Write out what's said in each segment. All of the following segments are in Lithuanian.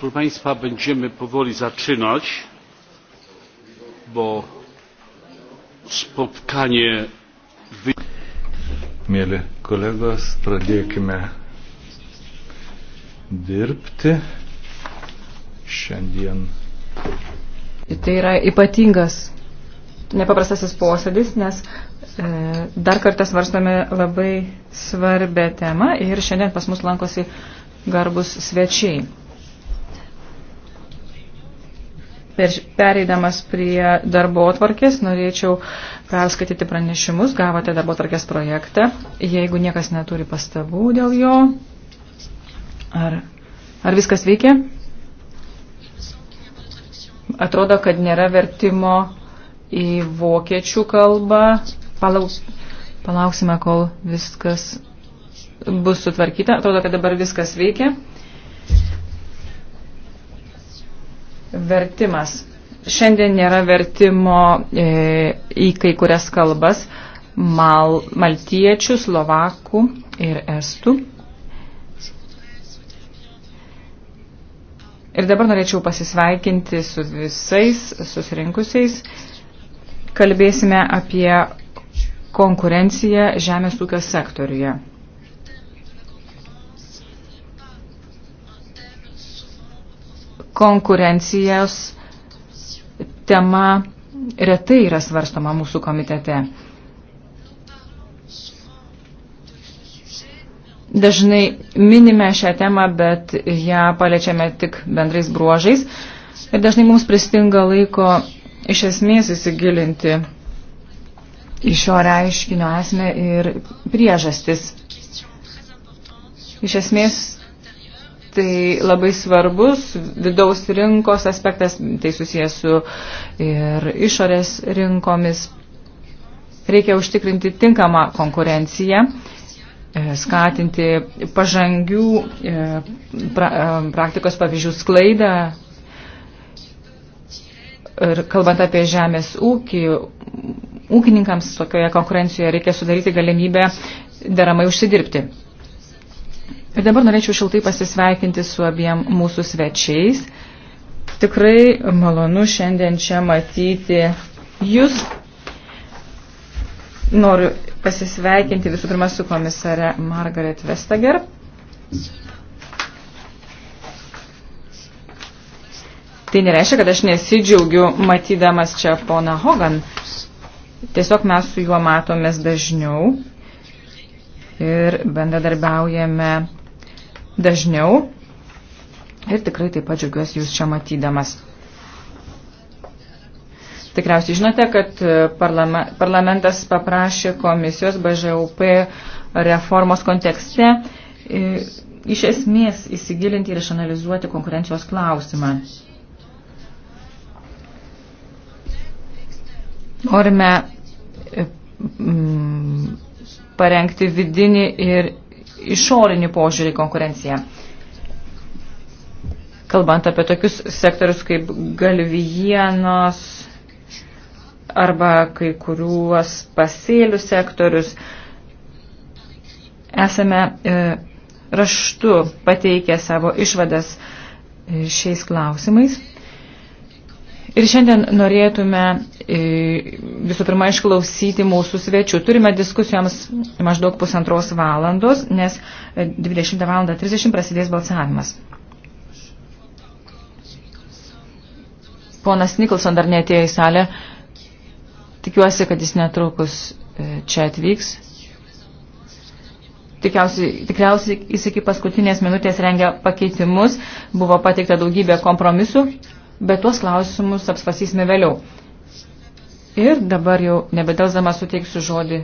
proszę państwa będziemy powoli zaczynać bo spotkanie Mėly kolegos, pradėkime dirbti šiandien. Tai yra ypatingas, nepaprastasis posėdis, nes e, dar kartą svarstame labai svarbę temą ir šiandien pas mus lankosi garbus svečiai. Per, pereidamas prie darbo atvarkės, norėčiau perskaityti pranešimus. Gavote darbo atvarkės projektą. Jeigu niekas neturi pastabų dėl jo, ar, ar viskas veikia? Atrodo, kad nėra vertimo į vokiečių kalbą. Palaus, palauksime, kol viskas bus sutvarkyta. Atrodo, kad dabar viskas veikia. Vertimas. Šiandien nėra vertimo e, į kai kurias kalbas mal, maltiečių, slovakų ir estų. Ir dabar norėčiau pasisveikinti su visais susirinkusiais. Kalbėsime apie konkurenciją žemės ūkio sektoriuje. konkurencijos tema retai yra svarstoma mūsų komitete. Dažnai minime šią temą, bet ją paliečiame tik bendrais bruožais ir dažnai mums pristinga laiko iš esmės įsigilinti į šio reiškinio esmę ir priežastis. Iš esmės tai labai svarbus vidaus rinkos aspektas, tai susijęs su ir išorės rinkomis. Reikia užtikrinti tinkamą konkurenciją, e, skatinti pažangių e, pra, e, praktikos pavyzdžių sklaidą. Ir kalbant apie žemės ūkį, ūkininkams tokioje konkurencijoje reikia sudaryti galimybę deramai užsidirbti. Ir dabar norėčiau šiltai pasisveikinti su abiem mūsų svečiais. Tikrai malonu šiandien čia matyti jūs. Noriu pasisveikinti visų pirma su komisare Margaret Vestager. Tai nereiškia, kad aš nesidžiaugiu matydamas čia poną Hogan. Tiesiog mes su juo matomės dažniau ir bendradarbiaujame dažniau. Ir tikrai taip pat džiaugiuosi jūs čia matydamas. Tikriausiai žinote, kad e, parlama, parlamentas paprašė komisijos BŽUP reformos kontekste e, iš esmės įsigilinti ir išanalizuoti konkurencijos klausimą. Norime e, parengti vidinį ir išorinį požiūrį konkurenciją. Kalbant apie tokius sektorius kaip galvijienos arba kai kuriuos pasėlių sektorius, esame e, raštu pateikę savo išvadas e, šiais klausimais. Ir šiandien norėtume e, visų pirma išklausyti mūsų svečių. Turime diskusijoms maždaug pusantros valandos, nes 20 val. 30 prasidės balsavimas. Ponas Nikolson dar neatėjo į salę. Tikiuosi, kad jis netrukus e, čia atvyks. Tikiausiai, tikriausiai jis iki paskutinės minutės rengia pakeitimus. Buvo pateikta daugybė kompromisų bet tuos klausimus apsvasysime vėliau. Ir dabar jau nebedelsdama suteiksiu žodį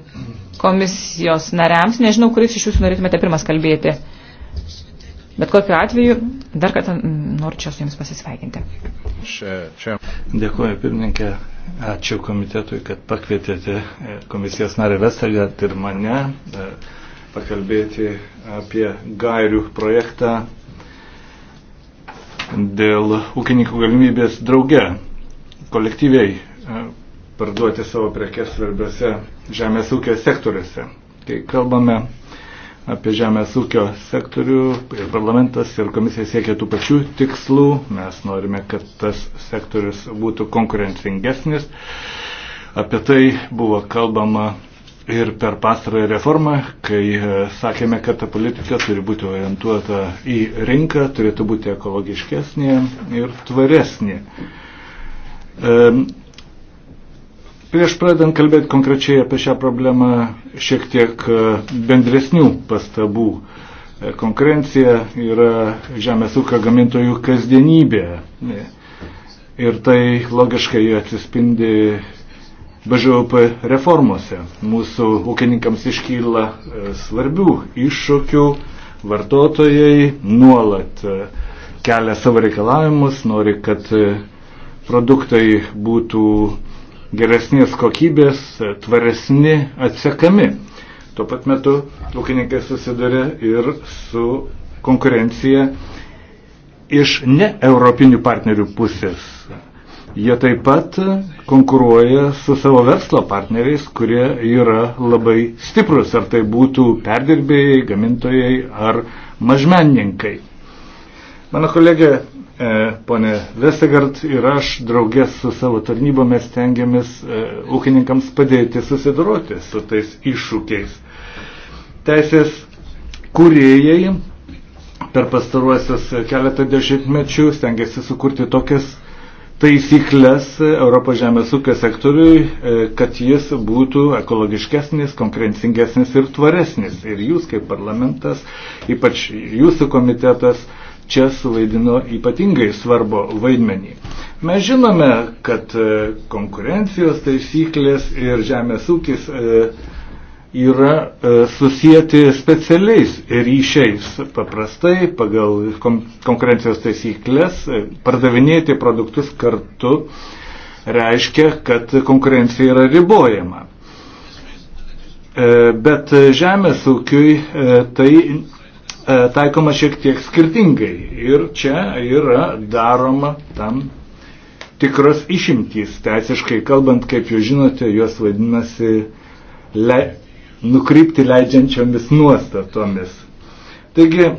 komisijos nariams. Nežinau, kuris iš jūsų norėtumėte pirmas kalbėti. Bet kokiu atveju, dar kartą noriu čia su Jums pasisveikinti. Dėkuoju pirmininkė, ačiū komitetui, kad pakvietėte komisijos narį Vestergat ir mane e, pakalbėti apie gairių projektą dėl ūkininkų galimybės drauge kolektyviai e, parduoti savo prekes svarbiose žemės ūkio sektoriuose. Kai kalbame apie žemės ūkio sektorių ir parlamentas ir komisija siekia tų pačių tikslų. Mes norime, kad tas sektorius būtų konkurencingesnis. Apie tai buvo kalbama ir per pastarąją reformą, kai e, sakėme, kad ta politika turi būti orientuota į rinką, turėtų būti ekologiškesnė ir tvaresnė. E, prieš pradant kalbėti konkrečiai apie šią problemą, šiek tiek e, bendresnių pastabų. Konkurencija yra žemės ūkio gamintojų kasdienybė. Ir tai logiškai atsispindi BŽOP reformose. Mūsų ūkininkams iškyla e, svarbių iššūkių, vartotojai nuolat e, kelia savo reikalavimus, nori, kad e, produktai būtų geresnės kokybės, tvaresni, atsekami. Tuo pat metu ūkininkai susiduria ir su konkurencija iš ne europinių partnerių pusės. Jie taip pat konkuruoja su savo verslo partneriais, kurie yra labai stiprus, ar tai būtų perdirbėjai, gamintojai ar mažmenininkai. Mano kolegė e, ponė Vesegard ir aš draugės su savo tarnybomis tengiamės e, ūkininkams padėti susidoroti su tais iššūkiais. Teisės kūrėjai per pastaruosius keletą dešimtmečių stengiasi sukurti tokias taisyklės Europos žemės ūkio sektoriui, e, kad jis būtų ekologiškesnis, konkurencingesnis ir tvaresnis. Ir jūs kaip parlamentas, ypač jūsų komitetas, čia suvaidino ypatingai svarbu vaidmenį. Mes žinome, kad e, konkurencijos taisyklės ir žemės ūkis e, yra e, susijęti specialiais ryšiais. Paprastai pagal konkurencijos taisyklės e, pardavinėti produktus kartu reiškia, kad konkurencija yra ribojama. E, bet žemės ūkiui tai taikoma šiek tiek skirtingai ir čia yra daroma tam tikros išimtys teisiškai kalbant, kaip jūs žinote, jos vadinasi le nukrypti leidžiančiomis nuostatomis. Taigi, e,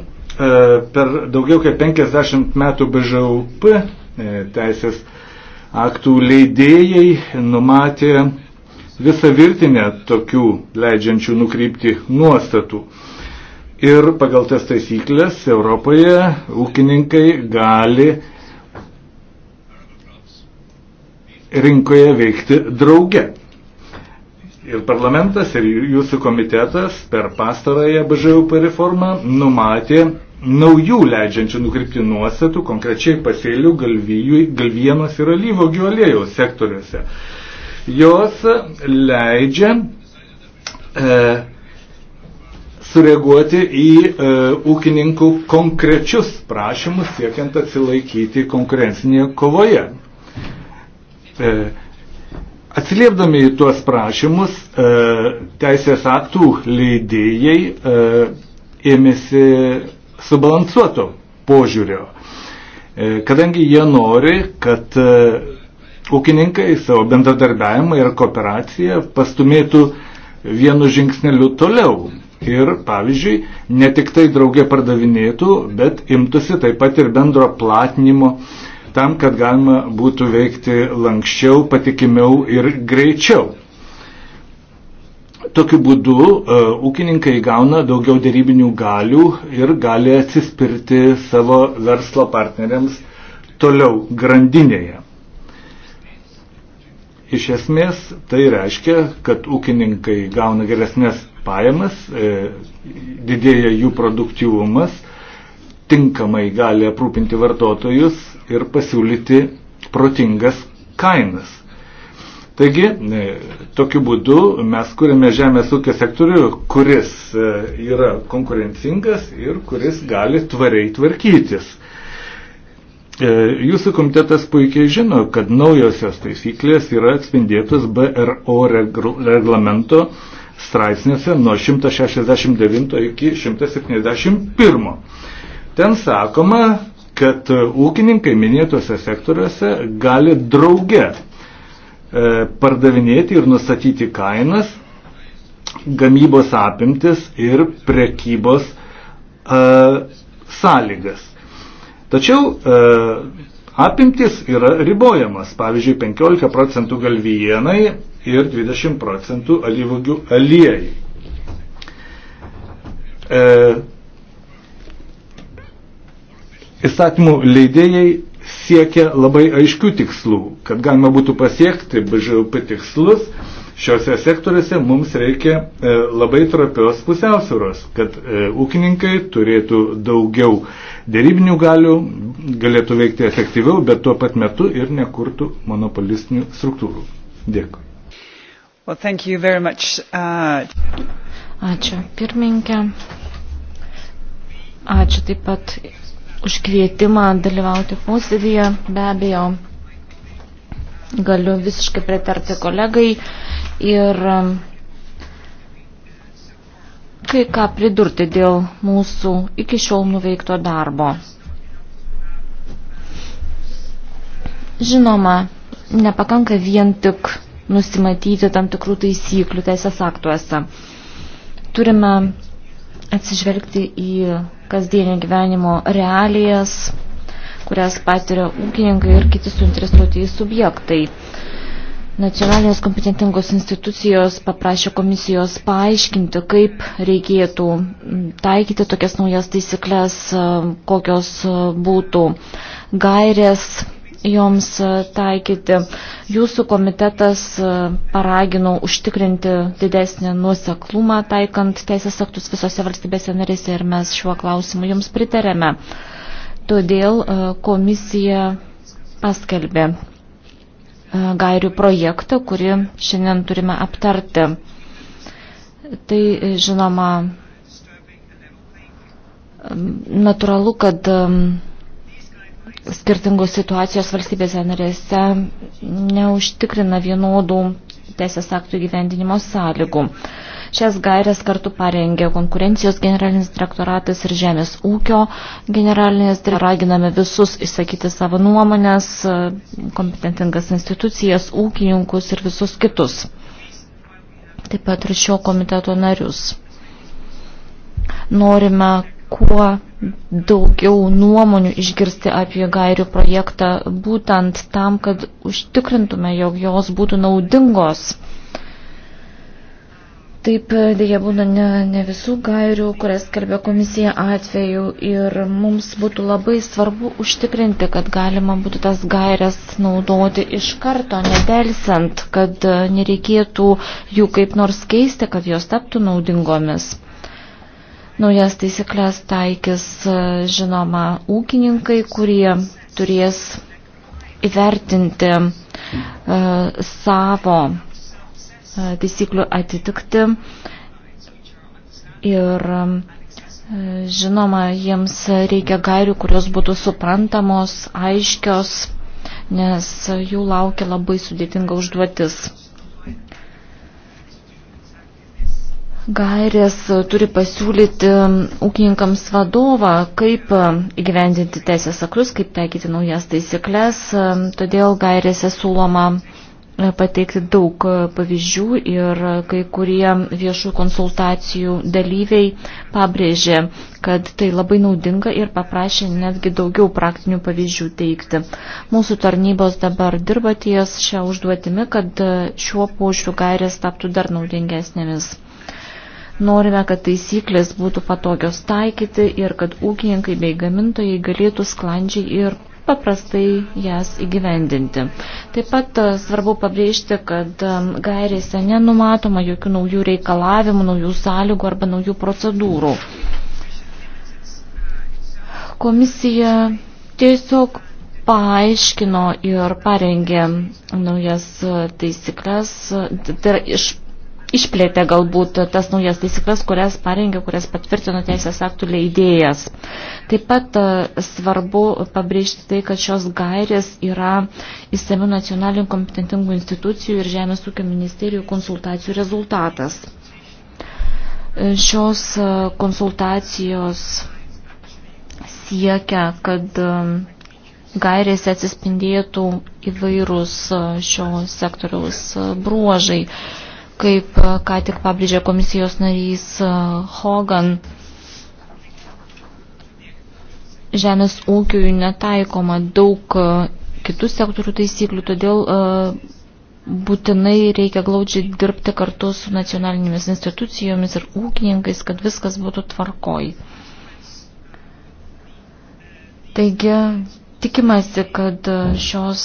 per daugiau kaip 50 metų BŽUP e, teisės aktų leidėjai numatė visą virtinę tokių leidžiančių nukrypti nuostatų. Ir pagal tas taisyklės Europoje ūkininkai gali rinkoje veikti drauge ir parlamentas, ir jūsų komitetas per pastarąją BŽUP reformą numatė naujų leidžiančių nukrypti nuostatų, konkrečiai pasėlių galvijų, galvienos ir alyvogių aliejaus sektoriuose. Jos leidžia e, sureaguoti į e, ūkininkų konkrečius prašymus, siekiant atsilaikyti konkurencinėje kovoje. E, Atsiliepdami į tuos prašymus, e, teisės aktų leidėjai e, ėmėsi subalansuoto požiūrio, e, kadangi jie nori, kad ūkininkai savo bendradarbiavimą ir kooperaciją pastumėtų vienu žingsneliu toliau. Ir, pavyzdžiui, ne tik tai draugė pardavinėtų, bet imtųsi taip pat ir bendro platinimo uh, tam, kad galima būtų veikti lankščiau, patikimiau ir greičiau. Tokiu būdu e, ūkininkai gauna daugiau dėrybinių galių ir gali atsispirti savo verslo partneriams toliau grandinėje. Iš esmės tai reiškia, kad ūkininkai gauna geresnės pajamas, e, didėja jų produktyvumas, tinkamai gali aprūpinti vartotojus ir pasiūlyti protingas kainas. Taigi, e, tokiu būdu mes kūrėme žemės ūkio sektorių, kuris e, yra konkurencingas ir kuris gali tvariai tvarkytis. E, jūsų komitetas puikiai žino, kad naujosios taisyklės yra atspindėtos BRO reglamento straipsniuose nuo 169 iki 171. Ten sakoma, kad e, ūkininkai minėtose sektoriuose gali drauge e, pardavinėti ir nustatyti kainas, gamybos apimtis ir prekybos e, sąlygas. Tačiau apimtis yra ribojamas, pavyzdžiui, 15 procentų galvijienai ir 20 procentų alyvogių aliejai. Įstatymų leidėjai siekia labai aiškių tikslų, kad galima būtų pasiekti BŽUP tikslus. Šiuose sektoriuose mums reikia e, labai trapios pusiausvėros, kad e, ūkininkai turėtų daugiau dėrybinių galių, galėtų veikti efektyviau, bet tuo pat metu ir nekurtų monopolistinių struktūrų. Dėkui. Well, thank you very much. Uh... Ačiū pirmininkė. Ačiū taip pat už kvietimą dalyvauti posėdėje. Be abejo, galiu visiškai pritarti kolegai ir um, kai ką pridurti dėl mūsų iki šiol nuveikto darbo. Žinoma, nepakanka vien tik nusimatyti tam tikrų taisyklių teisės aktuose. Turime atsižvelgti į kasdienio gyvenimo realijas, kurias patiria ūkininkai ir kiti suinteresuoti į subjektai. Nacionalinės kompetentingos institucijos paprašė komisijos paaiškinti, kaip reikėtų taikyti tokias naujas taisyklės, kokios būtų gairės joms e, taikyti. Jūsų komitetas e, paragino užtikrinti didesnį nuoseklumą taikant teisės aktus visose valstybėse narėse ir mes šiuo klausimu jums pritarėme. Todėl e, komisija paskelbė gairių projektą, kurį šiandien turime aptarti. Tai žinoma, natūralu, kad skirtingos situacijos valstybėse narėse neužtikrina vienodų teisės aktų gyvendinimo sąlygų. Šias gairias kartu parengė konkurencijos generalinis direktoratas ir žemės ūkio generalinis direktoratas. Raginame visus išsakyti savo nuomonės, kompetentingas institucijas, ūkininkus ir visus kitus. Taip pat ir šio komiteto narius. Norime, kuo daugiau nuomonių išgirsti apie gairių projektą, būtent tam, kad užtikrintume, jog jos būtų naudingos. Taip dėja būna ne, ne visų gairių, kurias skelbia komisija atveju ir mums būtų labai svarbu užtikrinti, kad galima būtų tas gairias naudoti iš karto, nedelsiant, kad nereikėtų jų kaip nors keisti, kad jos taptų naudingomis. Naujas taisyklės taikys, e, žinoma, ūkininkai, kurie turės įvertinti e, savo e, taisyklių atitikti ir e, žinoma, jiems reikia gairių, kurios būtų suprantamos, aiškios, nes jų laukia labai sudėtinga užduotis. gairės e, turi pasiūlyti ūkininkams vadovą, kaip e, įgyvendinti teisės aktus, kaip taikyti naujas taisyklės. E, todėl gairėse siūloma pateikti daug pavyzdžių ir kai kurie viešų konsultacijų dalyviai pabrėžė, kad tai labai naudinga ir paprašė netgi daugiau praktinių pavyzdžių teikti. Mūsų tarnybos dabar dirba ties šią užduotimi, kad šiuo požiūriu gairės taptų dar naudingesnėmis. Norime, kad taisyklės būtų patogios taikyti ir kad ūkininkai bei gamintojai galėtų sklandžiai ir paprastai jas įgyvendinti. Taip pat e, svarbu pabrėžti, kad e, gairėse nenumatoma jokių naujų reikalavimų, naujų sąlygų arba naujų procedūrų. Komisija tiesiog paaiškino ir parengė naujas e, taisyklės, tai yra iš išplėtė galbūt tas naujas taisyklės, kurias parengė, kurias patvirtino teisės aktų leidėjas. Taip pat e, svarbu pabrėžti tai, kad šios gairės yra įsami nacionalinių kompetentingų institucijų ir Žemės ūkio ministerijų konsultacijų rezultatas. E, šios e, konsultacijos siekia, kad gairėse atsispindėtų įvairūs šio sektoriaus bruožai kaip e, ką tik pabrėžė komisijos narys e, Hogan. Žemės ūkiui netaikoma daug e, kitų sektorių taisyklių, todėl būtinai reikia glaudžiai dirbti kartu su nacionalinėmis institucijomis ir ūkininkais, kad viskas būtų tvarkoj. Taigi, tikimasi, kad šios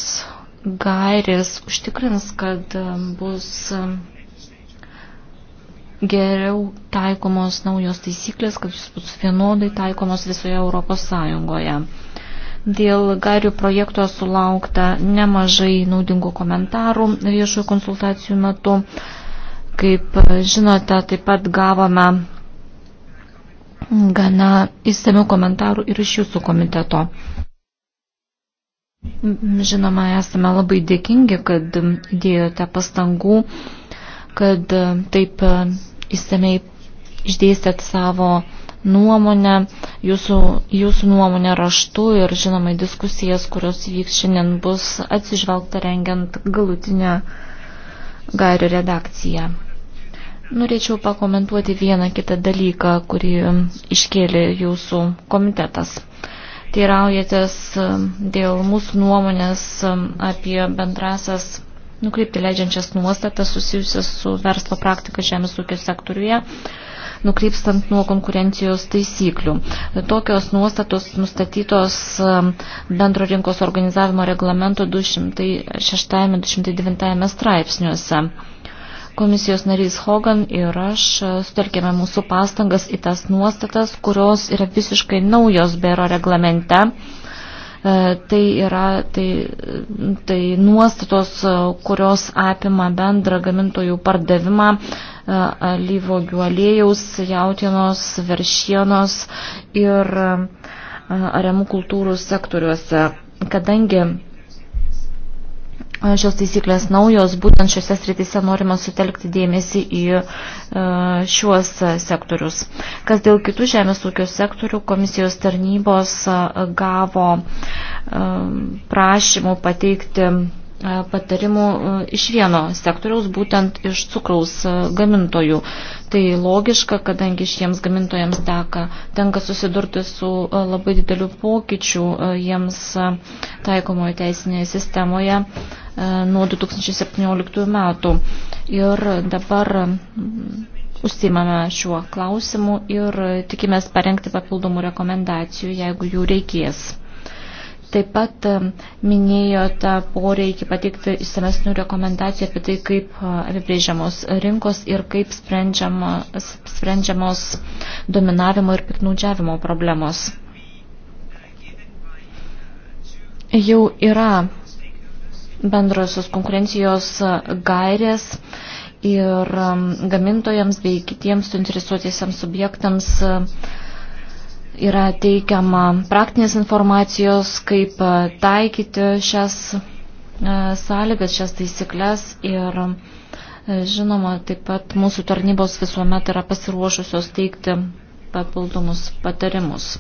gairės užtikrins, kad bus geriau taikomos naujos taisyklės, kad jis bus vienodai taikomos visoje Europos Sąjungoje. Dėl gairių projekto sulaukta nemažai naudingų komentarų viešųjų konsultacijų metu. Kaip žinote, taip pat gavome gana įsamių komentarų ir iš jūsų komiteto. Žinoma, esame labai dėkingi, kad dėjote pastangų, kad taip įsamei išdėstėt savo nuomonę, jūsų, jūsų nuomonę raštu ir žinoma diskusijas, kurios vyks šiandien bus atsižvelgta rengiant galutinę gairių redakciją. Norėčiau pakomentuoti vieną kitą dalyką, kurį iškėlė jūsų komitetas. Teiraujatės dėl mūsų nuomonės apie bendrasas nukreipti leidžiančias nuostatas susijusias su verslo praktika žemės ūkio sektoriuje, nukreipstant nuo konkurencijos taisyklių. Tokios nuostatos nustatytos um, bendro rinkos organizavimo reglamento 206-209 straipsniuose. Komisijos narys Hogan ir aš uh, sutelkėme mūsų pastangas į tas nuostatas, kurios yra visiškai naujos bero reglamente E, tai yra tai, tai nuostatos, e, kurios apima bendrą gamintojų pardavimą e, alyvogių aliejaus, jautienos, veršienos ir ariamų kultūrų sektoriuose. Kadangi šios taisyklės naujos, būtent šiuose sritise norima sutelkti dėmesį į e, šiuos sektorius. Kas dėl kitų žemės ūkio sektorių, komisijos tarnybos e, gavo e, prašymų pateikti patarimų iš vieno sektoriaus, būtent iš cukraus gamintojų. Tai logiška, kadangi šiems gamintojams teka, tenka susidurti su labai dideliu pokyčiu jiems taikomoje teisinėje sistemoje E, nuo 2017 metų. Ir dabar užsimame šiuo klausimu ir tikimės parengti papildomų rekomendacijų, jeigu jų reikės. Taip pat e, minėjote poreikį pateikti išsamesnių rekomendacijų apie tai, kaip e, apibrėžiamos rinkos ir kaip sprendžiamos, sprendžiamos dominavimo ir piknaudžiavimo problemos. Jau yra bendrosios konkurencijos gairės ir um, gamintojams bei kitiems suinteresuotiesiams subjektams uh, yra teikiama praktinės informacijos, kaip uh, taikyti šias uh, sąlygas, šias taisyklės ir um, žinoma, taip pat mūsų tarnybos visuomet yra pasiruošusios teikti papildomus patarimus.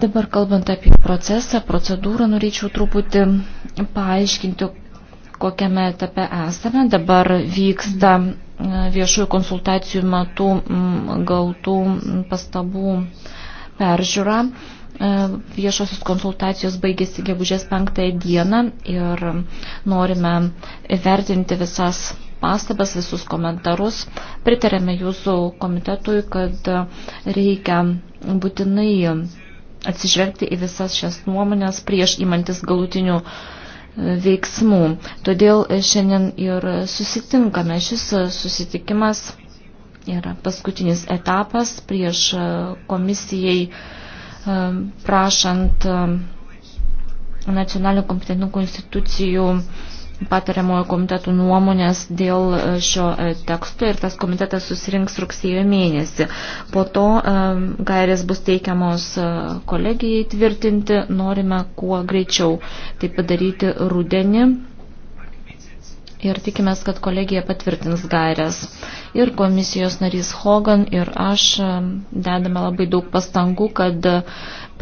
Dabar kalbant apie procesą, procedūrą, norėčiau truputį paaiškinti, kokiame etape esame. Dabar vyksta e, viešųjų konsultacijų metu gautų pastabų peržiūra. E, viešosios konsultacijos baigėsi gegužės penktąją dieną ir norime vertinti visas pastabas, visus komentarus. Pritarėme jūsų komitetui, kad reikia būtinai atsižvelgti į visas šias nuomonės prieš įmantis galutinių e, veiksmų. Todėl e, šiandien ir susitinkame. Šis e, susitikimas yra paskutinis etapas prieš komisijai prašant nacionalinių kompetentinių konstitucijų patariamojo komitetų nuomonės dėl e, šio e, teksto ir tas komitetas susirinks rugsėjo mėnesį. Po to e, gairės bus teikiamos kolegijai tvirtinti, norime kuo greičiau tai padaryti rudenį ir tikimės, kad kolegija patvirtins gairės ir komisijos narys Hogan ir aš e, dedame labai daug pastangų, kad e,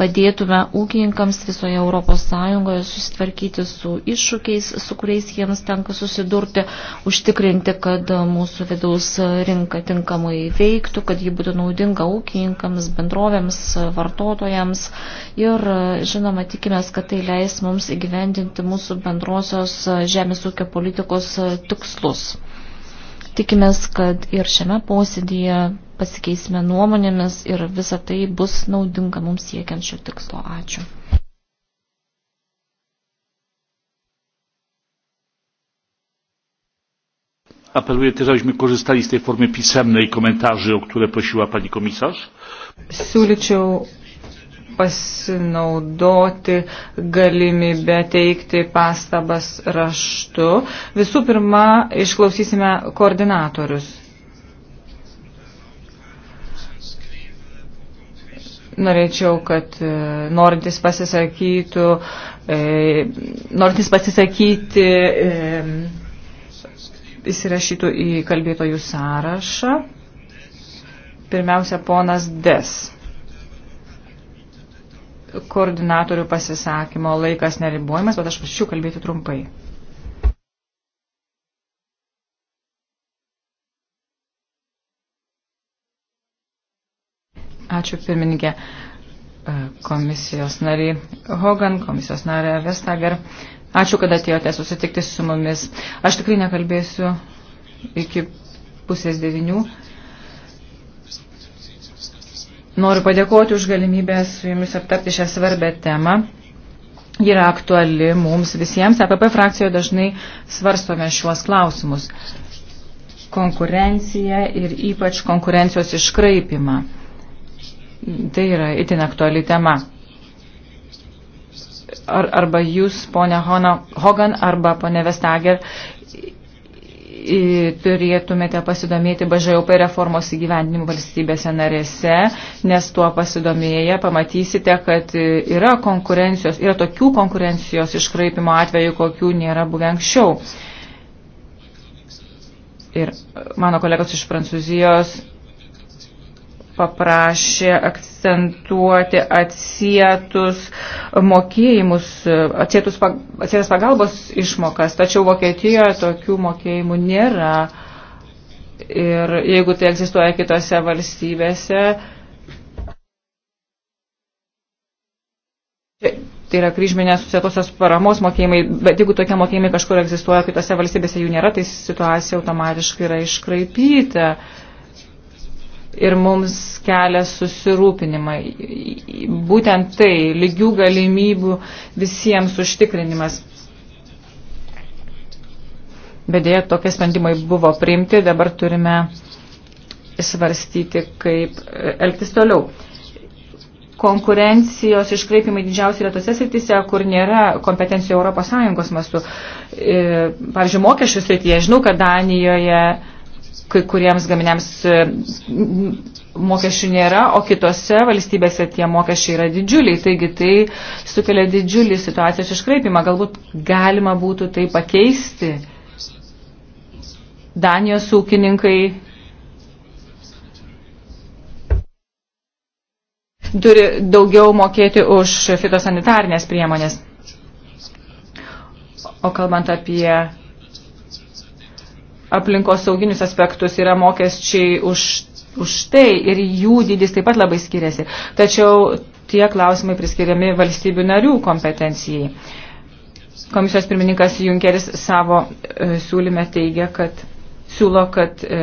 padėtume ūkininkams visoje Europos Sąjungoje susitvarkyti su iššūkiais, su kuriais jiems tenka susidurti, užtikrinti, kad e, mūsų vidaus rinka tinkamai veiktų, kad ji būtų naudinga ūkininkams, bendrovėms, vartotojams ir žinoma tikimės, kad tai leis mums įgyvendinti mūsų bendrosios žemės ūkio politikos tikslus. Tikimės, kad ir šiame posėdėje pasikeisime nuomonėmis ir visa tai bus naudinga mums siekiant šio tikslo. Ačiū. apeluję też abyśmy korzystali z tej formy pisemnej komentarzy o które prosiła pani komisarz. siūlyčiau pasinaudoti galimybę teikti pastabas raštu. Visų pirma, išklausysime koordinatorius. norėčiau, kad e, norintis pasisakytų, e, norintis pasisakyti, e, įsirašytų į kalbėtojų sąrašą. Pirmiausia, ponas Des koordinatorių pasisakymo laikas neribojamas, bet aš prašyčiau kalbėti trumpai. Ačiū pirmininkė e, komisijos nariai Hogan, komisijos narė Vestager. Ačiū, kad atėjote susitikti su mumis. Aš tikrai nekalbėsiu iki pusės devinių. Noriu padėkoti už galimybę su jumis aptarti šią svarbę temą. Ji yra aktuali mums visiems. APP e frakcijoje dažnai svarstome šiuos klausimus. Konkurenciją ir ypač konkurencijos iškraipimą. Tai yra itin aktuali tema. Ar, arba jūs, ponia Hogan, arba ponia Vestager, turėtumėte pasidomėti BŽOP reformos įgyvendinimu valstybėse narėse, nes tuo pasidomėję pamatysite, kad yra konkurencijos, yra tokių konkurencijos iškraipimo atvejų, kokių nėra buvę anksčiau. Ir mano kolegos iš Prancūzijos paprašė akcentuoti atsietus mokėjimus, atsietus, atsietus pagalbos išmokas, tačiau Vokietijoje tokių mokėjimų nėra. Ir jeigu tai egzistuoja kitose valstybėse, tai yra kryžminės susietosios paramos mokėjimai, bet jeigu tokie mokėjimai kažkur egzistuoja kitose valstybėse, jų nėra, tai situacija automatiškai yra iškraipyta. Uh, ir mums kelia susirūpinimą. Būtent tai, lygių galimybių visiems užtikrinimas. Bet dėja, tokie sprendimai buvo priimti, dabar turime svarstyti, kaip e, elgtis toliau. Konkurencijos iškreipimai didžiausiai yra tose srityse, kur nėra kompetencijų ES mastu. E, pavyzdžiui, mokesčių srityje. Žinau, kad Danijoje kai kuriems gaminiams e, mokesčių nėra, o kitose valstybėse tie mokesčiai yra didžiuliai. Taigi tai sukelia didžiulį situacijos iškraipimą. Galbūt galima būtų tai pakeisti. Danijos ūkininkai turi daugiau mokėti už fitosanitarnės priemonės. O kalbant apie aplinkos sauginius aspektus, yra mokesčiai už, už tai ir jų dydis taip pat labai skiriasi. Tačiau tie klausimai priskiriami valstybių narių kompetencijai. Komisijos pirmininkas Junkeris savo e, siūlyme teigia, kad siūlo, kad e,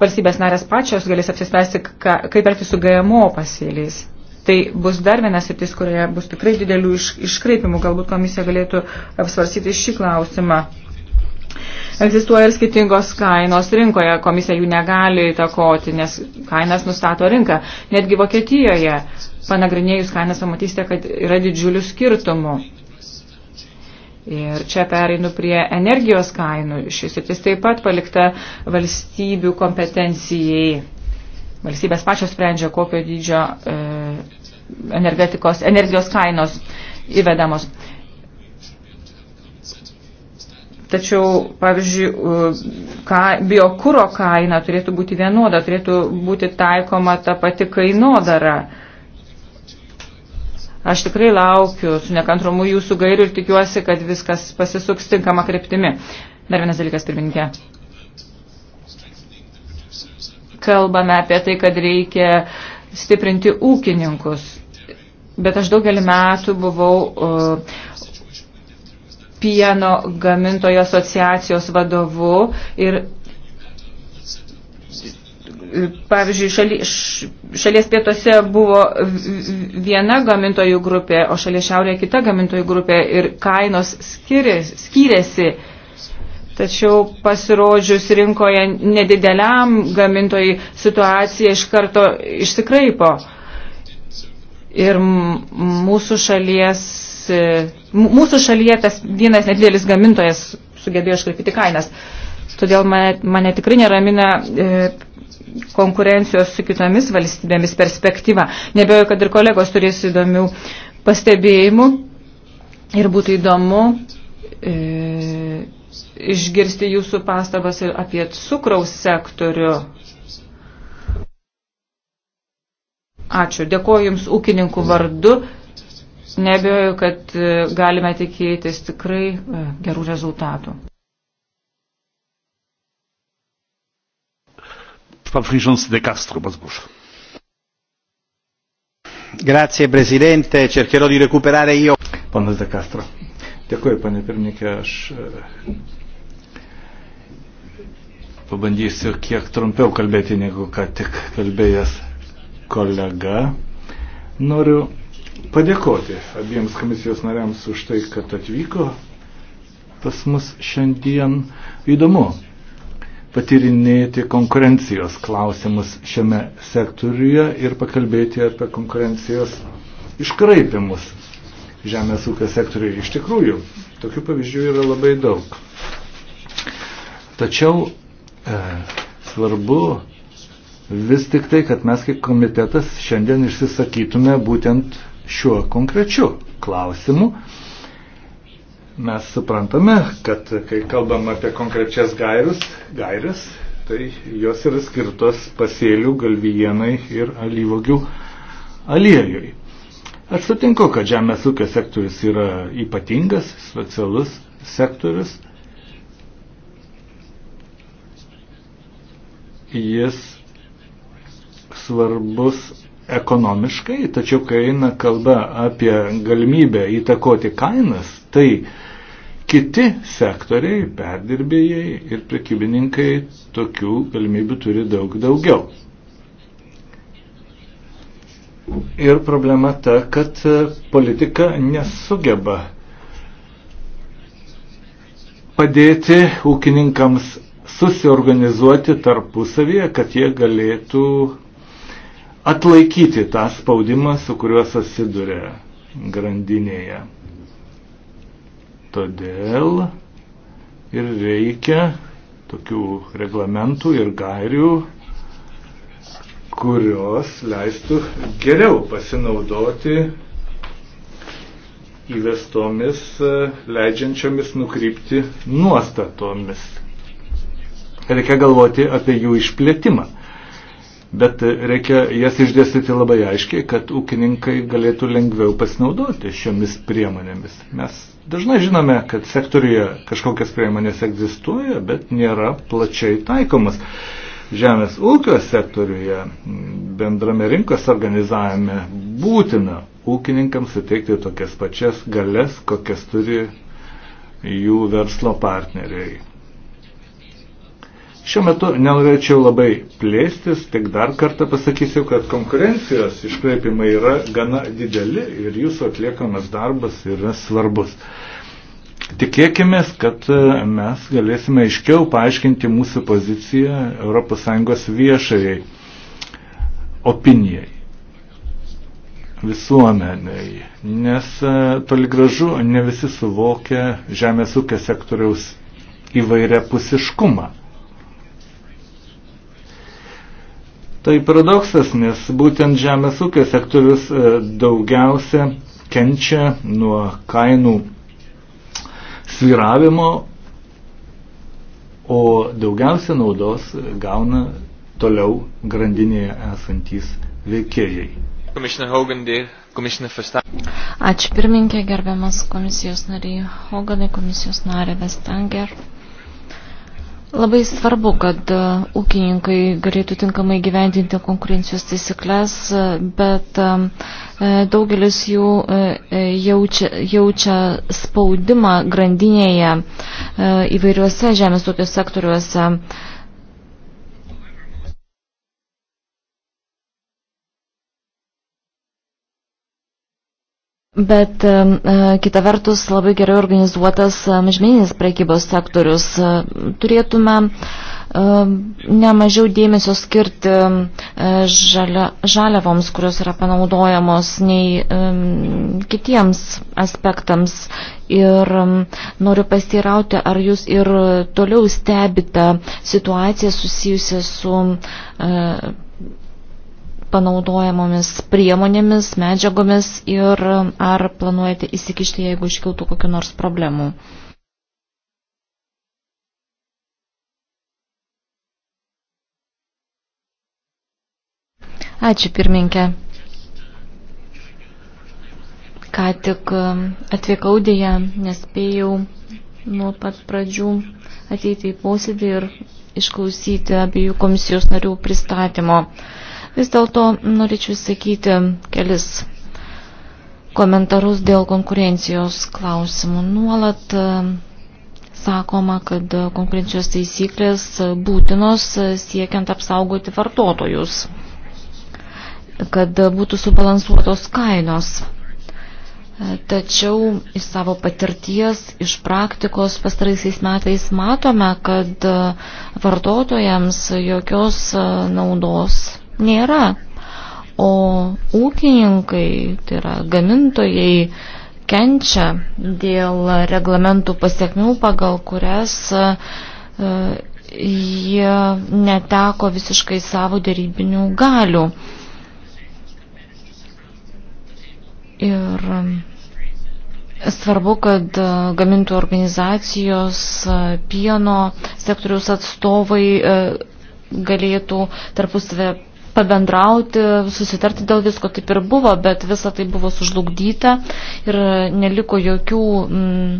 valstybės narės pačios galės apsispręsti, ka, kaip elgtis su GMO pasėliais. Tai bus dar vienas sritis, kurioje bus tikrai didelių iš, iškreipimų. Galbūt komisija galėtų apsvarsyti šį klausimą. Egzistuoja ir skirtingos kainos rinkoje, komisija jų negali įtakoti, nes kainas nustato rinka. Netgi Vokietijoje, panagrinėjus kainas, pamatysite, kad yra didžiulių skirtumų. Ir čia pereinu prie energijos kainų. Šis sritis taip pat palikta valstybių kompetencijai. Valstybės pačios sprendžia, kokio dydžio e, energetikos, energijos kainos įvedamos. Tačiau, pavyzdžiui, ka, biokūro kaina turėtų būti vienoda, turėtų būti taikoma ta pati kainodara. Aš tikrai laukiu su nekantrumu jūsų gairių ir tikiuosi, kad viskas pasisuks tinkama kryptimi. Dar vienas dalykas, pirmininkė. Kalbame apie tai, kad reikia stiprinti ūkininkus. Bet aš daugelį metų buvau uh, pieno gamintojo asociacijos vadovu ir pavyzdžiui, šali, šalies pietuose buvo viena gamintojų grupė, o šalies šiaurėje kita gamintojų grupė ir kainos skiriasi, skiriasi. Tačiau pasirodžius rinkoje nedideliam gamintojai situacija iš karto išsikraipo. Ir mūsų šalies E, mūsų šalyje tas vienas nedidelis gamintojas sugebėjo iškraipyti kainas. Todėl mane, mane tikrai neramina e, konkurencijos su kitomis valstybėmis perspektyva. Nebejoju, kad ir kolegos turės įdomių pastebėjimų ir būtų įdomu e, išgirsti jūsų pastabas ir apie cukraus sektorių. Ačiū. Dėkuoju Jums ūkininkų vardu. Nebejoju, kad e, galime tikėtis tikrai e, gerų rezultatų. Grazie Presidente, cercherò di recuperare io. Ponas De Castro. Dėkuoju, panė pirmininkė, aš pabandysiu e, kiek trumpiau kalbėti negu ką tik kalbėjęs kolega. Noriu padėkoti abiems komisijos nariams už tai, kad atvyko pas mus šiandien. Įdomu patirinėti konkurencijos klausimus šiame sektoriuje ir pakalbėti apie konkurencijos iškraipimus žemės ūkio sektoriuje. Iš tikrųjų, tokių pavyzdžių yra labai daug. Tačiau e, svarbu vis tik tai, kad mes kaip komitetas šiandien išsisakytume būtent šiuo konkrečiu klausimu. Mes suprantame, kad kai kalbam apie konkrečias gairius, gairias, tai jos yra skirtos pasėlių, galvijienai ir alyvogių aliejui. Aš sutinku, kad žemės ūkio sektorius yra ypatingas, specialus sektorius. Jis svarbus ekonomiškai, tačiau kai eina kalba apie galimybę įtakoti kainas, tai kiti sektoriai, perdirbėjai ir prekybininkai tokių galimybių turi daug daugiau. Ir problema ta, kad politika nesugeba padėti ūkininkams susiorganizuoti tarpusavėje, kad jie galėtų atlaikyti tą spaudimą, su kuriuo susiduria grandinėje. Todėl ir reikia tokių reglamentų ir gairių, kurios leistų geriau pasinaudoti įvestomis leidžiančiomis nukrypti nuostatomis. Reikia galvoti apie jų išplėtimą bet reikia jas išdėstyti labai aiškiai, kad ūkininkai galėtų lengviau pasinaudoti šiomis priemonėmis. Mes dažnai žinome, kad sektoriuje kažkokias priemonės egzistuoja, bet nėra plačiai taikomas. Žemės ūkio sektoriuje, mm, bendrame rinkos organizavime būtina ūkininkams suteikti tokias pačias galės, kokias turi jų verslo partneriai. Šiuo metu nenorėčiau labai plėstis, tik dar kartą pasakysiu, kad konkurencijos iškreipimai yra gana dideli ir jūsų atliekamas darbas yra svarbus. Tikėkime, kad e, mes galėsime aiškiau paaiškinti mūsų poziciją ES viešai opinijai visuomeniai, nes e, toli gražu ne visi suvokia žemės ūkio sektoriaus įvairia pusiškumą Tai paradoksas, nes būtent žemės ūkio sektorius e, daugiausia kenčia nuo kainų sviravimo, o daugiausia naudos gauna toliau grandinėje esantys veikėjai. Ačiū pirmininkė, gerbiamas komisijos nariai Hoganai, komisijos narė Vestanger. Labai svarbu, kad e, ūkininkai galėtų tinkamai gyvendinti konkurencijos taisyklės, bet e, e, daugelis jų jaučia, jaučia spaudimą grandinėje įvairiuose žemės ūkio sektoriuose. Bet e, kita vertus labai gerai organizuotas e, mažmeninis prekybos sektorius. E, turėtume nemažiau dėmesio skirti žalia, žaliavoms, kurios yra panaudojamos, nei kitiems aspektams. Ir noriu pasirauti, ar jūs ir toliau stebite situaciją susijusią su panaudojamomis priemonėmis, medžiagomis ir ar planuojate įsikišti, jeigu iškiltų kokiu nors problemu? Ačiū pirminkė. Ką tik um, atvykau dėje, nespėjau nuo pat pradžių ateiti į posėdį ir išklausyti abiejų komisijos narių pristatymo. Vis dėlto norėčiau sakyti kelis komentarus dėl konkurencijos klausimų. Nuolat e, sakoma, kad konkurencijos taisyklės būtinos siekiant apsaugoti vartotojus, kad būtų subalansuotos kainos. E, tačiau iš savo patirties, iš praktikos pastaraisiais metais matome, kad vartotojams jokios e, naudos nėra. O ūkininkai, tai yra gamintojai, kenčia dėl reglamentų pasiekmių, pagal kurias e, jie neteko visiškai savo dėrybinių galių. Ir e, Svarbu, kad e, gamintų organizacijos, pieno sektoriaus atstovai galėtų tarpusavę pabendrauti, susitarti dėl visko taip ir buvo, bet visa tai buvo sužlugdyta ir neliko jokių mm,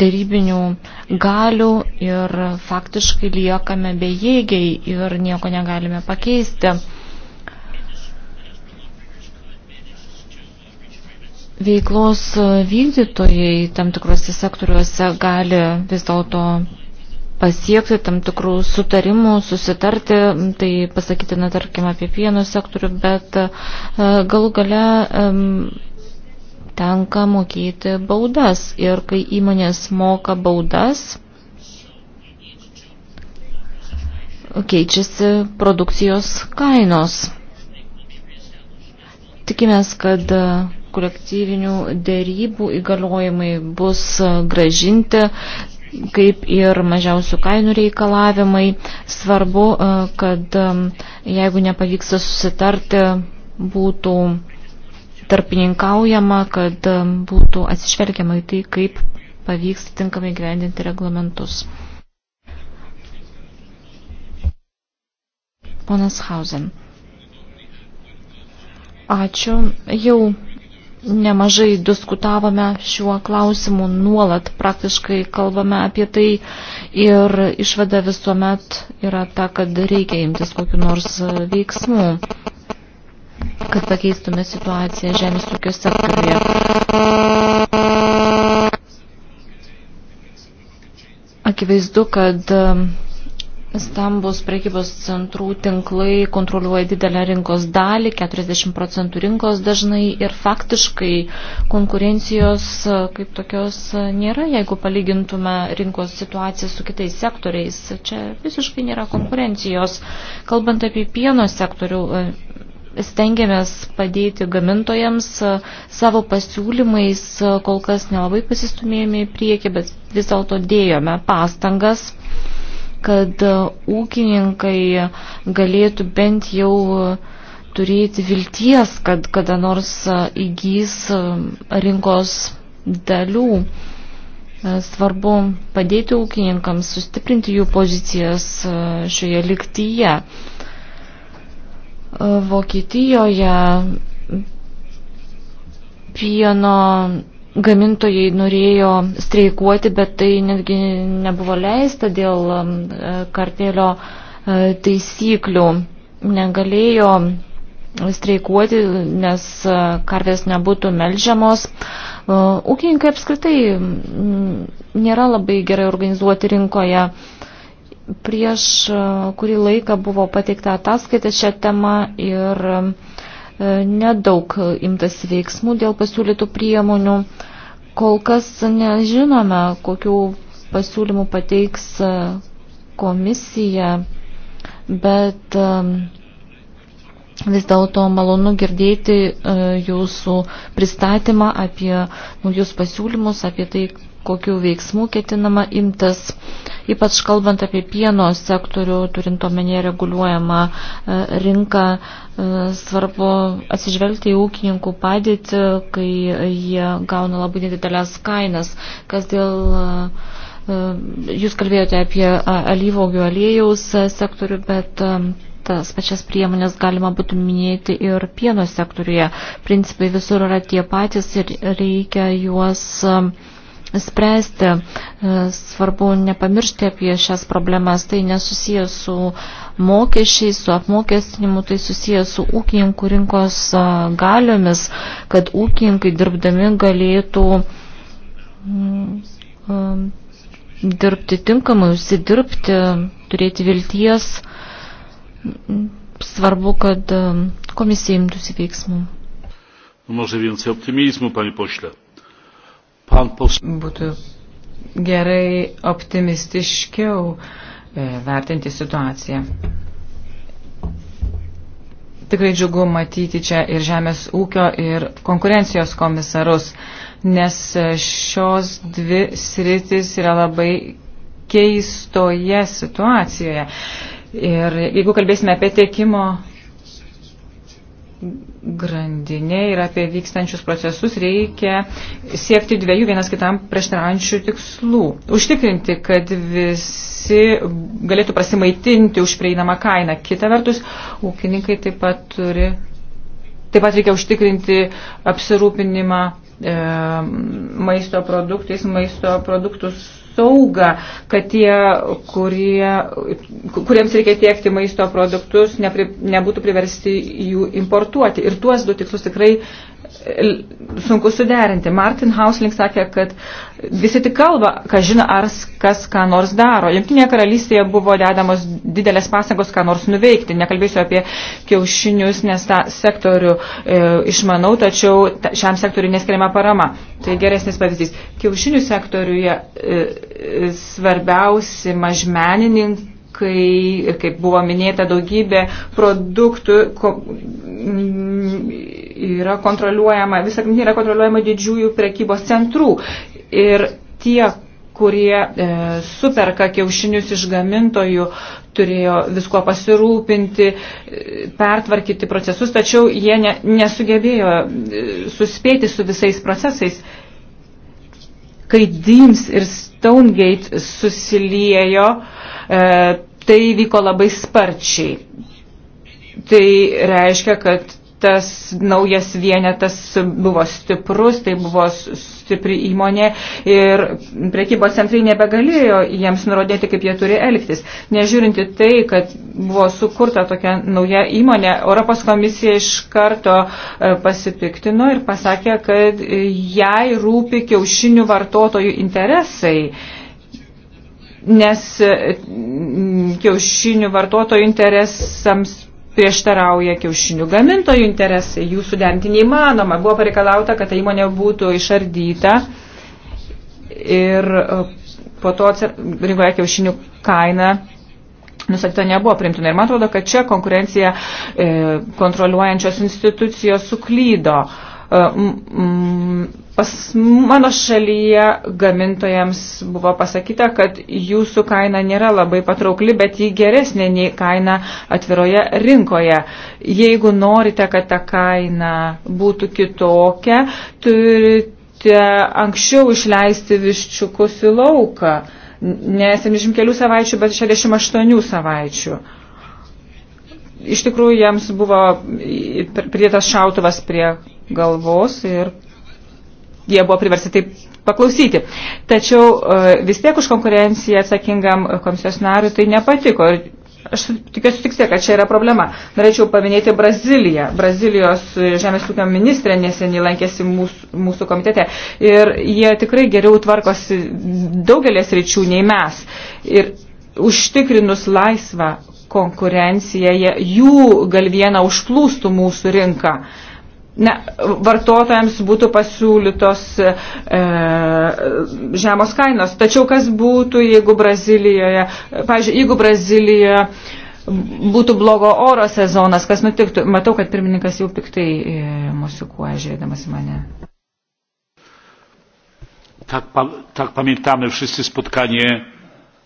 dėrybinių galių ir faktiškai liekame bejėgiai ir nieko negalime pakeisti. Veiklos vykdytojai tam tikrose sektoriuose gali vis dėlto pasiekti tam tikrų sutarimų, susitarti, tai pasakyti, na, tarkim, apie pieno sektorių, bet e, galų gale tenka mokėti baudas ir kai įmonės moka baudas, keičiasi produkcijos kainos. Tikimės, kad e, kolektyvinių dėrybų įgaliojimai bus e, gražinti, kaip ir mažiausių kainų reikalavimai. Svarbu, e, kad e, jeigu nepavyksta susitarti, būtų tarpininkaujama, kad e, būtų atsižvelgiama į tai, kaip pavyks tinkamai gyvendinti reglamentus. Ponas Hausen. Ačiū. Jau nemažai diskutavome šiuo klausimu, nuolat praktiškai kalbame apie tai ir išvada visuomet yra ta, kad reikia imtis kokiu nors veiksmu kad pakeistume situaciją žemės ūkio sektoriuje. Akivaizdu, kad Stambus prekybos centrų tinklai kontroliuoja didelę rinkos dalį, 40 procentų rinkos dažnai ir faktiškai konkurencijos e, kaip tokios e, nėra, jeigu palygintume rinkos situaciją su kitais sektoriais. Čia visiškai nėra konkurencijos. Kalbant apie pieno sektorių, e, stengiamės padėti gamintojams savo pasiūlymais, kol kas nelabai pasistumėjome į priekį, bet vis dėlto dėjome pastangas kad e, ūkininkai galėtų bent jau e, turėti vilties, kad kada nors e, įgys rinkos dalių. Svarbu padėti ūkininkams sustiprinti jų pozicijas šioje liktyje. Vokietijoje pieno gamintojai norėjo streikuoti, bet tai netgi nebuvo leista dėl um, kartelio uh, taisyklių. Negalėjo streikuoti, nes uh, karvės nebūtų melžiamos. Uh, ūkininkai apskritai mm, nėra labai gerai organizuoti rinkoje. Prieš kurį laiką buvo pateikta ataskaita šią temą ir uh, E, nedaug imtas veiksmų dėl pasiūlytų priemonių. Kol kas nežinome, kokių pasiūlymų pateiks e, komisija, bet e, vis dėlto malonu girdėti jūsų pristatymą apie naujus pasiūlymus, apie tai, kokių veiksmų ketinama imtis, ypač kalbant apie pieno sektorių, turint omenyje reguliuojamą e, rinką, e, svarbu atsižvelgti į ūkininkų padėtį, kai jie gauna labai didelės kainas, kas dėl e, Jūs kalbėjote apie alyvogių aliejaus sektorių, bet tas pačias priemonės galima būtų minėti ir pieno sektoriuje. Principai visur yra tie patys ir reikia juos uh, spręsti. E, svarbu nepamiršti apie šias problemas. Tai nesusijęs su mokesčiais, su apmokestinimu, tai susijęs su ūkininkų rinkos e, galiomis, kad ūkininkai dirbdami galėtų mm, e, dirbti tinkamai, užsidirbti, turėti vilties. Svarbu, kad komisija imtųsi veiksmų. Może więcej optymizmu, panie pośle. Būtų gerai optimistiškiau e, vertinti situaciją. Tikrai džiugu matyti čia ir žemės ūkio, ir konkurencijos komisarus, nes šios dvi sritis yra labai keistoje situacijoje. Ir jeigu kalbėsime apie tiekimo grandinė ir apie vykstančius procesus reikia siekti dviejų vienas kitam prieštaraujančių tikslų. Užtikrinti, kad visi galėtų prasimaitinti už prieinamą kainą. Kita vertus, ūkininkai taip pat turi. Taip pat reikia užtikrinti apsirūpinimą e, maisto produktais, maisto produktus saugą, kad tie, kurie, kuriems reikia tiekti maisto produktus, nepri, nebūtų priversti jų importuoti. Ir tuos du tikslus tikrai sunku suderinti. Martin Hausling sakė, kad visi tik kalba, kas žino, ar kas ką nors daro. Junktinėje karalystėje buvo dedamos didelės pasangos ką nors nuveikti. Nekalbėsiu apie kiaušinius, nes tą sektorių e, išmanau, tačiau šiam sektoriu neskiriama parama. Tai geresnis pavyzdys. Kiaušinių sektoriuje e, e, svarbiausi mažmenininkai kai, kaip buvo minėta, daugybė produktų ko, mm, yra kontroliuojama, visą grandinę yra kontroliuojama didžiųjų prekybos centrų. Ir tie, kurie e, superka kiaušinius iš gamintojų, turėjo visko pasirūpinti, e, pertvarkyti procesus, tačiau jie ne, nesugebėjo e, suspėti su visais procesais. E, Kai Deems ir Stonegate susiliejo, e, tai vyko labai sparčiai. Tai reiškia, kad tas naujas vienetas buvo stiprus, tai buvo stipri įmonė ir prekybos centrai nebegalėjo jiems nurodyti, kaip jie turi elgtis. Nežiūrinti tai, kad buvo sukurta tokia nauja įmonė, Europos komisija iš karto e, pasipiktino ir pasakė, kad jai rūpi kiaušinių vartotojų interesai nes e, kiaušinių vartotojų interesams prieštarauja kiaušinių gamintojų interesai, jų suderinti neįmanoma. Buvo pareikalauta, kad ta įmonė būtų išardyta ir e, po to rinkoje kiaušinių kaina nusakyta nebuvo primtina. Ir man atrodo, kad čia konkurencija e, kontroliuojančios institucijos suklydo. E, E, pas mano šalyje gamintojams buvo pasakyta, kad jūsų kaina nėra labai patraukli, bet ji geresnė nei kaina atviroje rinkoje. Jeigu norite, kad ta kaina būtų kitokia, turite anksčiau išleisti viščiukus į lauką. Ne 70 kelių savaičių, bet 68 savaičių iš tikrųjų jiems buvo pridėtas šautuvas prie galvos ir jie buvo priversti taip paklausyti. Tačiau e, vis tiek už konkurenciją atsakingam komisijos nariui tai nepatiko. Ir aš tikiuosi tik tiek, kad čia yra problema. Norėčiau paminėti Braziliją. Brazilijos žemės ūkio ministrė neseniai lankėsi mūsų, mūsų komitete. Ir jie tikrai geriau tvarkosi daugelės ryčių nei mes. Ir užtikrinus laisvą konkurenciją, jie, jų galvieną užplūstų mūsų rinką. Uh, ne, vartotojams būtų pasiūlytos e, žemos kainos. Tačiau kas būtų, jeigu Brazilijoje, pavyzdžiui, jeigu Brazilijoje būtų blogo oro sezonas, kas nutiktų? Matau, kad pirmininkas jau piktai e, musikuoja, žiūrėdamas į mane. Tak, pa, tak pamiętamy wszyscy spotkanie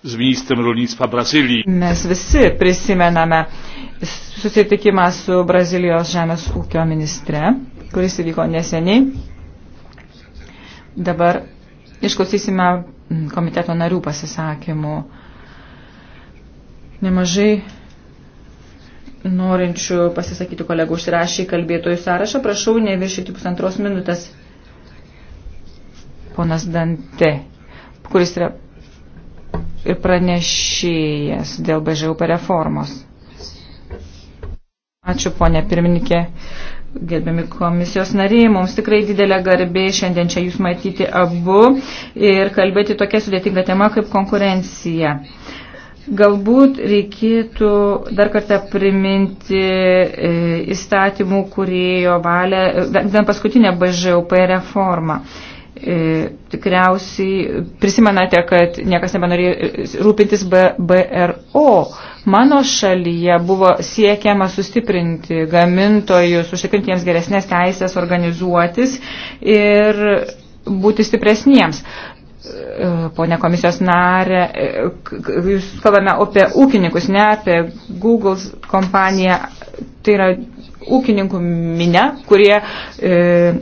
z ministrem rolnictwa Brazylii. Mes visi prisimename susitikimą su Brazilijos žemės ūkio ministre, kuris įvyko neseniai. Dabar išklausysime komiteto narių pasisakymų. Nemažai norinčių pasisakyti kolegų užsirašė į kalbėtojų sąrašą. Prašau neviršyti pusantros minutės. Ponas Dante, kuris yra ir pranešėjas dėl BŽUP reformos. Ačiū, ponė pirmininkė. Gerbiami komisijos nariai, mums tikrai didelė garbė šiandien čia jūs matyti abu ir kalbėti tokia sudėtinga tema kaip konkurencija. Galbūt reikėtų dar kartą priminti e, įstatymų kurėjo valią, bent paskutinę BŽUP reformą. E, tikriausiai prisimenate, kad niekas nebenorėjo e, rūpintis BRO. Mano šalyje buvo siekiama sustiprinti gamintojus, užtikrinti jiems geresnės teisės organizuotis ir būti stipresniems. E, pone komisijos narė, jūs kalbame apie ūkininkus, ne apie Google kompaniją. Tai yra ūkininkų minę, kurie e,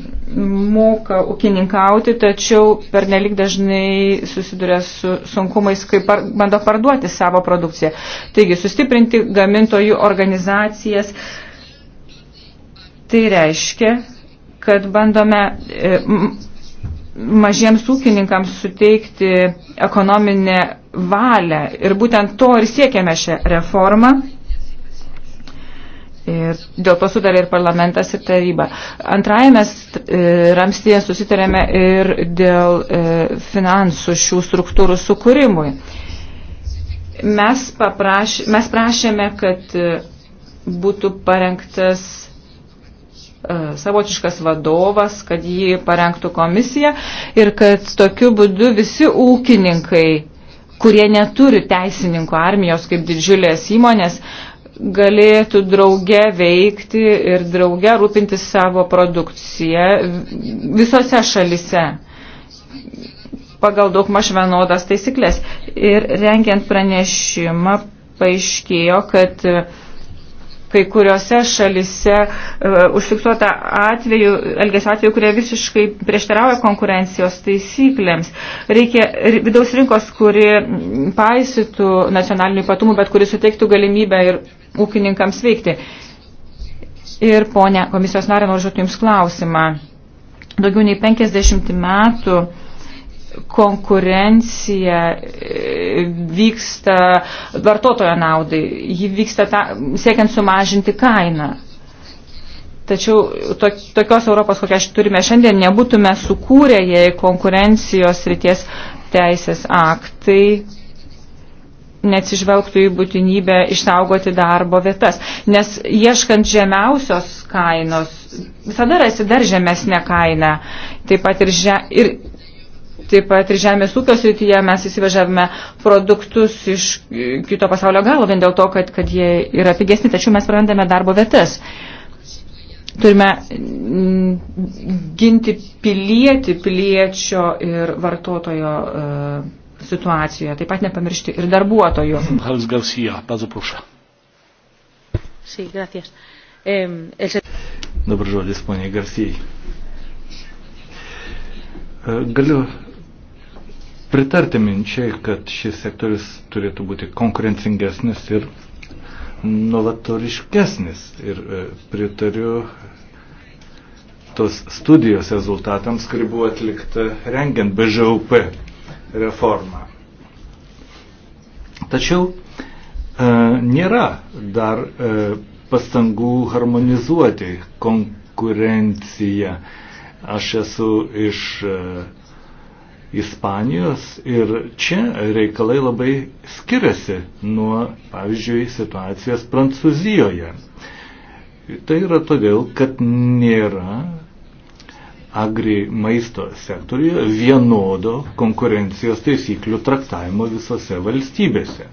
moka ūkininkauti, tačiau per nelik dažnai susiduria su sunkumais, kai par, bando parduoti savo produkciją. Taigi, sustiprinti gamintojų organizacijas, tai reiškia, kad bandome e, mažiems ūkininkams suteikti ekonominę valią ir būtent to ir siekiame šią reformą Ir dėl to sutarė ir parlamentas, ir taryba. Antrajame e, ramstyje susitarėme ir dėl e, finansų šių struktūrų sukūrimui. Mes, papraš, mes prašėme, kad e, būtų parengtas savotiškas vadovas, kad jį parengtų komisija ir kad tokiu būdu visi ūkininkai, kurie neturi teisininkų armijos kaip didžiulės įmonės, galėtų drauge veikti ir drauge rūpintis savo produkciją visose šalise pagal daugmaž vienodas taisyklės. Ir rengiant pranešimą paaiškėjo, kad Kai kuriuose šalise uh, užfiksuota atveju, elgesio atveju, kurie visiškai prieštarauja konkurencijos taisyklėms. Reikia vidaus rinkos, kuri paisytų nacionalinių ypatumų, bet kuri suteiktų galimybę ir ūkininkams veikti. Ir ponia komisijos narė, noriu Jums klausimą. Daugiau nei 50 metų konkurencija e, vyksta vartotojo naudai, ji vyksta ta, siekiant sumažinti kainą. Tačiau to, tokios Europos, kokią turime šiandien, nebūtume sukūrę, jei konkurencijos ryties teisės aktai neatsižvelgtų į būtinybę išsaugoti darbo vietas. Nes ieškant žemiausios kainos, visada rasi dar žemesnę kainą. Taip pat ir, že, ir Taip pat ir žemės ūkio srityje mes įsivežavome produktus iš kito pasaulio galo vien dėl to, kad, kad jie yra pigesni, tačiau mes prarandame darbo vietas. Turime mm, ginti pilietį, piliečio ir vartotojo uh, situacijoje. Taip pat nepamiršti ir darbuotojų. Sí, gracias. Eh, el... Dabar žodis poniai Garcijai. E, galiu pritarti minčiai, kad šis sektorius turėtų būti konkurencingesnis ir novatoriškesnis. Ir e, pritariu tos studijos rezultatams, kuri buvo atlikta rengiant BŽUP reformą. Tačiau e, nėra dar e, pastangų harmonizuoti konkurenciją. Aš esu iš e, Ispanijos ir čia reikalai labai skiriasi nuo, pavyzdžiui, situacijos Prancūzijoje. Tai yra todėl, kad nėra agri maisto sektoriuje vienodo konkurencijos taisyklių traktavimo visose valstybėse.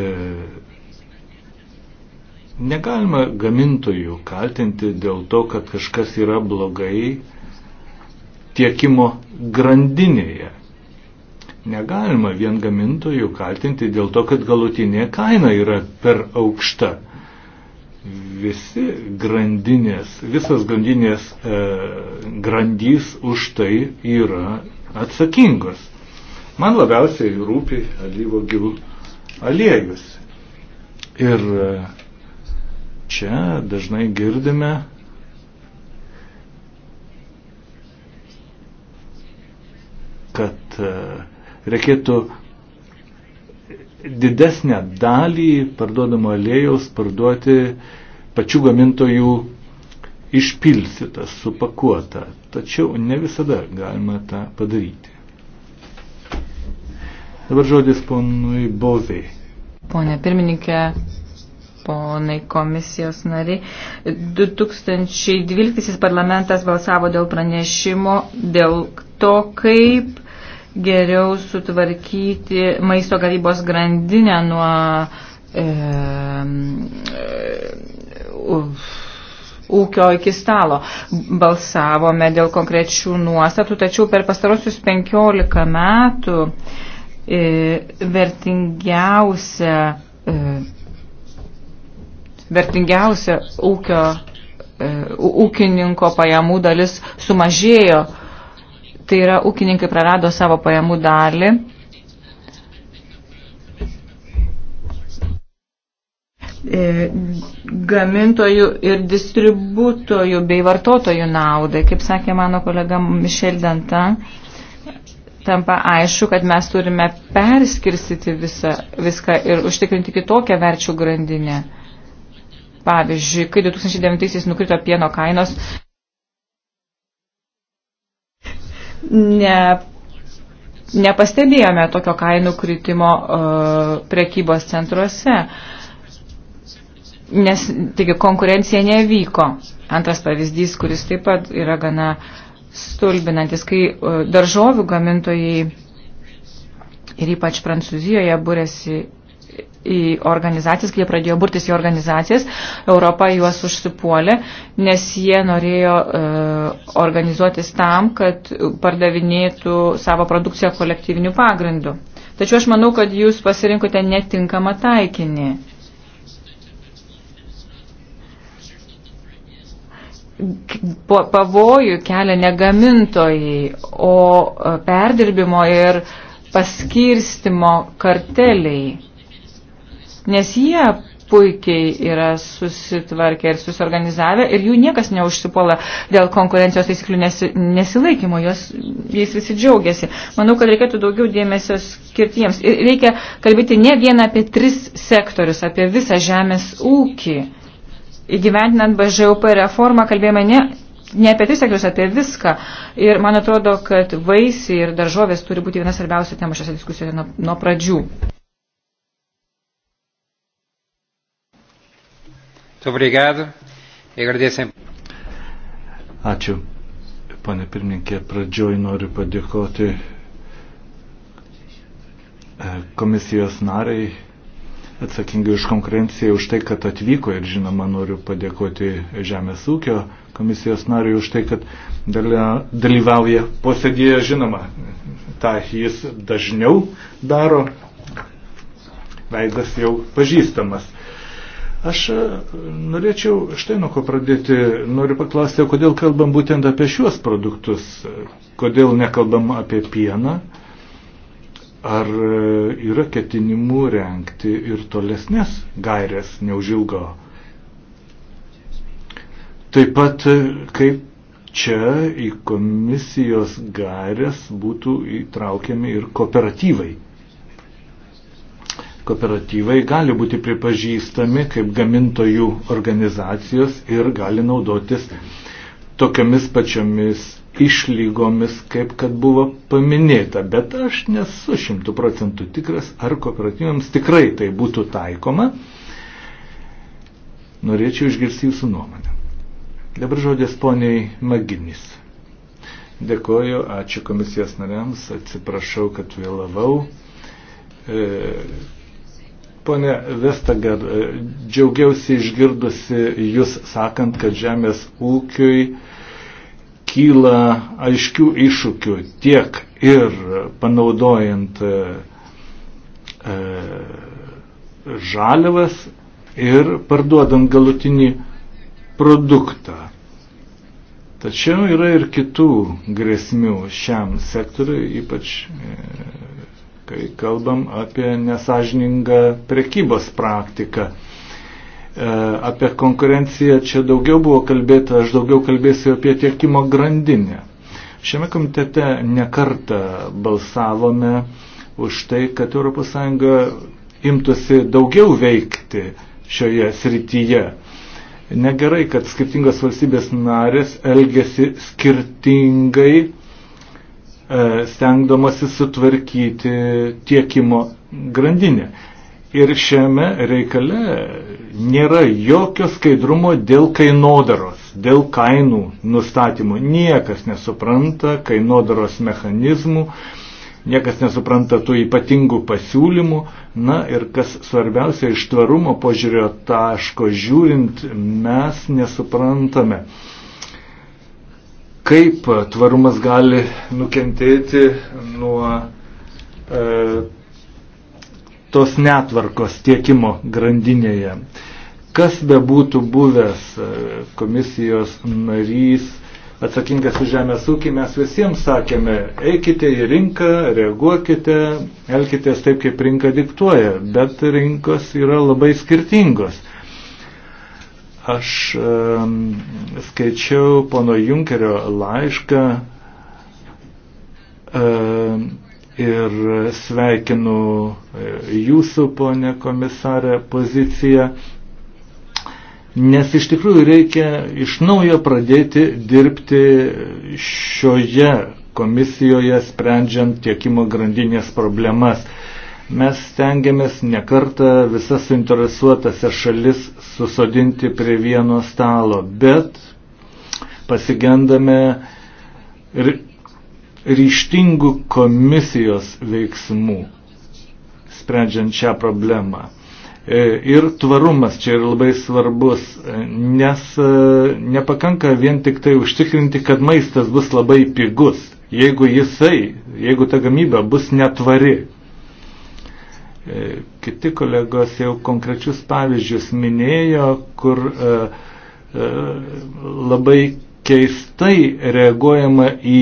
E, negalima gamintojų kaltinti dėl to, kad kažkas yra blogai tiekimo grandinėje. Negalima vien gamintojų kaltinti dėl to, kad galutinė kaina yra per aukšta. Visi grandinės, visas grandinės e, grandys už tai yra atsakingos. Man labiausiai rūpi alyvogių aliejus. Ir e, čia dažnai girdime kad e, reikėtų didesnę dalį parduodamo aliejaus parduoti pačių gamintojų išpilsitą, supakuotą. Tačiau ne visada galima tą padaryti. Dabar žodis ponui Bozai. Pone pirmininkė, ponai komisijos nariai. 2012 parlamentas balsavo dėl pranešimo dėl to, kaip geriau sutvarkyti maisto gavybos grandinę nuo e, e uf, ūkio iki stalo. Balsavome dėl konkrečių nuostatų, tačiau per pastarosius 15 metų e, vertingiausia, e, vertingiausia ūkio, e, ūkininko pajamų dalis sumažėjo tai yra ūkininkai prarado savo pajamų dalį. E, gamintojų ir distributojų bei vartotojų naudai. Kaip sakė mano kolega Mišel Dantan, tampa aišku, kad mes turime perskirstyti visą, viską ir užtikrinti kitokią verčių grandinę. Pavyzdžiui, kai 2009 nukrito pieno kainos, ne, nepastebėjome tokio kainų kritimo uh, prekybos centruose, nes taigi, konkurencija nevyko. Antras pavyzdys, kuris taip pat yra gana stulbinantis, kai uh, daržovių gamintojai ir ypač Prancūzijoje būrėsi į organizacijas, kai jie pradėjo burtis į organizacijas, Europa juos užsipuolė, nes jie norėjo e, organizuotis tam, kad pardavinėtų savo produkciją kolektyviniu pagrindu. Tačiau aš manau, kad jūs pasirinkote netinkamą taikinį. Pavojų kelia negamintojai, o e, perdirbimo ir paskirstimo karteliai nes jie puikiai yra susitvarkę ir susiorganizavę ir jų niekas neužsipuola dėl konkurencijos taisyklių nesi, nesilaikymo, jos, jais visi džiaugiasi. Manau, kad reikėtų daugiau dėmesio skirti jiems. Ir reikia kalbėti ne vieną apie tris sektorius, apie visą žemės ūkį. Įgyventinant BŽUP reformą kalbėjome ne, ne apie tris sektorius, apie viską. Ir man atrodo, kad vaisiai ir daržovės turi būti viena svarbiausia tema šiose diskusijose nuo, nuo pradžių. E Ačiū. Pane pirmininkė, pradžioj noriu padėkoti e, komisijos nariai atsakingai už konkurenciją, už tai, kad atvyko ir žinoma noriu padėkoti Žemės ūkio komisijos nariui už tai, kad dalyvauja posėdėje, žinoma, tą jis dažniau daro, veidas jau pažįstamas. Aš e, norėčiau štai nuo ko pradėti. Noriu paklausti, kodėl kalbam būtent apie šiuos produktus, kodėl nekalbam apie pieną. Ar e, yra ketinimų renkti ir tolesnės gairės neužilgo? Taip pat, e, kaip čia į komisijos gairės būtų įtraukiami ir kooperatyvai kooperatyvai gali būti pripažįstami kaip gamintojų organizacijos ir gali naudotis tokiamis pačiomis išlygomis, kaip kad buvo paminėta. Bet aš nesu šimtų procentų tikras, ar kooperatyvams tikrai tai būtų taikoma. Norėčiau išgirsti jūsų nuomonę. Dabar žodės poniai Maginis. Dėkoju, ačiū komisijos nariams, atsiprašau, kad vėlavau. E, Pone Vestager, e, džiaugiausi išgirdusi Jūs sakant, kad žemės ūkiui kyla aiškių iššūkių tiek ir panaudojant e, e žalivas ir parduodant galutinį produktą. Tačiau yra ir kitų grėsmių šiam sektoriui, ypač e, kai kalbam apie nesažiningą prekybos praktiką. E, apie konkurenciją čia daugiau buvo kalbėta, aš daugiau kalbėsiu apie tiekimo grandinę. Šiame komitete nekartą balsavome už tai, kad ES imtųsi daugiau veikti šioje srityje. Negerai, kad skirtingos valstybės narės elgesi skirtingai E, stengdamasi sutvarkyti tiekimo grandinę. Ir šiame reikale nėra jokio skaidrumo dėl kainodaros, dėl kainų nustatymų. Niekas nesupranta kainodaros mechanizmų, niekas nesupranta tų ypatingų pasiūlymų. Na ir kas svarbiausia, iš tvarumo požiūrio taško žiūrint, mes nesuprantame. E, kaip tvarumas gali nukentėti nuo e, tos netvarkos tiekimo grandinėje. Kas bebūtų buvęs e, komisijos narys atsakingas už žemės ūkį, mes visiems sakėme, eikite į rinką, reaguokite, elkitės taip, kaip rinka diktuoja, bet rinkos yra labai skirtingos. Aš skaičiau pono Junkerio laišką ir sveikinu e, jūsų, ponė komisarė, poziciją, nes iš tikrųjų reikia iš naujo pradėti dirbti šioje komisijoje, sprendžiant tiekimo grandinės problemas. Mes stengiamės nekartą visas suinteresuotasias šalis susodinti prie vieno stalo, bet pasigendame ryštingų komisijos veiksmų, sprendžiant šią problemą. E, ir tvarumas čia yra labai svarbus, e, nes e, nepakanka vien tik tai užtikrinti, kad maistas bus labai pigus, jeigu jisai, jeigu ta gamyba bus netvari. E, kiti kolegos jau konkrečius pavyzdžius minėjo, kur e, e, labai keistai reaguojama į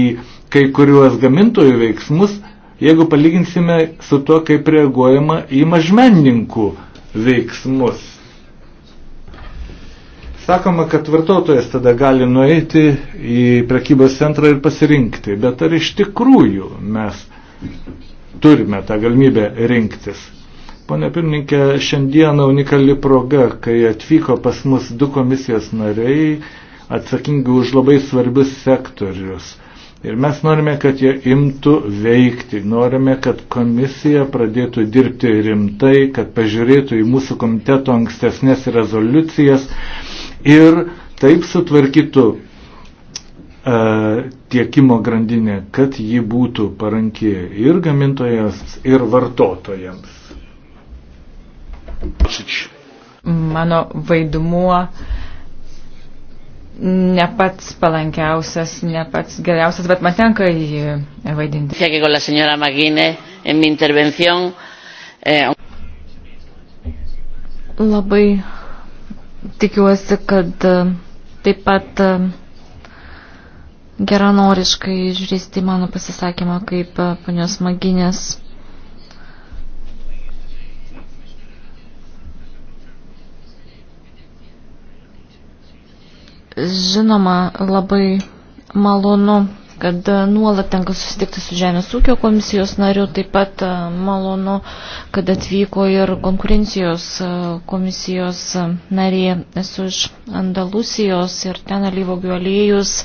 kai kuriuos gamintojų veiksmus, jeigu palyginsime su tuo, kaip reaguojama į mažmenininkų veiksmus. Sakoma, kad vartotojas tada gali nueiti į prekybos centrą ir pasirinkti, bet ar iš tikrųjų mes turime tą galimybę rinktis. Pone pirmininkė, šiandieną unikali proga, kai atvyko pas mus du komisijos nariai atsakingi už labai svarbius sektorius. Ir mes norime, kad jie imtų veikti, norime, kad komisija pradėtų dirbti rimtai, kad pažiūrėtų į mūsų komiteto ankstesnės rezoliucijas ir taip sutvarkytų e, tiekimo grandinė, kad ji būtų paranki ir gamintojams, ir vartotojams. Mano vaidmuo ne pats palankiausias, ne pats geriausias, bet man tenka jį vaidinti. Eh, Labai tikiuosi, kad eh, taip pat eh, geranoriškai žiūrėsite į mano pasisakymą kaip e, ponios maginės. Žinoma, labai malonu, kad e, nuolat tenka susitikti su Žemės ūkio komisijos nariu, taip pat e, malonu, kad atvyko ir konkurencijos komisijos narė. Esu iš Andalusijos ir ten alyvogių aliejus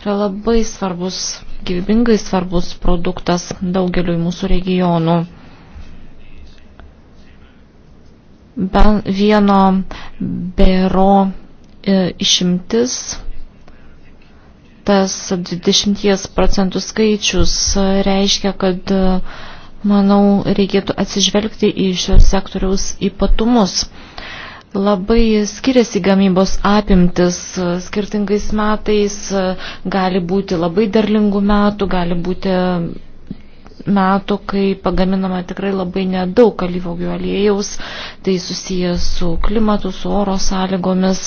yra labai svarbus, gyvybingai svarbus produktas daugeliui mūsų regionų. Be vieno bero e, išimtis, tas 20 procentų skaičius reiškia, kad e, manau reikėtų atsižvelgti į šios sektoriaus ypatumus. E, Labai skiriasi gamybos apimtis, e, skirtingais metais e, gali būti labai derlingų metų, gali būti metų, kai pagaminama tikrai labai nedaug alyvogių aliejaus, tai susijęs su klimatu, su oro sąlygomis.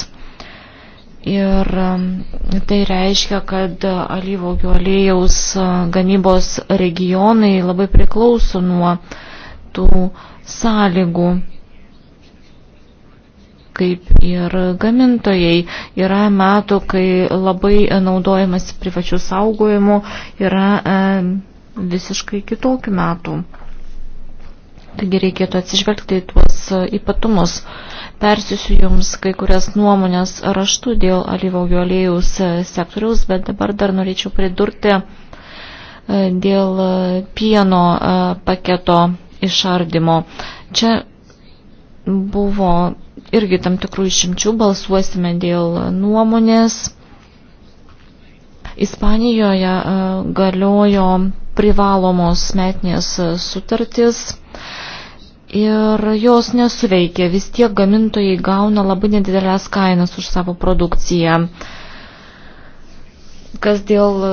Ir e, tai reiškia, kad alyvogių aliejaus gamybos regionai labai priklauso nuo tų sąlygų kaip ir gamintojai. Yra metų, kai labai naudojamas privačių saugojimų, yra e, visiškai kitokių metų. Taigi reikėtų atsižvelgti į tuos ypatumus. Persiusiu Jums kai kurias nuomonės raštų dėl alyvaugių aliejus sektoriaus, bet dabar dar norėčiau pridurti e, dėl pieno e, paketo išardymo. Čia buvo irgi tam tikrų išimčių, balsuosime dėl nuomonės. Ispanijoje e, galiojo privalomos metinės e, sutartis ir jos nesuveikė, vis tiek gamintojai gauna labai nedidelės kainas už savo produkciją. Uh, Kas dėl e,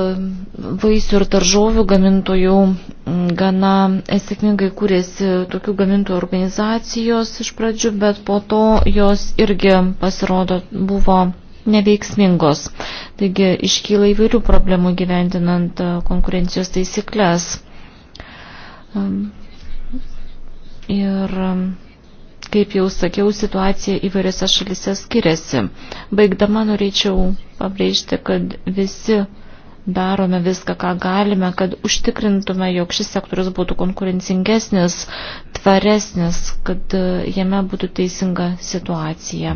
vaisių ir daržovių gamintojų, gana sėkmingai kūrėsi tokių gamintojų organizacijos iš pradžių, bet po to jos irgi pasirodo buvo neveiksmingos. Taigi iškyla įvairių problemų gyvendinant e, konkurencijos taisyklės. Ir Kaip jau sakiau, situacija įvairiose šalise skiriasi. Baigdama norėčiau pabrėžti, kad visi darome viską, ką galime, kad užtikrintume, jog šis sektorius būtų konkurencingesnis, tvaresnis, kad e, jame būtų teisinga situacija.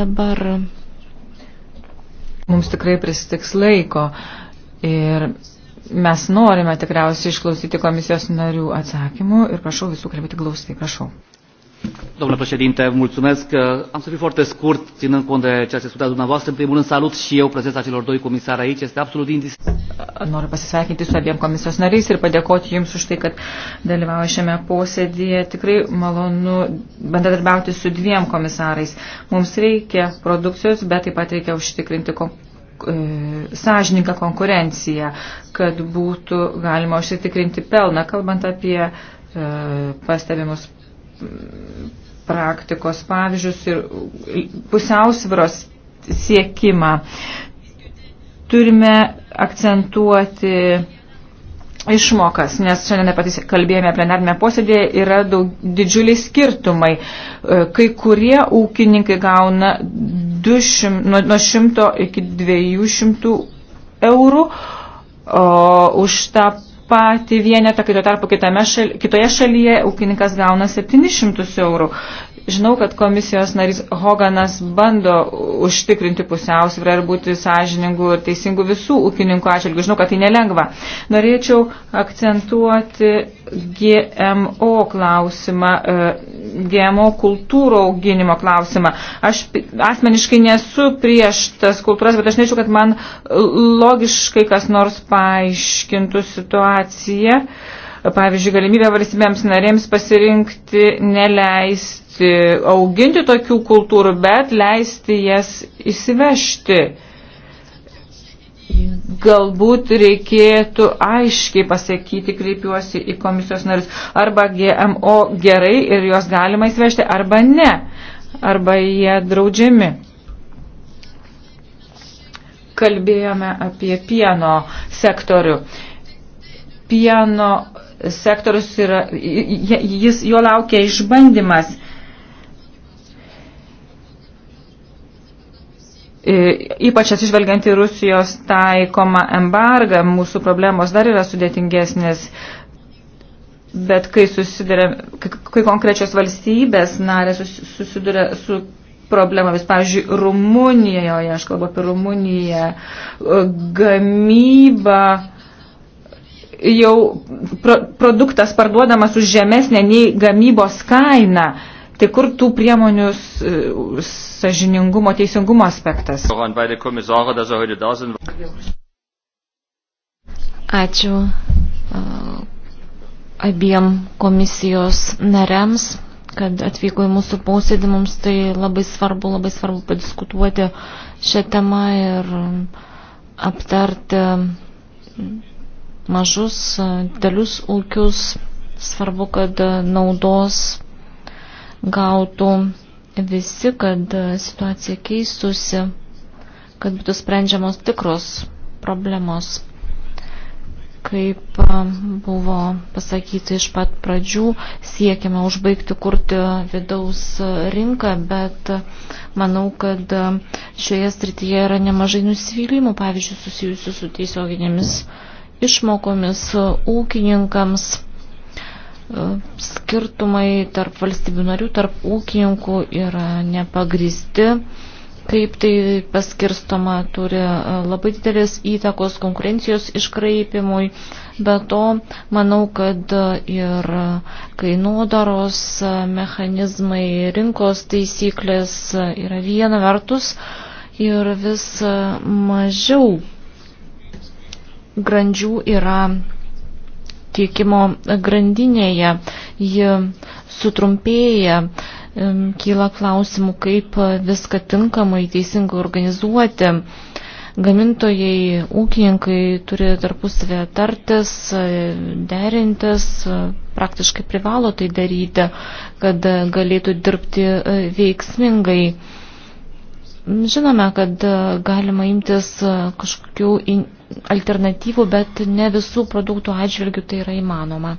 Dabar. Mums tikrai pristiks laiko ir Mes norime tikriausiai išklausyti komisijos narių atsakymų ir prašau visų kalbėti glaustai, prašau. Domnule președinte, mulțumesc. Am să fiu foarte scurt, ținând cont de ceea ce spunea dumneavoastră. În primul rând, salut și eu prezența celor doi comisari aici. Este absolut indispensabil. Noriu pasisveikinti su abiem komisijos nariais ir padėkoti jums už tai, kad dalyvauja šiame posėdėje. Tikrai malonu bendradarbiauti su dviem komisarais. Mums reikia produkcijos, bet taip pat reikia užtikrinti E, sąžininką konkurenciją, kad būtų galima užsitikrinti pelną, kalbant apie e, pastebimus praktikos pavyzdžius ir pusiausviros siekimą. Turime akcentuoti išmokas, nes šiandien patys tai kalbėjome plenarnėme posėdėje, yra daug, didžiuliai skirtumai. E, kai kurie ūkininkai gauna 200, nuo, nuo 100 iki 200 eurų o, už tą patį vienetą, kai tuo tarpu šal, kitoje šalyje ūkininkas gauna 700 eurų. Žinau, kad komisijos narys Hoganas bando užtikrinti pusiausvyrą ir būti sąžiningų ir teisingų visų ūkininkų atžvilgių. Žinau, kad tai nelengva. Norėčiau akcentuoti GMO klausimą, e, GMO kultūrų auginimo klausimą. Aš asmeniškai nesu prieš tas kultūras, bet aš nežinau, kad man logiškai kas nors paaiškintų situaciją. Uh, pavyzdžiui, galimybę valstybėms narėms pasirinkti neleisti auginti tokių kultūrų, bet leisti jas įsivežti. Galbūt reikėtų aiškiai pasakyti, kreipiuosi į komisijos narius, arba GMO gerai ir juos galima įsivežti, arba ne, arba jie draudžiami kalbėjome apie pieno sektorių. Pieno sektorius yra, jis jo laukia išbandymas. E, ypač atsižvelgiant į Rusijos taikomą embargą, mūsų problemos dar yra sudėtingesnės. Bet kai, kai konkrečios valstybės narės susiduria su problemomis. Pavyzdžiui, Rumunijoje, aš kalbu apie Rumuniją, e, gamyba jau pro, produktas parduodamas už žemesnę nei gamybos kainą. Tai kur tų priemonių sažiningumo, teisingumo aspektas? Er Ačiū abiem komisijos nariams, kad atvyko į mūsų posėdį. Mums tai labai svarbu, labai svarbu padiskutuoti šią temą ir aptarti mažus, dėlius ūkius. Svarbu, kad naudos gautų visi, kad situacija keistusi, kad būtų sprendžiamos tikros problemos. Kaip buvo pasakyta iš pat pradžių, siekime užbaigti kurti vidaus rinką, bet manau, kad šioje srityje yra nemažai nusivylimų, pavyzdžiui, susijusių su tiesioginėmis. Mhm išmokomis ūkininkams e, skirtumai tarp valstybių narių, tarp ūkininkų yra nepagristi. Kaip tai paskirstoma turi e, labai didelės įtakos konkurencijos iškraipimui, bet to manau, kad e, ir kainodaros mechanizmai, rinkos taisyklės yra viena vertus ir vis mažiau grandžių yra tiekimo grandinėje, ji sutrumpėja, kyla klausimų, kaip viską tinkamai teisingai organizuoti. Gamintojai, ūkininkai turi tarpusavę tartis, e, derintis, e, praktiškai privalo tai daryti, kad galėtų dirbti e, veiksmingai. Žinome, kad e, galima imtis e, kažkokių alternatyvų, bet ne visų produktų atžvilgių tai yra įmanoma.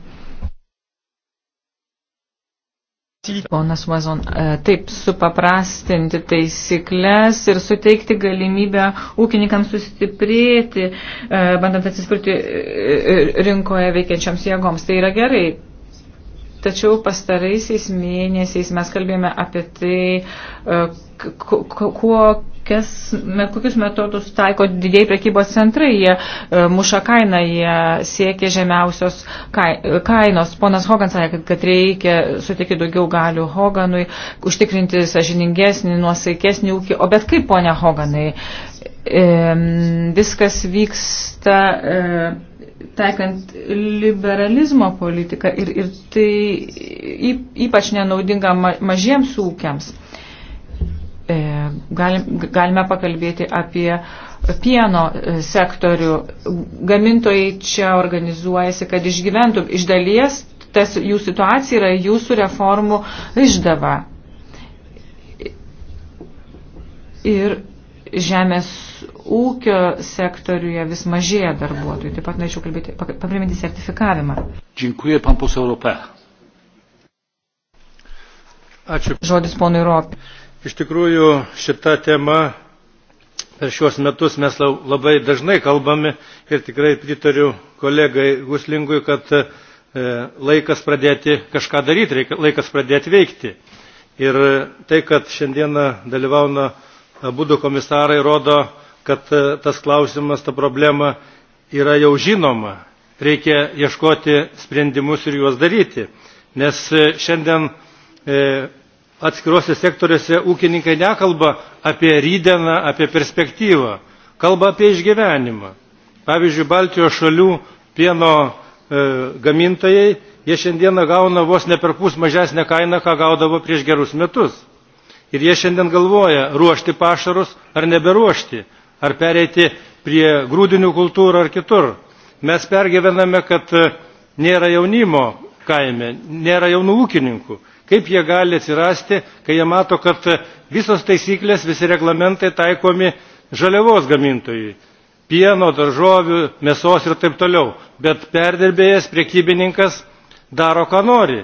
Ponas Mazon, e, taip supaprastinti taisyklės ir suteikti galimybę ūkininkams sustiprėti, bandant atsispirti rinkoje veikiančiams jėgoms. Tai yra gerai, Tačiau pastaraisiais mėnesiais mes kalbėjome apie tai, e, kokias, kokius metodus taiko didėjai prekybos centrai. Jie e, muša kainą, jie siekia žemiausios kainos. Ponas Hogan sakė, kad reikia suteikti daugiau galių Hoganui, užtikrinti sažiningesnį, nuosaikesnį ūkį. O bet kaip, ponia Hoganai, viskas vyksta e, taikant liberalizmo politiką ir, ir tai ypač nenaudinga mažiems ūkiams. E, galime pakalbėti apie pieno e, sektorių. Gamintojai čia organizuojasi, kad išgyventų. Iš dalies tas jų situacija yra jūsų reformų išdava. Ir žemės ūkio sektoriuje vis mažėja darbuotojų. Taip pat norėčiau kalbėti, papriminti sertifikavimą. Dziękuję, pan poseł Europė. Ačiū. Žodis ponui Europė. Iš tikrųjų, šita tema per šiuos metus mes labai dažnai kalbame ir tikrai pritariu kolegai Guslingui, kad e, laikas pradėti kažką daryti, laikas pradėti veikti. Ir tai, kad šiandieną dalyvauna abudu komisarai, rodo kad e, tas klausimas, ta problema yra jau žinoma. Reikia ieškoti sprendimus ir juos daryti. Nes e, šiandien e, atskiruose sektoriuose ūkininkai nekalba apie rydeną, apie perspektyvą, kalba apie išgyvenimą. Pavyzdžiui, Baltijos šalių pieno e, gamintojai, jie šiandieną gauna vos ne per pus mažesnę kainą, ką gaudavo prieš gerus metus. Ir jie šiandien galvoja, ruošti pašarus ar neberuošti ar pereiti prie grūdinių kultūrų ar kitur. Mes pergyvename, kad e, nėra jaunimo kaime, nėra jaunų ūkininkų. Kaip jie gali atsirasti, kai jie mato, kad e, visos taisyklės, visi reglamentai taikomi žaliavos gamintojui - pieno, daržovių, mėsos ir taip toliau. Bet perdirbėjas, priekybininkas daro, ką nori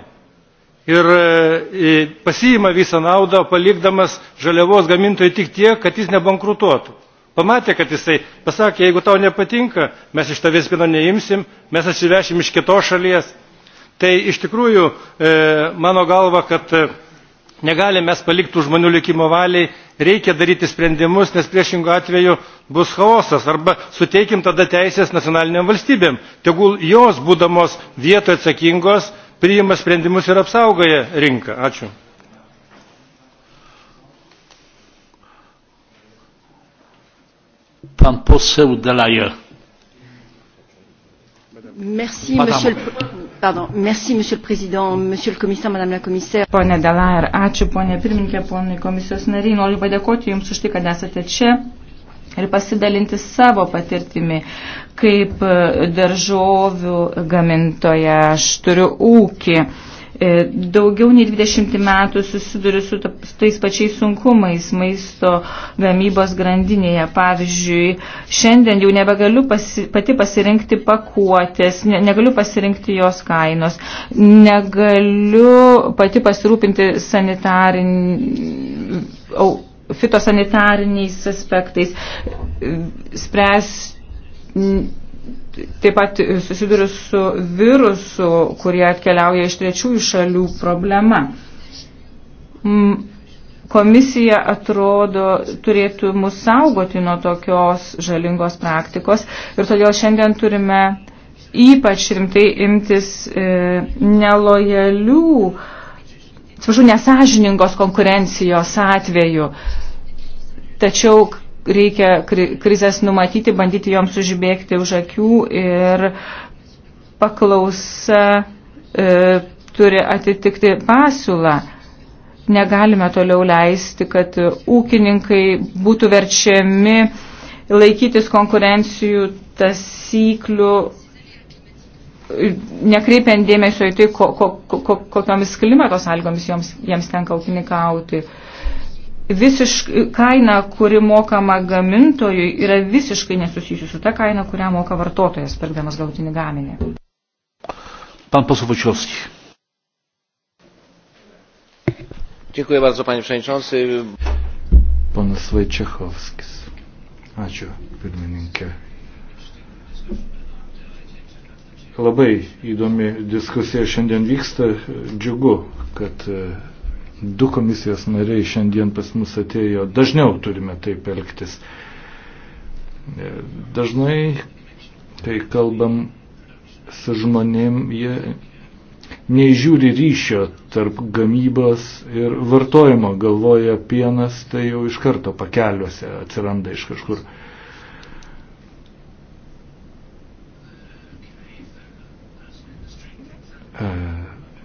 ir e, pasiima visą naudą palikdamas žaliavos gamintojui tik tiek kad jis nebankrutuotų pamatė kad jisai pasakė jeigu tau nepatinka mes iš tavęs pieno neimsim mes atsivešim iš kitos šalies tai iš tikrųjų e, mano galva kad e, negalime mes palikti tų žmonių likimo valiai reikia daryti sprendimus nes priešingu atveju bus chaosas arba suteikim tada teisės nacionalinėm valstybėm tegul jos būdamos vietoje atsakingos priima sprendimus ir apsaugoja rinką. ačiū. Pan poseł Delajer. Merci, monsieur le... Pardon. Merci, monsieur le président, monsieur le commissaire, madame la commissaire. Pone Delajer, ačiū, ponė pirmininkė, ponai komisijos nariai. Noriu padėkoti Jums už tai, kad esate čia ir pasidalinti savo patirtimi. Kaip e, daržovių gamintoja aš turiu ūkį E, daugiau nei 20 metų susiduriu su tais pačiais sunkumais maisto gamybos grandinėje. Pavyzdžiui, šiandien jau nebegaliu pasi, pati pasirinkti pakuotės, ne, negaliu pasirinkti jos kainos, negaliu pati pasirūpinti sanitarin, au, fitosanitariniais aspektais, spręs taip pat susiduriu su virusu, kurie atkeliauja iš trečiųjų šalių problema. Komisija atrodo turėtų mus saugoti nuo tokios žalingos praktikos ir todėl šiandien turime ypač rimtai imtis e, nelojalių, atsiprašau, nesažiningos konkurencijos atveju. Tačiau reikia krizės numatyti, bandyti joms užbėgti už akių ir paklausa e, turi atitikti pasiūlą. Negalime toliau leisti, kad ūkininkai būtų verčiami laikytis konkurencijų tasyklių, nekreipiant dėmesio į tai, ko, ko, ko, kokiomis klimato sąlygomis joms, jiems tenka ūkininkauti. E, visiškai kaina, kuri mokama gamintojui, yra visiškai nesusijusi su ta kaina, kurią moka vartotojas, pirkdamas galutinį gaminį. Pan Posuvačiovski. Dziękuję bardzo, panie przewodniczący. Ponas Vaičiachovskis. Ačiū, pirmininkė. Labai įdomi diskusija šiandien vyksta. Džiugu, kad Du komisijos nariai šiandien pas mus atėjo, dažniau turime taip elgtis. E, dažnai, kai kalbam su žmonėm, jie neižiūri ryšio tarp gamybos ir vartojimo, galvoja pienas, tai jau iš karto pakeliuose atsiranda iš kažkur. E,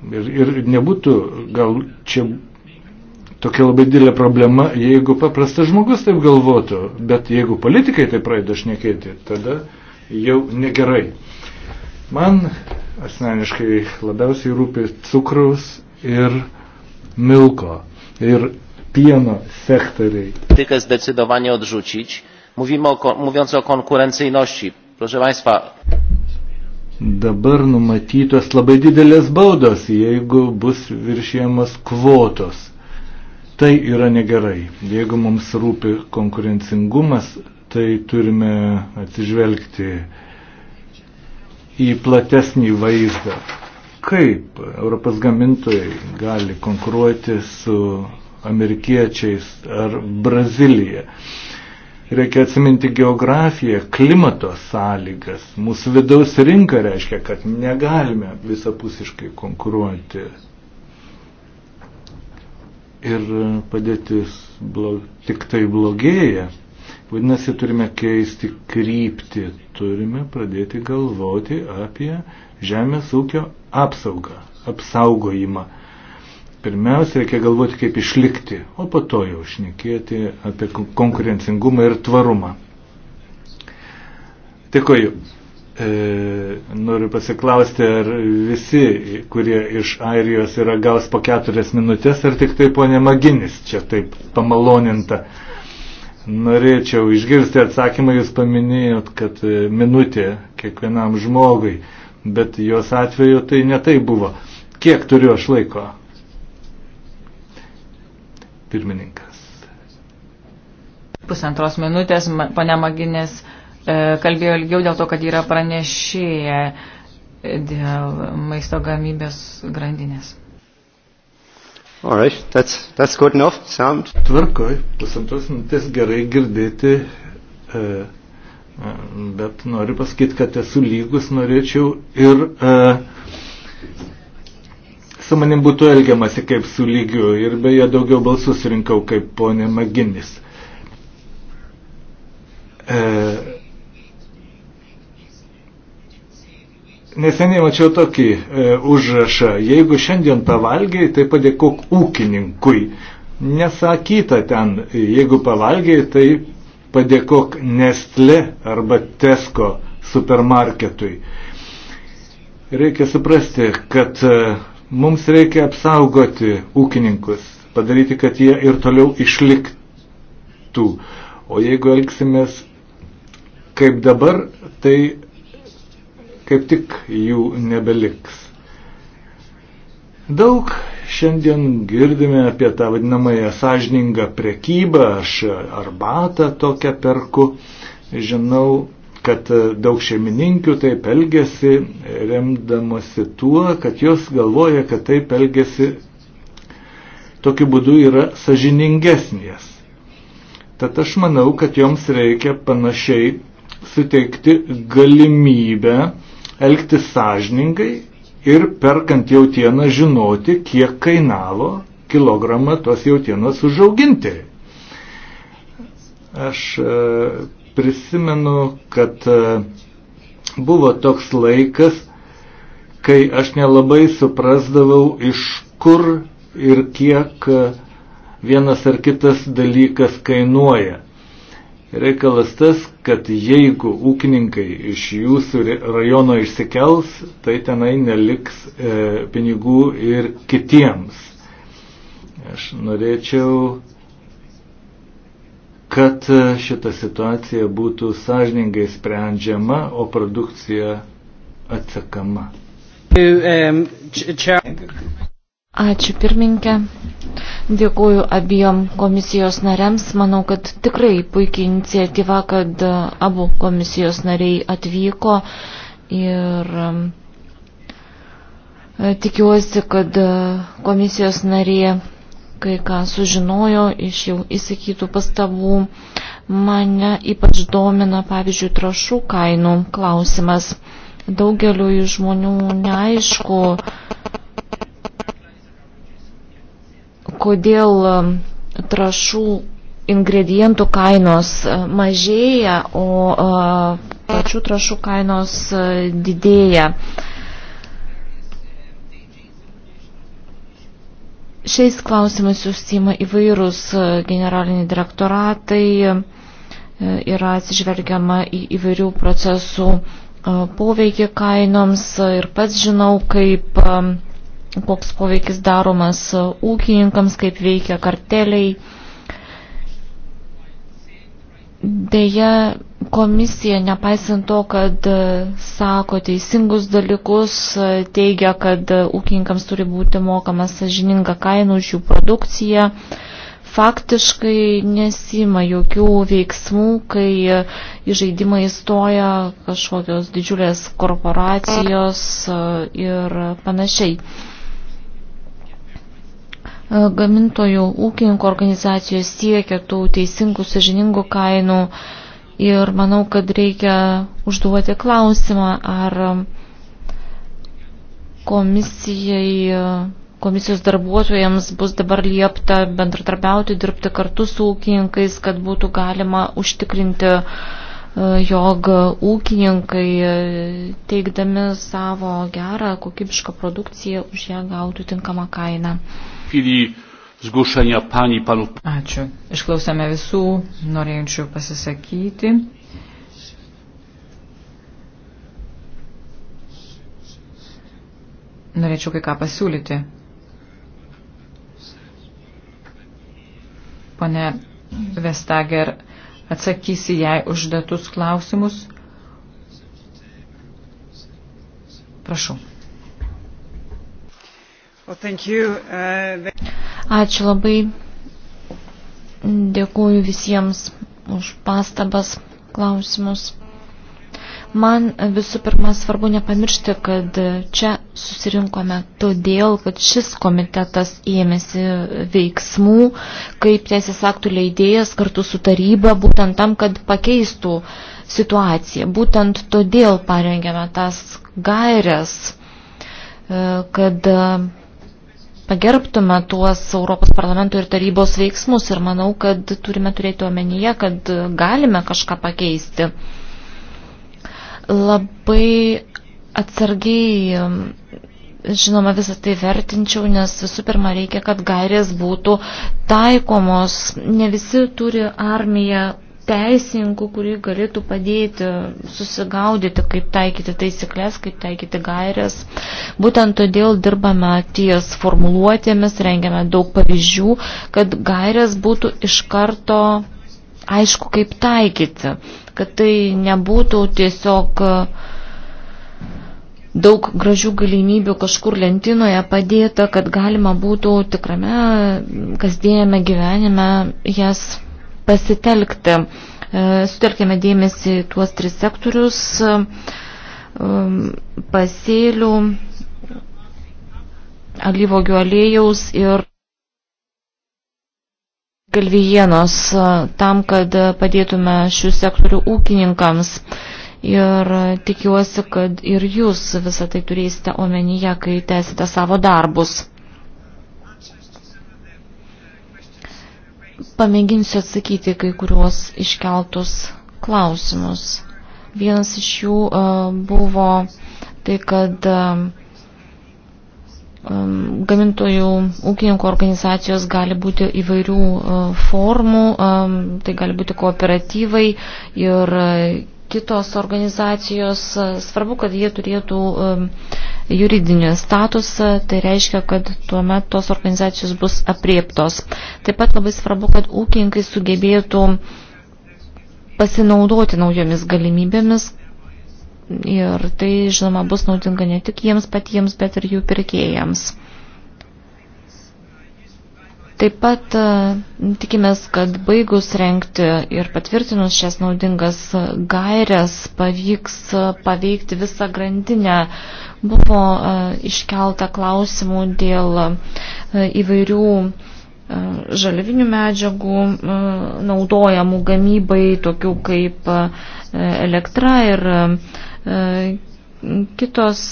Ir, ir nebūtų gal čia tokia labai didelė problema, jeigu paprastas žmogus taip galvotų, bet jeigu politikai tai pradeda šnekėti, tada jau negerai. Man asmeniškai labiausiai rūpi cukraus ir milko ir pieno sektoriai. Tykę zdecydowanie odrzucić. Mówimy o, mówiąc o konkurencyjności, proszę Państwa dabar numatytos labai didelės baudos, jeigu bus viršėjamos kvotos. Tai yra negerai. Jeigu mums rūpi konkurencingumas, tai turime atsižvelgti į platesnį vaizdą. Kaip Europos gamintojai gali konkuruoti su amerikiečiais ar Brazilija? Reikia atsiminti geografiją, klimato sąlygas. Mūsų vidaus rinka reiškia, kad negalime visapusiškai konkuruoti. Ir padėtis blog, tik tai blogėja. Vadinasi, turime keisti kryptį, turime pradėti galvoti apie žemės ūkio apsaugą, apsaugojimą. Pirmiausia, reikia galvoti, kaip išlikti, o po to jau šnekėti apie konkurencingumą ir tvarumą. Dėkoju. E, noriu pasiklausti, ar visi, kurie iš Airijos yra gaus po keturias minutės, ar tik tai ponė Maginis čia taip pamaloninta. Norėčiau išgirsti atsakymą, jūs paminėjot, kad e, minutė kiekvienam žmogui, bet jos atveju tai netai buvo. Kiek turiu aš laiko? Pirmininkas. Pusantros minutės, ponia Maginės e, kalbėjo ilgiau dėl to, kad yra pranešėję dėl maisto gamybės grandinės. Alright, that's, that's good enough, sound. Tvarkoj, pusantros minutės gerai girdėti, e, e bet noriu pasakyti, kad esu lygus, norėčiau ir e, su manim būtų elgiamasi kaip su lygiu ir beje daugiau balsų surinkau kaip ponė Maginis. E, neseniai mačiau tokį e, užrašą, jeigu šiandien pavalgiai, tai padėkok ūkininkui. Nesakyta ten, jeigu pavalgiai, tai padėkok Nestle arba Tesco supermarketui. Reikia suprasti, kad e, Mums reikia apsaugoti ūkininkus, padaryti, kad jie ir toliau išliktų. O jeigu elgsimės kaip dabar, tai kaip tik jų nebeliks. Daug šiandien girdime apie tą vadinamąją sąžiningą prekybą, aš arbatą tokią perku, žinau, kad e, daug šeimininkių taip elgesi, remdamasi tuo, kad jos galvoja, kad taip elgesi tokiu būdu yra sažiningesnės. Tad aš manau, kad joms reikia panašiai suteikti galimybę elgti sąžiningai ir perkant jautieną žinoti, kiek kainavo kilogramą tos jautienos užauginti. Aš e, prisimenu, kad e, buvo toks laikas, kai aš nelabai suprasdavau, iš kur ir kiek e, vienas ar kitas dalykas kainuoja. Reikalas tas, kad jeigu ūkininkai iš jūsų rajono išsikels, tai tenai neliks e, pinigų ir kitiems. Aš norėčiau kad e, šita situacija būtų sąžiningai sprendžiama, o produkcija atsakama. E, e, Ačiū pirmininkė. Dėkuoju abiem komisijos nariams. Manau, kad tikrai puikiai iniciatyva, kad abu komisijos nariai atvyko ir tikiuosi, kad komisijos narė kai ką sužinojo iš jau įsikytų pastabų. Mane ypač domina, pavyzdžiui, trašų kainų klausimas. Daugeliu žmonių neaišku, kodėl trašų ingredientų kainos mažėja, o pačių trašų kainos didėja. A, Šiais klausimais užsima įvairūs e, generaliniai direktoratai, e, yra atsižvelgiama į įvairių procesų e, poveikį kainoms ir pats žinau, kaip, koks poveikis daromas ūkininkams, kaip veikia karteliai Deja, komisija, nepaisant to, kad e, sako teisingus dalykus, e, teigia, kad e, ūkininkams turi būti mokama sažininga kaina už jų produkciją, faktiškai nesima jokių veiksmų, kai į žaidimą įstoja kažkokios didžiulės korporacijos ir panašiai. E, gamintojų ūkininkų organizacijos siekia tų teisingų, sažiningų kainų ir manau, kad reikia užduoti klausimą, ar komisijai, komisijos darbuotojams bus dabar liepta bendradarbiauti, dirbti kartu su ūkininkais, kad būtų galima užtikrinti, e, jog ūkininkai e, teikdami savo gerą kokybišką produkciją už ją gautų tinkamą kainą chwili zgłoszenia pani, panów. Ačiū. Išklausėme visų norėjančių pasisakyti. Norėčiau kai ką pasiūlyti. Pane Vestager atsakysi jai uždatus klausimus. Prašau. Uh, Ačiū labai. Dėkuoju visiems už pastabas, klausimus. Man visų pirma svarbu nepamiršti, kad čia susirinkome todėl, kad šis komitetas ėmėsi veiksmų, kaip teisės aktų leidėjas kartu su taryba, būtent tam, kad pakeistų situaciją. Būtent todėl parengėme tas gairias, e, kad pagerbtume tuos Europos parlamento ir tarybos veiksmus ir manau, kad turime turėti omenyje, kad galime kažką pakeisti. Labai atsargiai žinoma, visą tai vertinčiau, nes visų pirma reikia, kad gairės būtų taikomos. Ne visi turi armiją teisininkų, kurie galėtų padėti susigaudyti, kaip taikyti taisyklės, kaip taikyti gairias. Būtent todėl dirbame ties formuluotėmis, rengiame daug pavyzdžių, kad gairias būtų iš karto aišku, kaip taikyti, kad tai nebūtų tiesiog daug gražių galimybių kažkur lentinoje padėta, kad galima būtų tikrame kasdienėme gyvenime jas pasitelkti. E, sutelkėme dėmesį tuos tris sektorius e, pasėlių, alyvogių aliejaus ir galvijienos e, tam, kad padėtume šių sektorių ūkininkams. Ir tikiuosi, kad ir jūs visą tai turėsite omenyje, kai tęsite savo darbus. Pamėginsiu atsakyti kai kuriuos iškeltus klausimus. Vienas iš jų e, buvo tai, kad e, e, gamintojų ūkininkų organizacijos gali būti įvairių formų, tai gali būti kooperatyvai ir kitos organizacijos, svarbu, kad jie turėtų um, juridinį statusą, tai reiškia, kad tuomet tos organizacijos bus apriektos. Taip pat labai svarbu, kad ūkininkai sugebėtų pasinaudoti naujomis galimybėmis ir tai, žinoma, bus naudinga ne tik jiems patiems, bet ir jų pirkėjams. Taip pat e, tikimės, kad baigus renkti ir patvirtinus šias naudingas gairias pavyks e, paveikti visą grandinę. Buvo e, iškelta klausimų dėl įvairių žalivinių medžiagų naudojamų gamybai, tokių kaip elektra ir kitos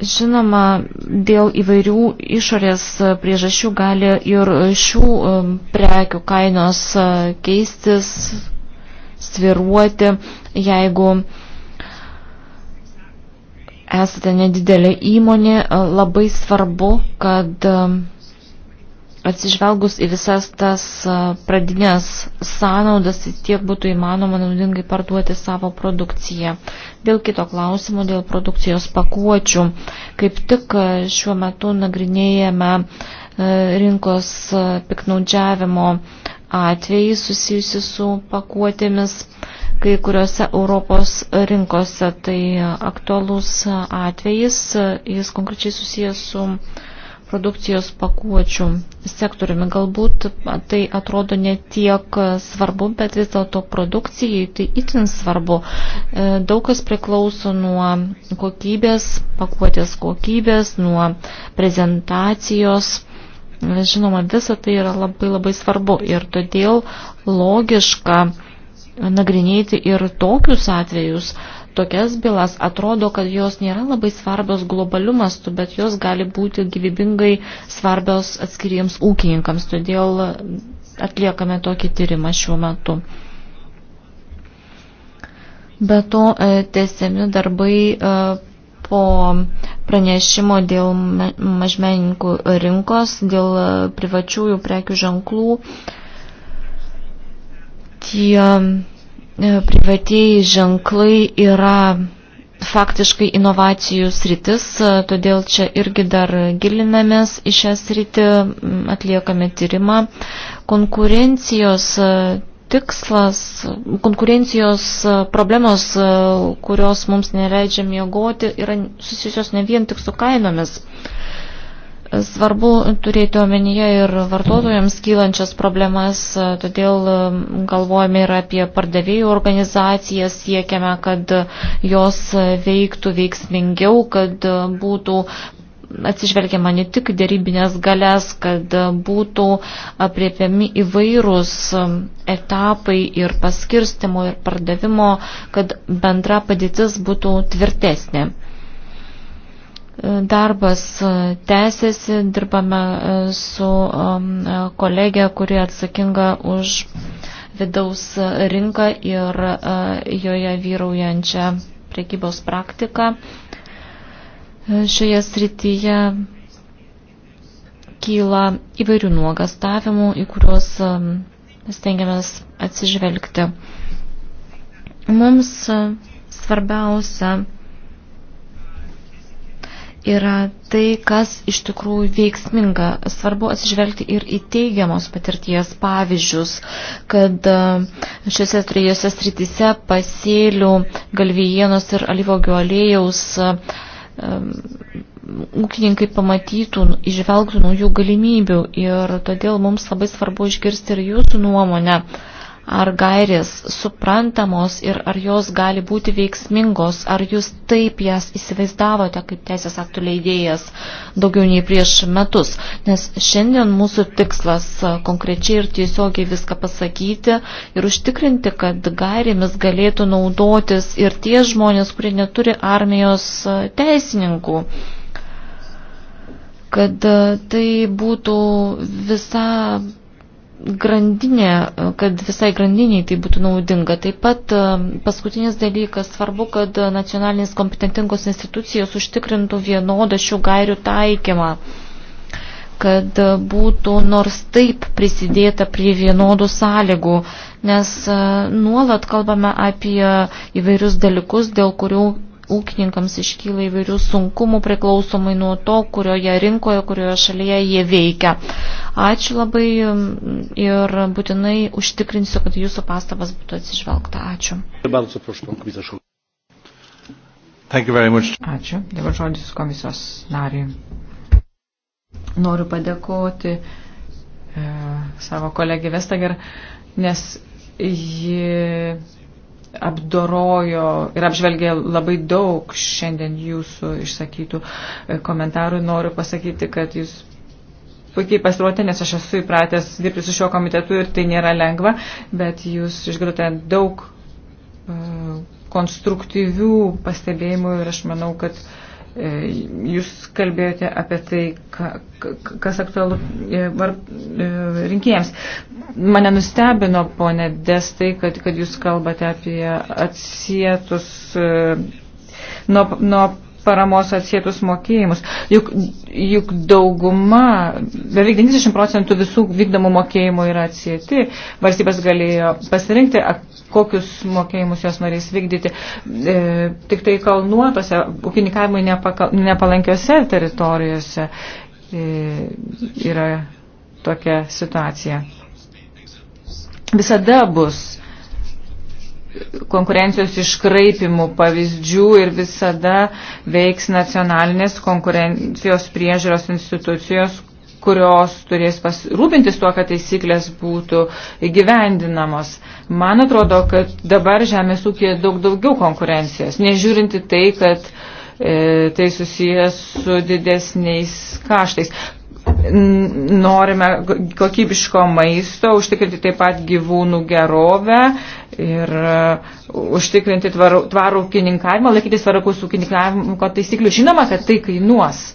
Žinoma, dėl įvairių išorės priežasčių gali ir šių um, prekių kainos uh, keistis, sviruoti, jeigu esate nedidelė įmonė, labai svarbu, kad um, atsižvelgus į visas tas pradinės sąnaudas, tai tiek būtų įmanoma naudingai parduoti savo produkciją. Dėl kito klausimo, dėl produkcijos pakuočių, kaip tik šiuo metu nagrinėjame rinkos piknaudžiavimo atvejai susijusi su pakuotėmis, kai kuriuose Europos rinkose tai aktualus atvejis, jis konkrečiai susijęs su produkcijos pakuočių sektoriumi. Galbūt tai atrodo ne tiek svarbu, bet vis dėlto produkcijai tai itin svarbu. E, daug kas priklauso nuo kokybės, pakuotės kokybės, nuo prezentacijos. E, žinoma, visa tai yra labai labai svarbu ir todėl logiška nagrinėti ir tokius atvejus, tokias bylas, atrodo, kad jos nėra labai svarbios globalių mastų, bet jos gali būti gyvybingai svarbios atskiriems ūkininkams. Todėl atliekame tokį tyrimą šiuo metu. Be to, e, tęsiami darbai e, po pranešimo dėl mažmenininkų rinkos, dėl e, privačiųjų prekių ženklų. Tie E, privatieji ženklai yra faktiškai inovacijų sritis, e, todėl čia irgi dar gilinamės į šią sritį, atliekame tyrimą. Konkurencijos e, tikslas, konkurencijos problemos, kurios mums neleidžia miegoti, yra susijusios ne vien tik su kainomis. Svarbu turėti omenyje ir vartotojams kylančias problemas, todėl um, galvojame ir apie pardavėjų organizacijas, siekiame, kad jos veiktų veiksmingiau, kad būtų atsižvelgiama ne tik dėrybinės galės, kad būtų apriepiami įvairūs um, etapai ir paskirstimo ir pardavimo, kad bendra padėtis būtų tvirtesnė. Darbas e, tęsiasi, dirbame e, su um, e, kolegė, kuri atsakinga už vidaus rinką ir joje vyraujančią priekybos praktiką. Šioje srityje kyla įvairių nuogastavimų, į kuriuos stengiamės atsižvelgti. Mums svarbiausia yra tai, kas iš tikrųjų veiksminga. Svarbu atsižvelgti ir į teigiamos patirties pavyzdžius, kad e, šiuose trijose srityse pasėlių, galvijienos ir alyvogių aliejaus e, e, ūkininkai pamatytų, išvelgtų naujų galimybių ir todėl mums labai svarbu išgirsti ir jūsų nuomonę. Uh, ar gairės suprantamos ir ar jos gali būti veiksmingos, ar jūs taip jas įsivaizdavote kaip teisės aktų leidėjas daugiau nei prieš metus. Nes šiandien mūsų tikslas konkrečiai ir tiesiogiai viską pasakyti ir užtikrinti, kad gairėmis galėtų naudotis ir tie žmonės, kurie neturi armijos teisininkų kad tai būtų visa grandinė, kad visai grandiniai tai būtų naudinga. Taip pat e, paskutinis dalykas, svarbu, kad nacionalinės kompetentingos institucijos užtikrintų vienodą šių gairių taikymą kad būtų nors taip prisidėta prie vienodų sąlygų, nes e, nuolat kalbame apie įvairius dalykus, dėl kurių ūkininkams iškyla įvairių sunkumų priklausomai nuo to, kurioje rinkoje, kurioje šalyje jie veikia. Ačiū labai um, ir būtinai užtikrinsiu, kad jūsų pastabas būtų atsižvelgta. Ačiū. Ačiū. Dabar žodis komisijos nariui. Noriu padėkoti e, savo kolegį Vestager, nes ji apdorojo ir apžvelgė labai daug šiandien jūsų išsakytų e, komentarų. Noriu pasakyti, kad jūs puikiai pasiruotė, nes aš esu įpratęs dirbti su šiuo komitetu ir tai nėra lengva, bet jūs išgirdote daug e, konstruktyvių pastebėjimų ir aš manau, kad uh, E, jūs kalbėjote apie tai, kas aktualu e, e, rinkėjams. Mane nustebino, ponė Destai, kad, kad jūs kalbate apie atsietus nuo, nuo paramos atsietus mokėjimus. Juk, juk dauguma, beveik 90 procentų visų vykdomų mokėjimų yra atsieti. Valstybės galėjo pasirinkti, kokius mokėjimus jos norės vykdyti. E, tik tai kalnuotose, ūkininkavimui nepalankiose teritorijose e, yra tokia situacija. Visada bus konkurencijos iškraipimų pavyzdžių ir visada veiks nacionalinės konkurencijos priežiūros institucijos, kurios turės pasirūpintis tuo, kad taisyklės būtų įgyvendinamos. Man atrodo, kad dabar žemės ūkėje daug daugiau konkurencijos, nežiūrinti tai, kad e, tai susijęs su didesniais kaštais norime kokybiško maisto, užtikrinti taip pat gyvūnų gerovę ir uh, užtikrinti tvarų, tvarų ūkininkavimą, laikytis tvarakų ūkininkavimo taisyklių. Žinoma, kad tai kainuos.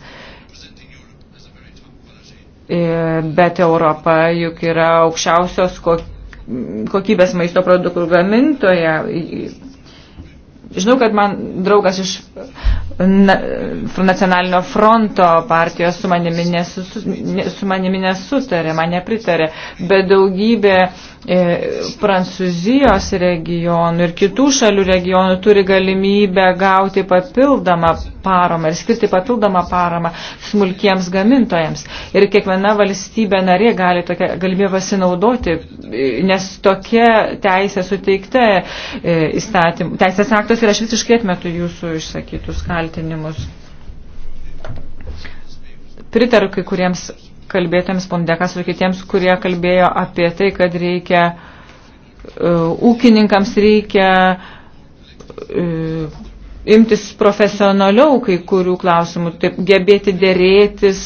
Bet Europa juk yra aukščiausios kokybės maisto produktų gamintoje, Žinau, kad man draugas iš na, nacionalinio fronto partijos su manimi, nesu, su manimi nesutarė, man nepritarė, bet daugybė e, Prancūzijos regionų ir kitų šalių regionų turi galimybę gauti papildomą paramą ir skirti papildomą paramą smulkiems gamintojams. Ir kiekviena valstybė narė gali tokią galimybę pasinaudoti, e, nes tokia teisė suteikta e, įstatymų, teisės aktas viskas ir aš visiškai atmetu jūsų išsakytus kaltinimus. Pritariu kai kuriems kalbėtėms pondekas ir kitiems, kurie kalbėjo apie tai, kad reikia, uh, ūkininkams reikia uh, imtis profesionaliau kai kurių klausimų, taip, gebėti dėrėtis,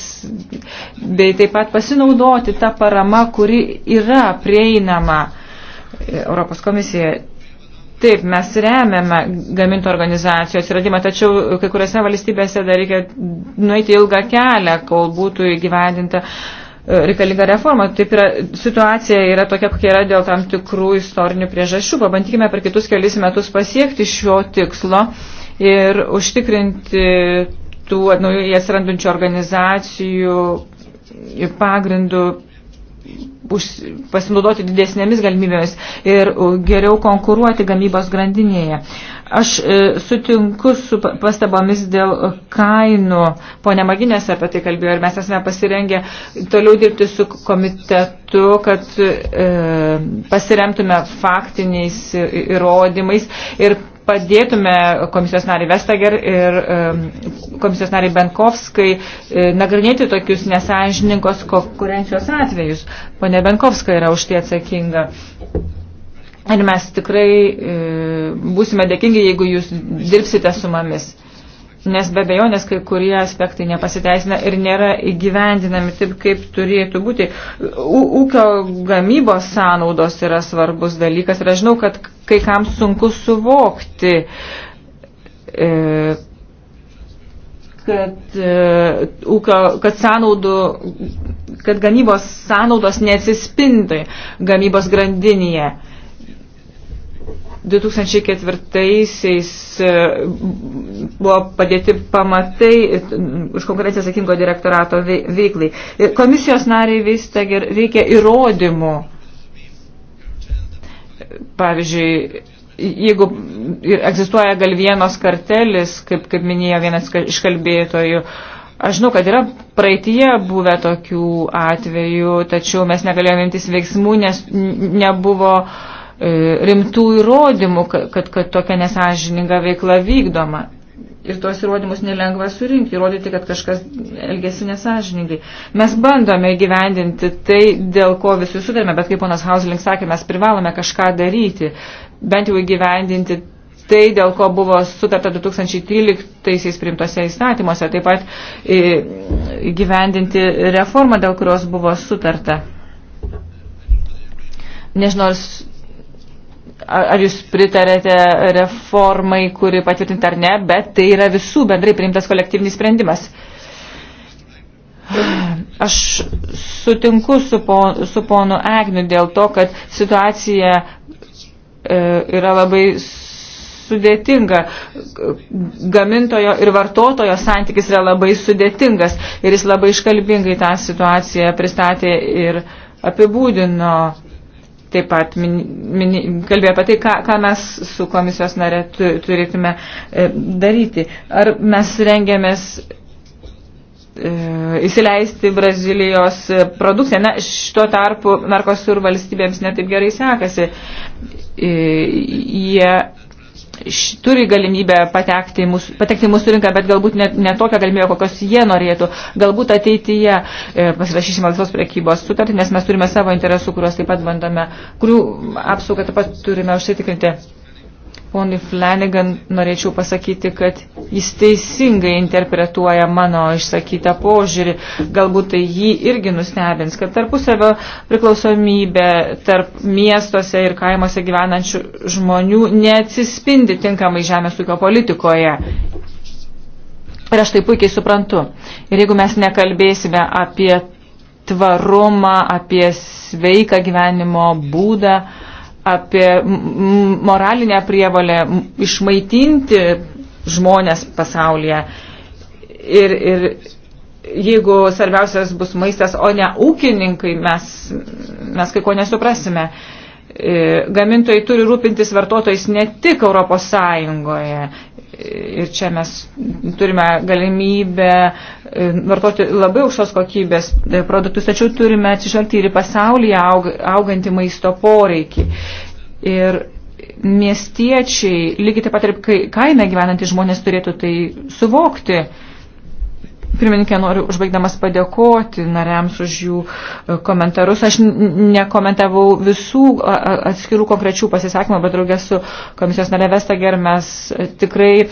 bei taip pat pasinaudoti tą paramą, kuri yra prieinama Europos komisija Taip, mes remiame gamintų organizacijų atsiradimą, tačiau kai kuriuose valstybėse dar reikia nueiti ilgą kelią, kol būtų įgyvendinta e, reikalinga reforma. Taip yra, situacija yra tokia, kokia yra dėl tam tikrų istorinių priežasčių. Pabandykime per kitus kelis metus pasiekti šio tikslo ir užtikrinti tų naujai atsirandančių organizacijų pagrindų pasinaudoti didesnėmis galimybėmis ir uh, geriau konkuruoti gamybos grandinėje. Aš e, sutinku su pastabomis dėl kainų. Pone Maginės apie tai kalbėjo ir mes esame pasirengę toliau dirbti su komitetu, kad e, pasiremtume faktiniais įrodymais ir padėtume komisijos nariai Vestager ir e, komisijos nariai Benkovskai e, nagrinėti tokius nesąžininkos konkurencijos atvejus. Pone Benkovska yra už tai atsakinga. Ir mes tikrai e, būsime dėkingi, jeigu jūs dirbsite su mumis. Nes be bejonės kai kurie aspektai nepasiteisina ir nėra įgyvendinami taip, kaip turėtų būti. U ūkio gamybos sąnaudos yra svarbus dalykas ir aš žinau, kad kai kam sunku suvokti, e, kad, e, ūkio, kad, sąnaudų, kad gamybos sąnaudos neatsispindi gamybos grandinėje. E, 2004-aisiais e, buvo padėti pamatai e, už konkurenciją atsakingo direktorato veiklai. Komisijos nariai vis reikia įrodymų. Pavyzdžiui, jeigu egzistuoja galvienos kartelis, kaip, kaip minėjo vienas iš kalbėtojų, aš žinau, kad yra praeitie buvę tokių atvejų, tačiau mes negalėjome imtis veiksmų, nes nebuvo uh, E, rimtų įrodymų, kad, kad tokia nesažininga veikla vykdoma. Ir tuos įrodymus nelengva surinkti, įrodyti, kad kažkas elgesi nesažiningai. Mes bandome gyvendinti tai, dėl ko visi sutarėme, bet kaip ponas Hausling sakė, mes privalome kažką daryti, bent jau įgyvendinti tai, dėl ko buvo sutarta 2013-aisiais priimtose įstatymuose, taip pat e, gyvendinti reformą, dėl kurios buvo sutarta. Nežinau, ar jūs pritarėte reformai, kuri patvirtinta ar ne, bet tai yra visų bendrai priimtas kolektyvinis sprendimas. Aš sutinku su, po, su ponu Agniu dėl to, kad situacija e, yra labai sudėtinga. Gamintojo ir vartotojo santykis yra labai sudėtingas ir jis labai iškalbingai tą situaciją pristatė ir apibūdino taip pat min, min, kalbėjo apie tai, ką, ką mes su komisijos narė turėtume e, daryti. Ar mes rengiamės e, įsileisti Brazilijos produkciją. Na, šito tarpu Mercosur valstybėms netaip gerai sekasi. E, jie turi galimybę patekti į mūsų, patekti į mūsų rinką, bet galbūt net ne tokią galimybę, kokios jie norėtų. Galbūt ateityje e, pasirašysime visos prekybos sutartį, nes mes turime savo interesų, kuriuos taip pat bandome, kurių apsaugą taip pat turime užsitikrinti ponui Flanagan norėčiau pasakyti, kad jis teisingai interpretuoja mano išsakytą požiūrį. Galbūt tai jį irgi nustebins, kad tarpusavio priklausomybė tarp miestuose ir kaimuose gyvenančių žmonių neatsispindi tinkamai žemės ūkio politikoje. Ir aš tai puikiai suprantu. Ir jeigu mes nekalbėsime apie tvarumą, apie sveiką gyvenimo būdą, apie moralinę prievalę išmaitinti žmonės pasaulyje. Ir, ir jeigu svarbiausias bus maistas, o ne ūkininkai, mes, mes kai ko nesuprasime. Uh, E, gamintojai turi rūpintis vartotojais ne tik Europos Sąjungoje. E, ir čia mes turime galimybę e, vartoti labai aukštos kokybės produktus, tačiau turime atsižvelgti ir į pasaulyje aug, augantį maisto poreikį. Ir miestiečiai, lygiai taip pat ir kaime gyvenantys žmonės turėtų tai suvokti. E, Pirmininkė, noriu užbaigdamas padėkoti nariams už jų e, komentarus. Aš nekomentavau visų atskirų konkrečių pasisakymų, bet draugės su komisijos narė Vestager mes e, tikrai e,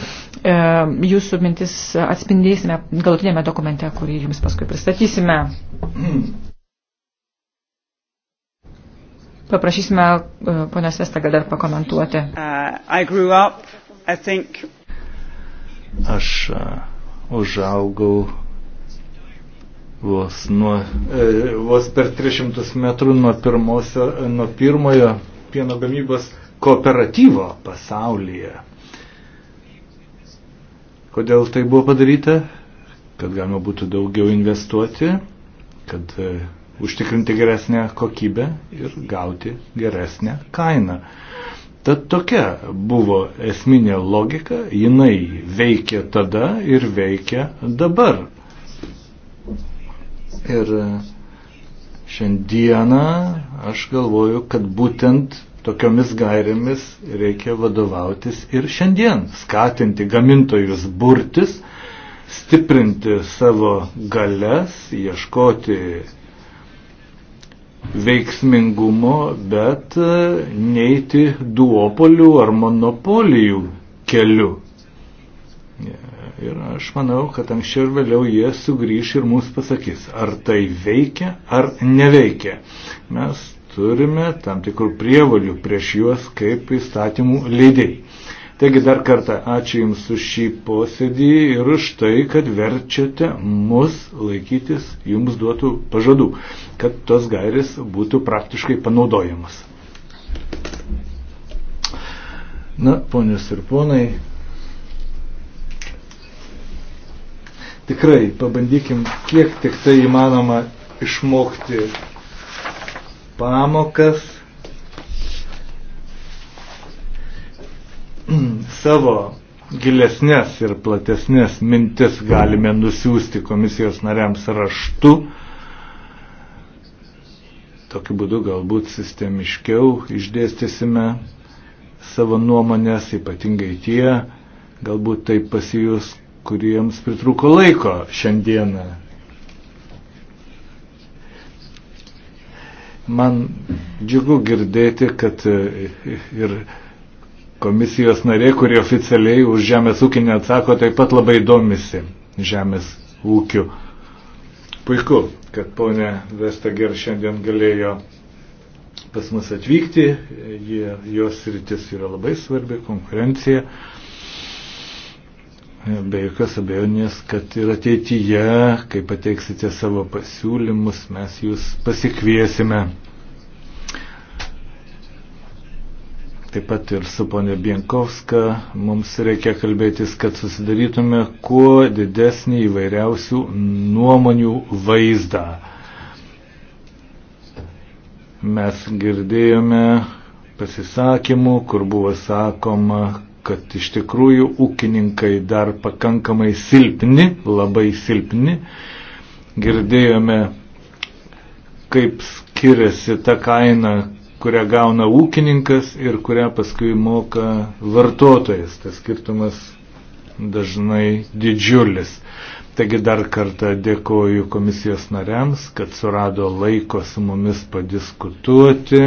jūsų mintis atspindėsime galutinėme dokumente, kurį jums paskui pristatysime. Paprašysime e, ponios Vestager dar pakomentuoti. Uh, I grew up, I think... Aš uh užaugau vos, nuo, e, vos per 300 metrų nuo, pirmosio, nuo pirmojo pieno gamybos kooperatyvo pasaulyje. Kodėl tai buvo padaryta? Kad galima būtų daugiau investuoti, kad e, užtikrinti geresnę kokybę ir gauti geresnę kainą. Tad tokia buvo esminė logika, jinai veikia tada ir veikia dabar. Ir e, šiandieną aš galvoju, kad būtent tokiomis gairėmis reikia vadovautis ir šiandien, skatinti gamintojus burtis, stiprinti savo galias, ieškoti veiksmingumo, bet e, neiti duopolių ar monopolijų keliu. Ir aš manau, kad anksčiau ir vėliau jie sugrįš ir mums pasakys, ar tai veikia, ar neveikia. Mes turime tam tikrų prievalių prieš juos kaip įstatymų leidėjai. Taigi dar kartą ačiū Jums už šį posėdį ir už tai, kad verčiate mus laikytis Jums duotų pažadų, kad tos gairės būtų praktiškai panaudojamas. Na, ponios ir ponai, tikrai pabandykim kiek tik tai įmanoma išmokti pamokas savo gilesnės ir platesnės mintis galime nusiųsti komisijos nariams raštu. Tokiu būdu galbūt sistemiškiau išdėstysime savo nuomonės, ypatingai tie, galbūt tai pasijus, kuriems pritrūko laiko šiandieną. Man džiugu girdėti, kad ir komisijos narė, kuri oficialiai už žemės ūkį neatsako, taip pat labai domisi žemės ūkiu. Puiku, kad ponė Vestager šiandien galėjo pas mus atvykti, Jie, jos rytis yra labai svarbi, konkurencija. Be jokios abejonės, kad ir ateityje, kai pateiksite savo pasiūlymus, mes jūs pasikviesime taip pat ir su ponė Bienkovska, mums reikia kalbėtis, kad susidarytume kuo didesnį įvairiausių nuomonių vaizdą. Mes girdėjome pasisakymų, kur buvo sakoma, kad iš tikrųjų ūkininkai dar pakankamai silpni, labai silpni. Girdėjome, kaip skiriasi ta kaina, kurią gauna ūkininkas ir kurią paskui moka vartotojas. Tas skirtumas dažnai didžiulis. Taigi dar kartą dėkoju komisijos nariams, kad surado laiko su mumis padiskutuoti.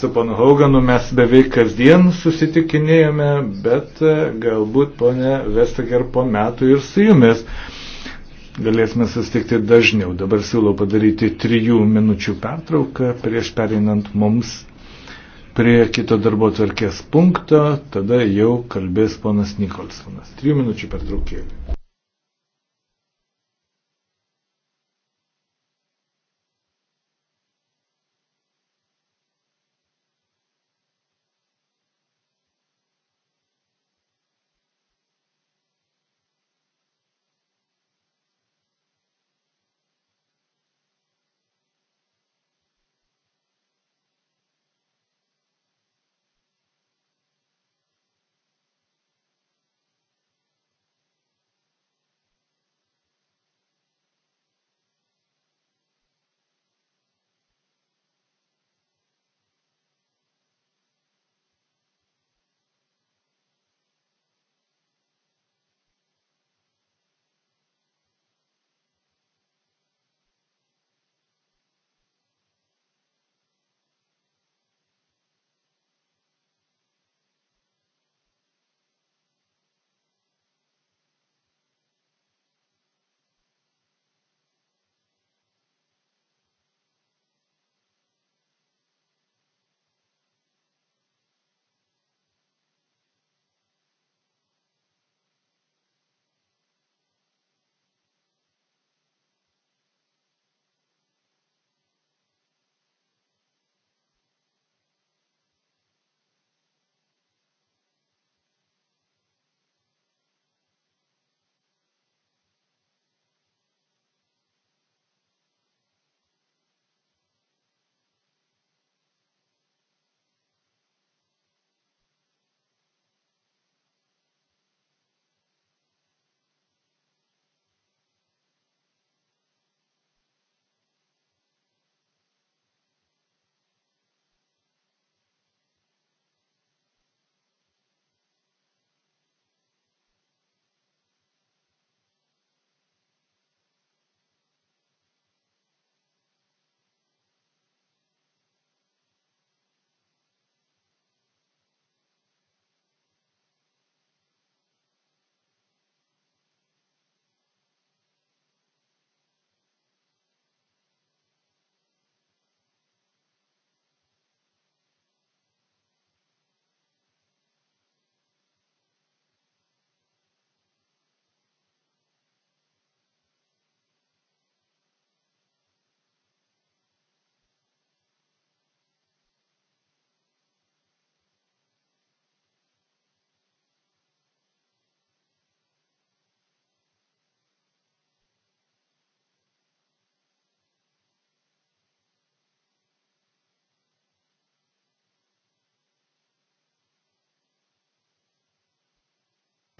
Su ponu Hauganu mes beveik kasdien susitikinėjome, bet galbūt ponė Vestager po metų ir su jumis galėsime sustikti dažniau. Dabar siūlau padaryti trijų minučių pertrauką prieš pereinant mums prie kito darbo tvarkės punkto, tada jau kalbės ponas Nikolsonas. Trijų minučių pertraukėlė.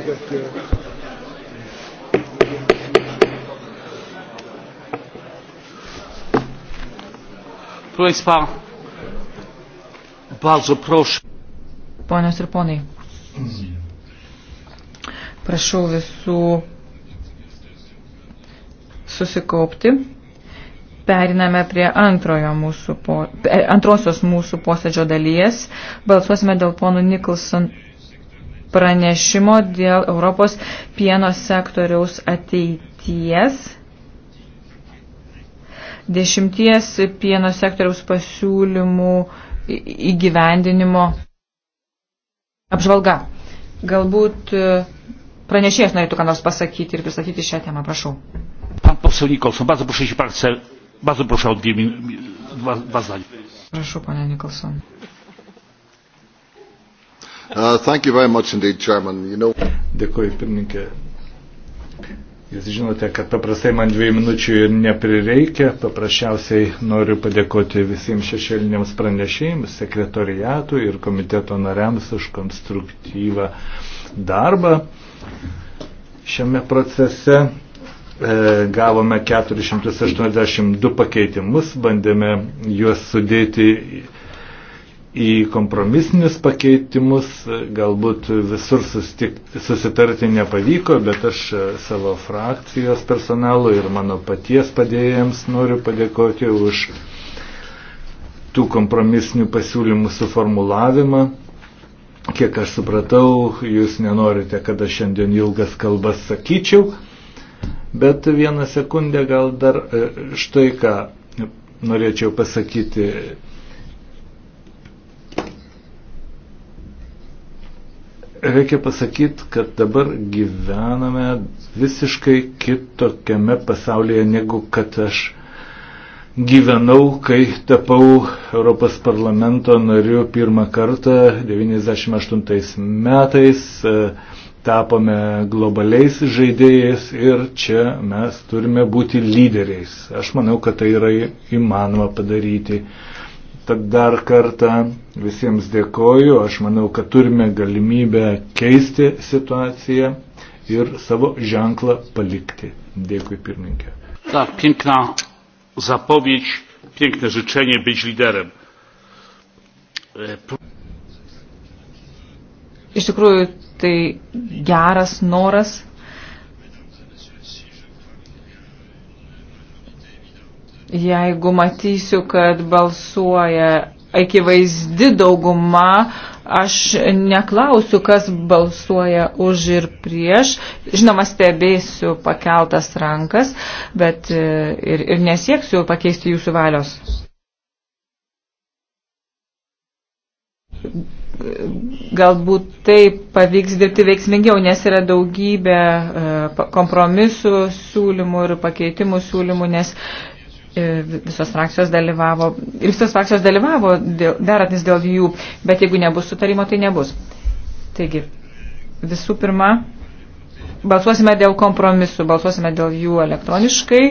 dafür. E, proszę Państwa, bardzo proszę. Ponios ir ponai, prašau visų susikaupti. Periname prie antrojo mūsų po, e, antrosios mūsų posėdžio dalies. Balsuosime dėl ponų Nicholson pranešimo dėl Europos pieno sektoriaus ateities. Dešimties pieno sektoriaus pasiūlymų įgyvendinimo apžvalga. Galbūt e, pranešėjas norėtų ką nors pasakyti ir pristatyti šią temą, prašau. Pan poseł Nikolson, bardzo proszę, jeśli pan chce, bardzo proszę o dwie minuty, dwa, dwa zdania. Proszę, panie Nikolson. Uh, indeed, you know... Dėkuoju, pirmininkė. Jūs žinote, kad paprastai man dviejų minučių ir neprireikia. Paprasčiausiai noriu padėkoti visiems šešėliniams pranešėjams, sekretoriatui ir komiteto nariams už konstruktyvą darbą. Šiame procese e, gavome 482 pakeitimus, bandėme juos sudėti į kompromisinius pakeitimus. Galbūt visur susitikti, susitarti nepavyko, bet aš e, savo frakcijos personalui ir mano paties padėjėjams noriu padėkoti už tų kompromisinių pasiūlymų suformulavimą. Kiek aš supratau, jūs nenorite, kad aš šiandien ilgas kalbas sakyčiau, bet vieną sekundę gal dar e, štai ką norėčiau pasakyti. Reikia pasakyti, kad dabar gyvename visiškai kitokiame pasaulyje, negu kad aš gyvenau, kai tapau Europos parlamento nariu pirmą kartą 98 metais, e, tapome globaliais žaidėjais ir čia mes turime būti lyderiais. Aš manau, kad tai yra įmanoma padaryti. Tad dar kartą visiems dėkoju, aš manau, kad turime galimybę keisti situaciją ir savo ženklą palikti. Dėkui pirmininkė. Ta piękna zapowiedź, piękne życzenie być liderem. E, Iš tikrųjų, tai geras noras Jeigu matysiu, kad balsuoja akivaizdi dauguma, aš neklausiu, kas balsuoja už ir prieš. Žinoma, stebėsiu pakeltas rankas, bet e, ir, ir nesieksiu pakeisti jūsų valios. Galbūt taip pavyks dirbti veiksmingiau, nes yra daugybė e, kompromisų siūlymų ir pakeitimų siūlymų, nes E, visos frakcijos dalyvavo, ir visos frakcijos dalyvavo deratis dėl jų, bet jeigu nebus sutarimo, tai nebus. Taigi, visų pirma, balsuosime dėl kompromisų, balsuosime dėl jų elektroniškai.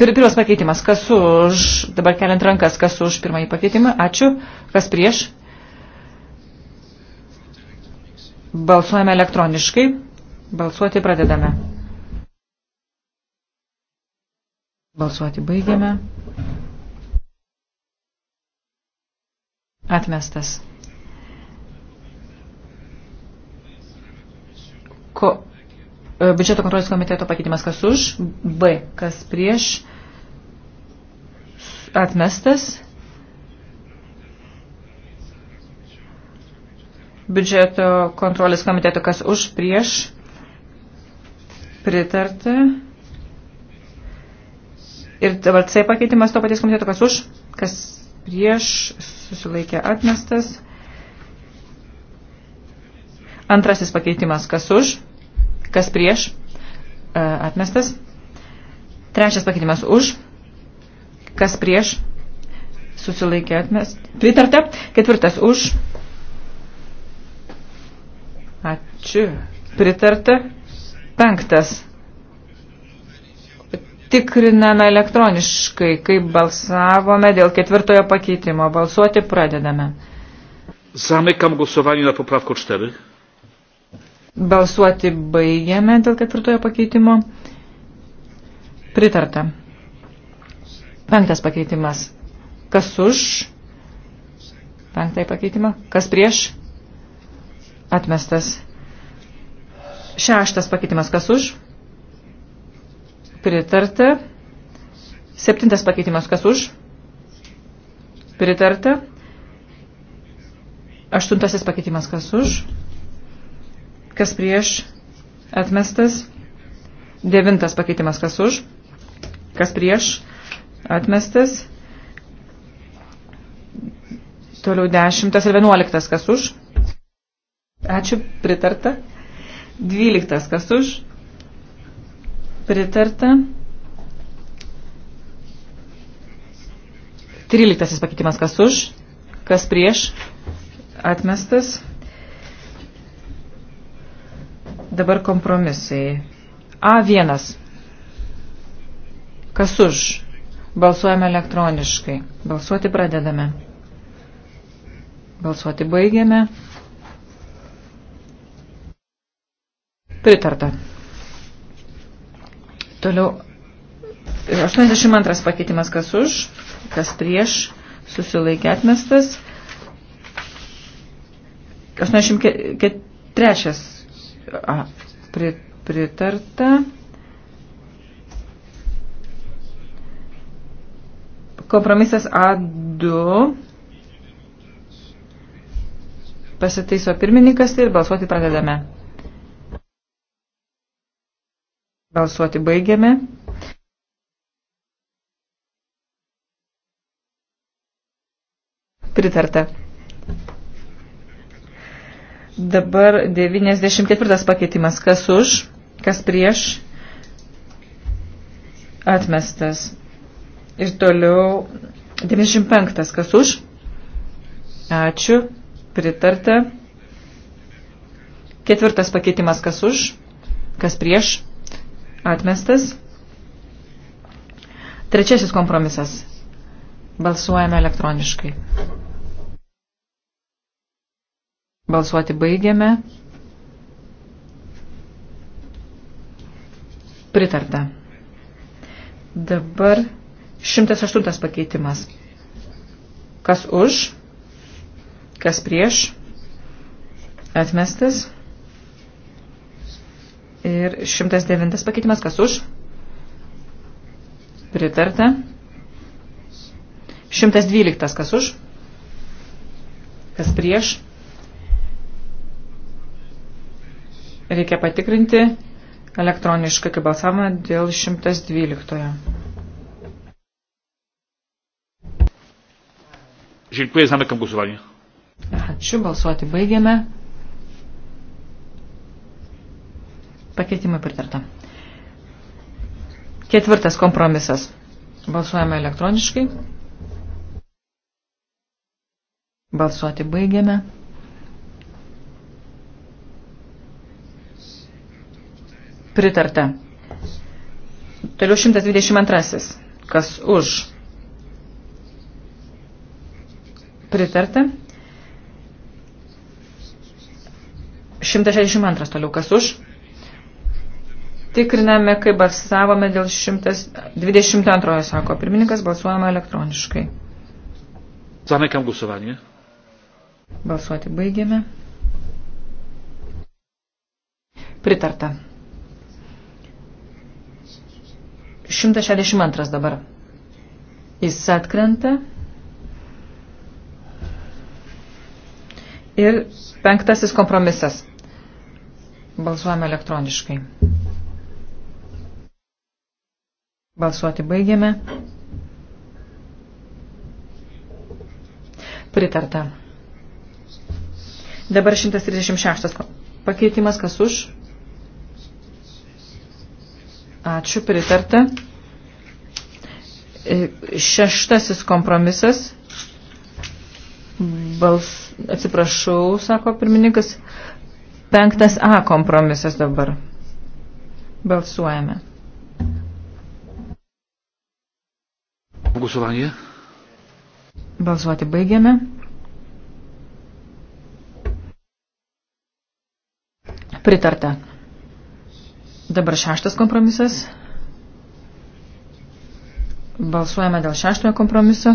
Pirmas pakeitimas, kas už, dabar keliant rankas, kas už pirmąjį pakeitimą, ačiū, kas prieš. Balsuojame elektroniškai. Balsuoti pradedame. Balsuoti baigiame. Atmestas. Ko, e, biudžeto kontrolės komiteto pakeitimas kas už, B kas prieš, atmestas. Biudžeto kontrolės komiteto kas už, prieš, Pritarta. Ir dabar C pakeitimas to paties komiteto, kas už, kas prieš, susilaikė atmestas. Antrasis pakeitimas, kas už, kas prieš, e, atmestas. Trečias pakeitimas už, kas prieš, susilaikė atmest. Pritarta. Ketvirtas už. Ačiū. Pritarta. Penktas. Tikriname elektroniškai, kaip balsavome dėl ketvirtojo pakeitimo. Balsuoti pradedame. Zamykam głosowanie na poprawkę 4. Balsuoti baigiame dėl ketvirtojo pakeitimo. Pritarta. Penktas pakeitimas. Kas už? Penktąjį pakeitimą. Kas prieš? Atmestas. Šeštas pakeitimas kas už? Pritarta. Septintas pakeitimas kas už? Pritarta. Aštuntasis pakeitimas kas už? Kas prieš? Atmestas. Devintas pakeitimas kas už? Kas prieš? Atmestas. Toliau dešimtas ir vienuoliktas kas už? Ačiū, pritarta. 12. Kas už? Pritarta. 13. pakeitimas. Kas už? Kas prieš? Atmestas. Dabar kompromisai. A1. Kas už? Balsuojame elektroniškai. Balsuoti pradedame. Balsuoti baigiame. Pritarta. Toliau 82 pakeitimas kas už, kas prieš, susilaikė atmestas. 83 a, pri, pritarta. Kompromisas A2 pasitaiso pirmininkas ir balsuoti pradedame. Balsuoti baigiame. Pritarta. Dabar 94 pakeitimas. Kas už, kas prieš, atmestas. Ir toliau 95. Kas už, ačiū, pritarta. Ketvirtas pakeitimas. Kas už, kas prieš, Atmestas. Trečiasis kompromisas. Balsuojame elektroniškai. Balsuoti baigiame. Pritarta. Dabar 108 pakeitimas. Kas už, kas prieš, atmestas. Ir 109 pakeitimas, kas už? Pritarta. 112 kas už? Kas prieš? Reikia patikrinti elektroniškai, kaip balsavome dėl 112. Dziękuję, zamykam głosowanie. Ačiū, balsuoti baigėme. Pakeitimai pritarta. Ketvirtas kompromisas. Balsuojame elektroniškai. Balsuoti baigiame. Pritarta. Toliau 122. Kas už? Pritarta. 162 toliau. Kas už? Tikriname, kaip balsavome dėl 122, sako pirmininkas, balsuojama elektroniškai. Zamykam głosowanie. Balsuoti baigėme. Pritarta. 162 dabar. Jis atkrenta. Ir penktasis kompromisas. Balsuojame elektroniškai. Balsuoti baigiame. Pritarta. Dabar 136 pakeitimas, kas už? Ačiū, pritarta. E, šeštasis kompromisas. Bals, atsiprašau, sako pirmininkas. Penktas A kompromisas dabar. Balsuojame. Głosowanie. Balsuoti baigiame. Pritarta. Dabar šeštas kompromisas. Balsuojame dėl šeštojo kompromiso.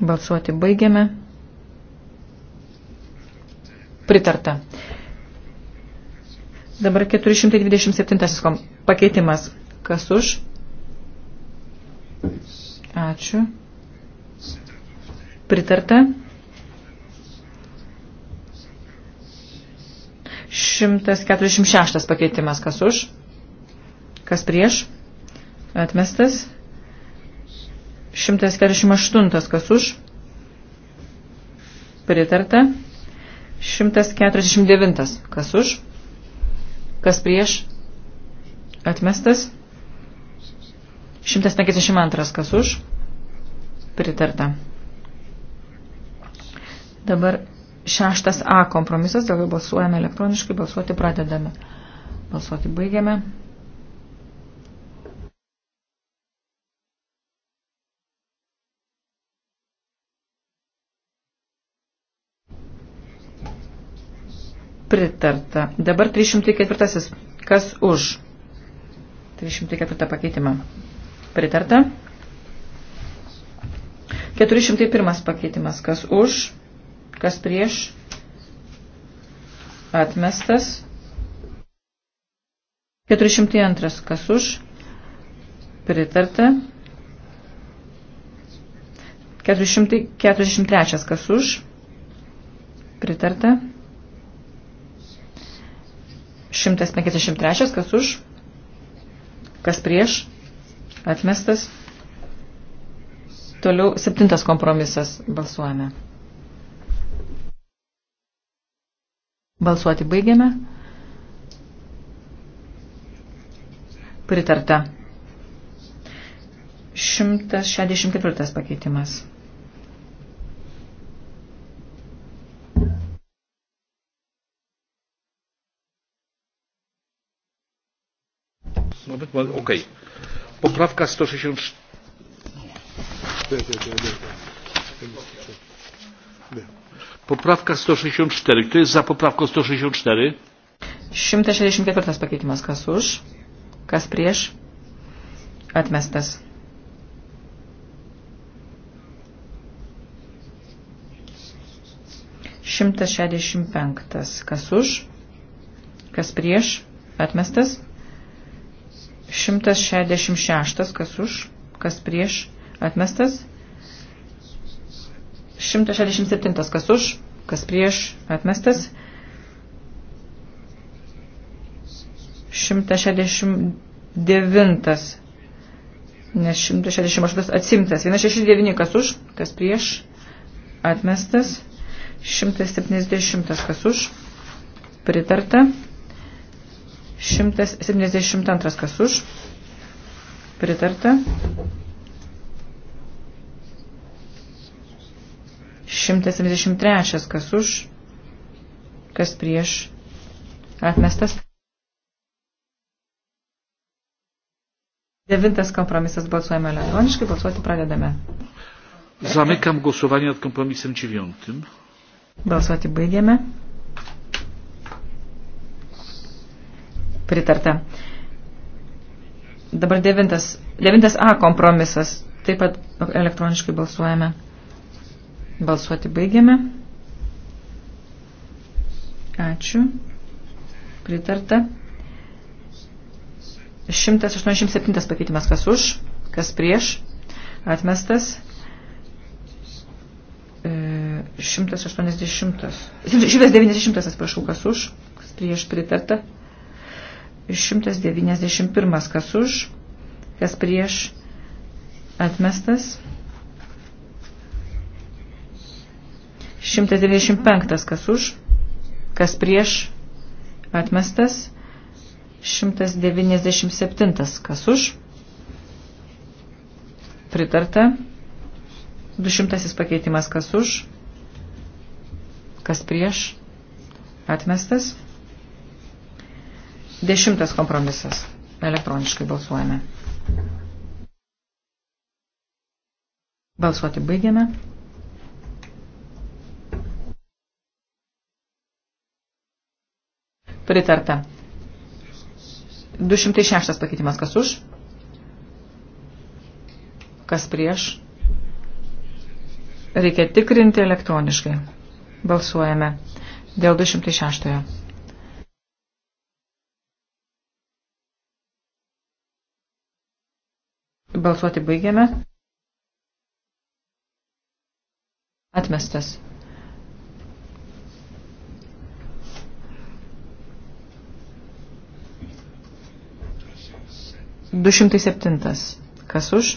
Balsuoti baigiame. Pritarta. Dabar 427 pakeitimas. Kas už? Ačiū. Pritarta. 146 pakeitimas. Kas už? Kas prieš? Atmestas. 148 kas už? Pritarta. 149 kas už? Kas prieš? Atmestas. 152. Kas už? Pritarta. Dabar šeštas A kompromisas, dėl jo balsuojame elektroniškai, balsuoti pradedame. Balsuoti baigiame. Pritarta. Dabar 304. Kas už? 304 pakeitimą. Pritarta. 401 pakeitimas. Kas už? Kas prieš? Atmestas. 402. Kas už? Pritarta. 443. Kas už? Pritarta. 153, kas už, kas prieš, atmestas. Toliau septintas kompromisas balsuojame. Balsuoti baigiame. Pritarta. 164 pakeitimas. Okej. Poprawka 164. Poprawka 164. Kto jest za poprawką 164? 164 pakeitimas. Kas už? Kas prieš? Atmestas. Šimtas šešiasdešimt penktas. Kas už? Kas prieš? Atmestas. 166, kas už, kas prieš, atmestas. 167, kas už, kas prieš, atmestas. 169, nes 168 atsimtas. 169, kas už, kas prieš, atmestas. 170, kas už, pritarta. 172 kas už. Pritarta. 173 kas už. Kas prieš. Atmestas. Devintas kompromisas balsuojame elektroniškai, balsuoti pradedame. Zamykam głosowanie nad kompromisem dziewiątym. Balsuoti baigiame. pritarta. Dabar devintas, devintas A kompromisas. Taip pat elektroniškai balsuojame. Balsuoti baigiame. Ačiū. Pritarta. 187 pakeitimas kas už, kas prieš, atmestas. 180. E, 190, atsiprašau, kas už, kas prieš pritarta. 191 kas už, kas prieš atmestas. 195 kas už, kas prieš atmestas. 197 kas už, pritarta. 200 pakeitimas kas už, kas prieš atmestas. Dešimtas kompromisas. Elektroniškai balsuojame. Balsuoti baigiame. Pritarta. 206 pakeitimas kas už? Kas prieš? Reikia tikrinti elektroniškai. Balsuojame dėl 206. Balsuoti baigiame. Atmestas. Du šimtai septintas. Kas už?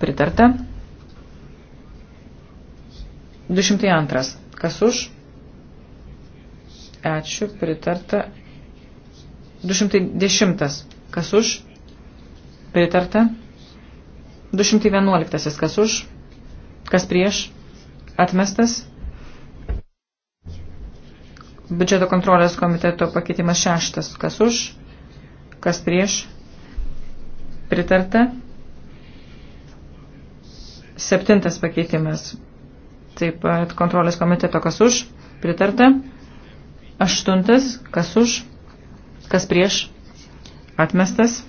Pritarta. Du šimtai antras. Kas už? Ačiū, pritarta. 210. Kas už? Pritarta. 211. Kas už? Kas prieš? Atmestas. Biudžeto kontrolės komiteto pakeitimas šeštas. Kas už? Kas prieš? Pritarta. Septintas pakeitimas. Taip pat kontrolės komiteto kas už? Pritarta. Aštuntas. Kas už? Kas prieš? Atmestas.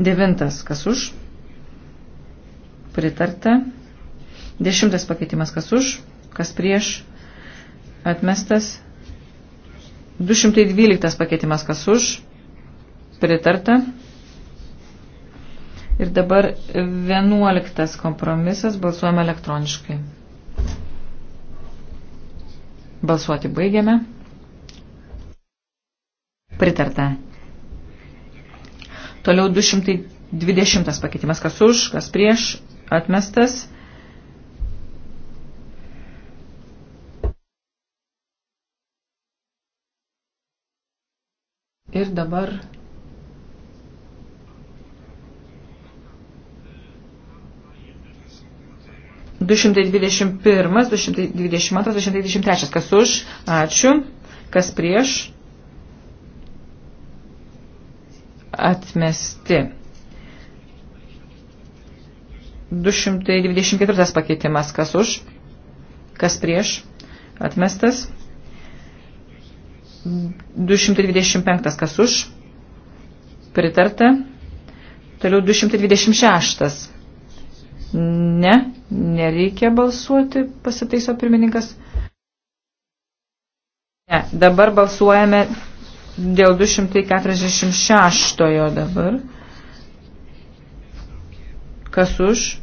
Devintas, kas už? Pritarta. Dešimtas pakeitimas, kas už? Kas prieš? Atmestas. 212 pakeitimas, kas už? Pritarta. Ir dabar 11 kompromisas balsuojame elektroniškai. Balsuoti baigiame. Pritarta. Toliau 220 pakeitimas, kas už, kas prieš, atmestas. Ir dabar du šimtai dvidešimt pirmas, du šimtai dvidešimt antras, du šimtai dvidešimt trečias. Kas už? Ačiū. Kas prieš? atmesti. 224 pakeitimas, kas už, kas prieš, atmestas. 225 kas už, pritarta. Toliau 226. Ne, nereikia balsuoti, pasitaiso pirmininkas. Ne, dabar balsuojame dėl 246 dabar. Kas už,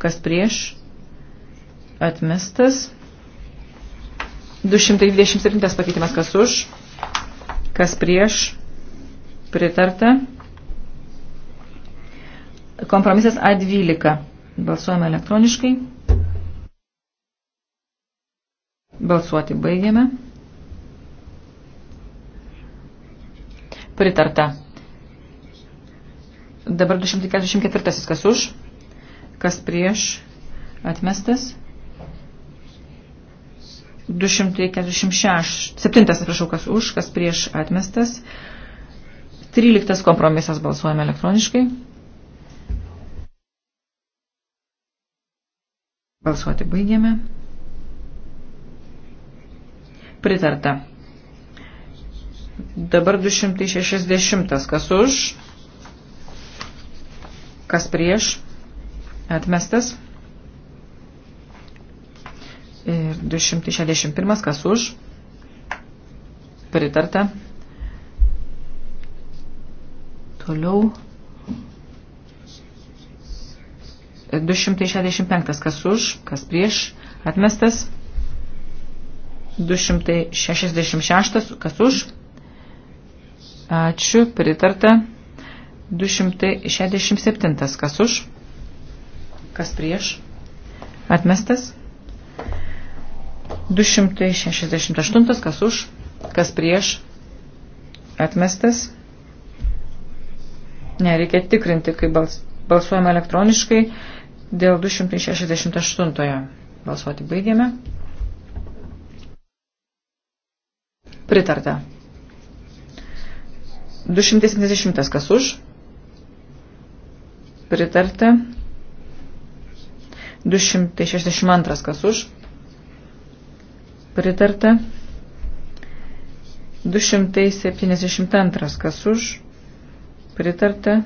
kas prieš, atmestas. 227 pakeitimas, kas už, kas prieš, pritarta. Kompromisas A12. Balsuojame elektroniškai. Balsuoti baigiame. pritarta. Dabar 244 kas už, kas prieš, atmestas. 246, 7 atsiprašau, kas už, kas prieš, atmestas. 13 kompromisas balsuojame elektroniškai. Balsuoti baigėme. Pritarta. Dabar 260. Kas už? Kas prieš? Atmestas. Ir 261. Kas už? Pritarta. Toliau. 265. Kas už? Kas prieš? Atmestas. 266. Kas už? Ačiū, pritarta. 267. Kas už? Kas prieš? Atmestas. 268. Kas už? Kas prieš? Atmestas. Nereikia tikrinti, kai bals, balsuojame elektroniškai dėl 268. Balsuoti baigėme. Pritarta. 270 kas už. Pritarta. 262 kas už. Pritarta. 272 kas už. Pritarta.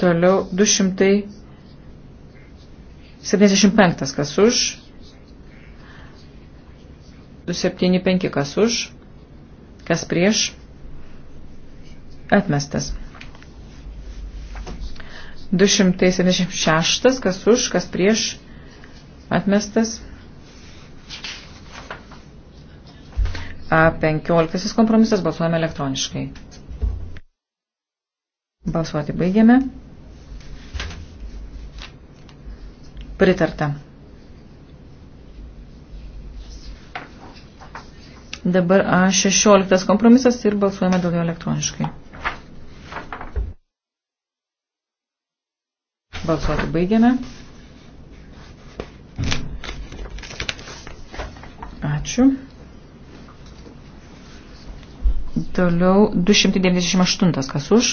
Toliau 275 kas už 275 kas už, kas prieš, atmestas. 276 kas už, kas prieš, atmestas. A15 kompromisas balsuojame elektroniškai. Balsuoti baigiame. Pritarta. Dabar A16 kompromisas ir balsuojame dėl jo elektroniškai. Balsuoti baigiame. Ačiū. Toliau 298. Kas už?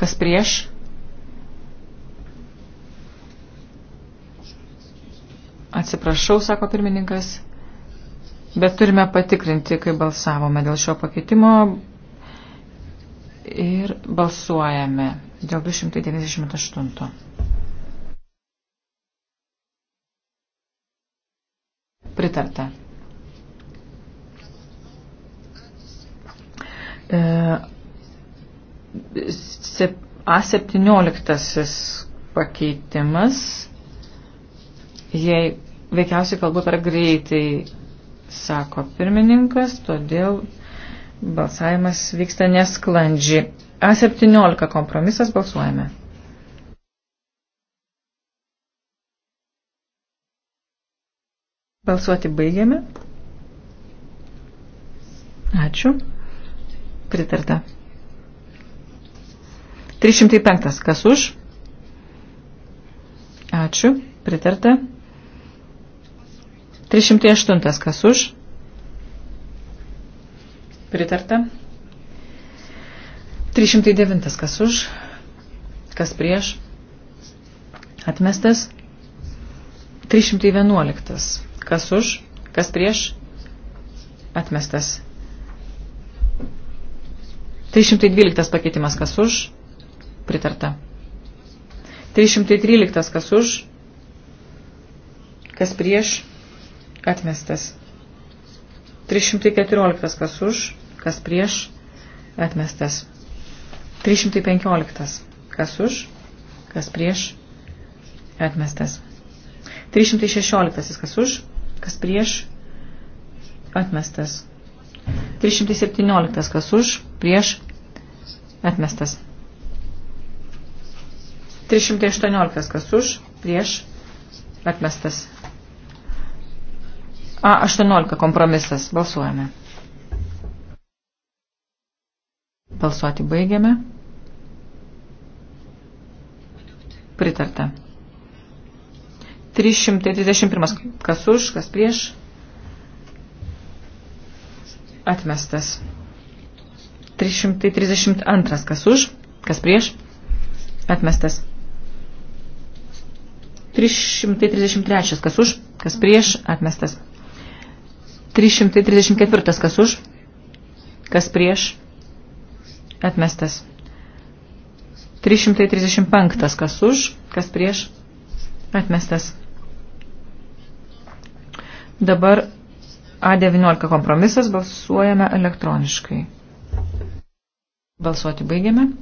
Kas prieš? Atsiprašau, sako pirmininkas. Bet turime patikrinti, kai balsavome dėl šio pakeitimo ir balsuojame dėl 298. Pritarta. E, A17 pakeitimas, jei veikiausiai kalbu per greitai sako pirmininkas, todėl balsavimas vyksta nesklandžiai. A17 kompromisas balsuojame. Balsuoti baigiame. Ačiū. Pritarta. 305. Kas už? Ačiū. Pritarta. 308 kas už. Pritarta. 309 kas už. Kas prieš. Atmestas. 311 kas už. Kas prieš. Atmestas. 312 pakeitimas kas už. Pritarta. 313 kas už. Kas prieš atmestas. 314 kas už, kas prieš, atmestas. 315 kas už, kas prieš, atmestas. 316 kas už, kas prieš, atmestas. 317 kas už, prieš, atmestas. 318 kas už, prieš, atmestas. A18 kompromisas. Balsuojame. Balsuoti baigiame. Pritarta. 331. Kas už, kas prieš? Atmestas. 332. Kas už, kas prieš? Atmestas. 333. Kas už, kas prieš? Atmestas. 334 kas už, kas prieš, atmestas. 335 kas už, kas prieš, atmestas. Dabar A19 kompromisas balsuojame elektroniškai. Balsuoti baigiame.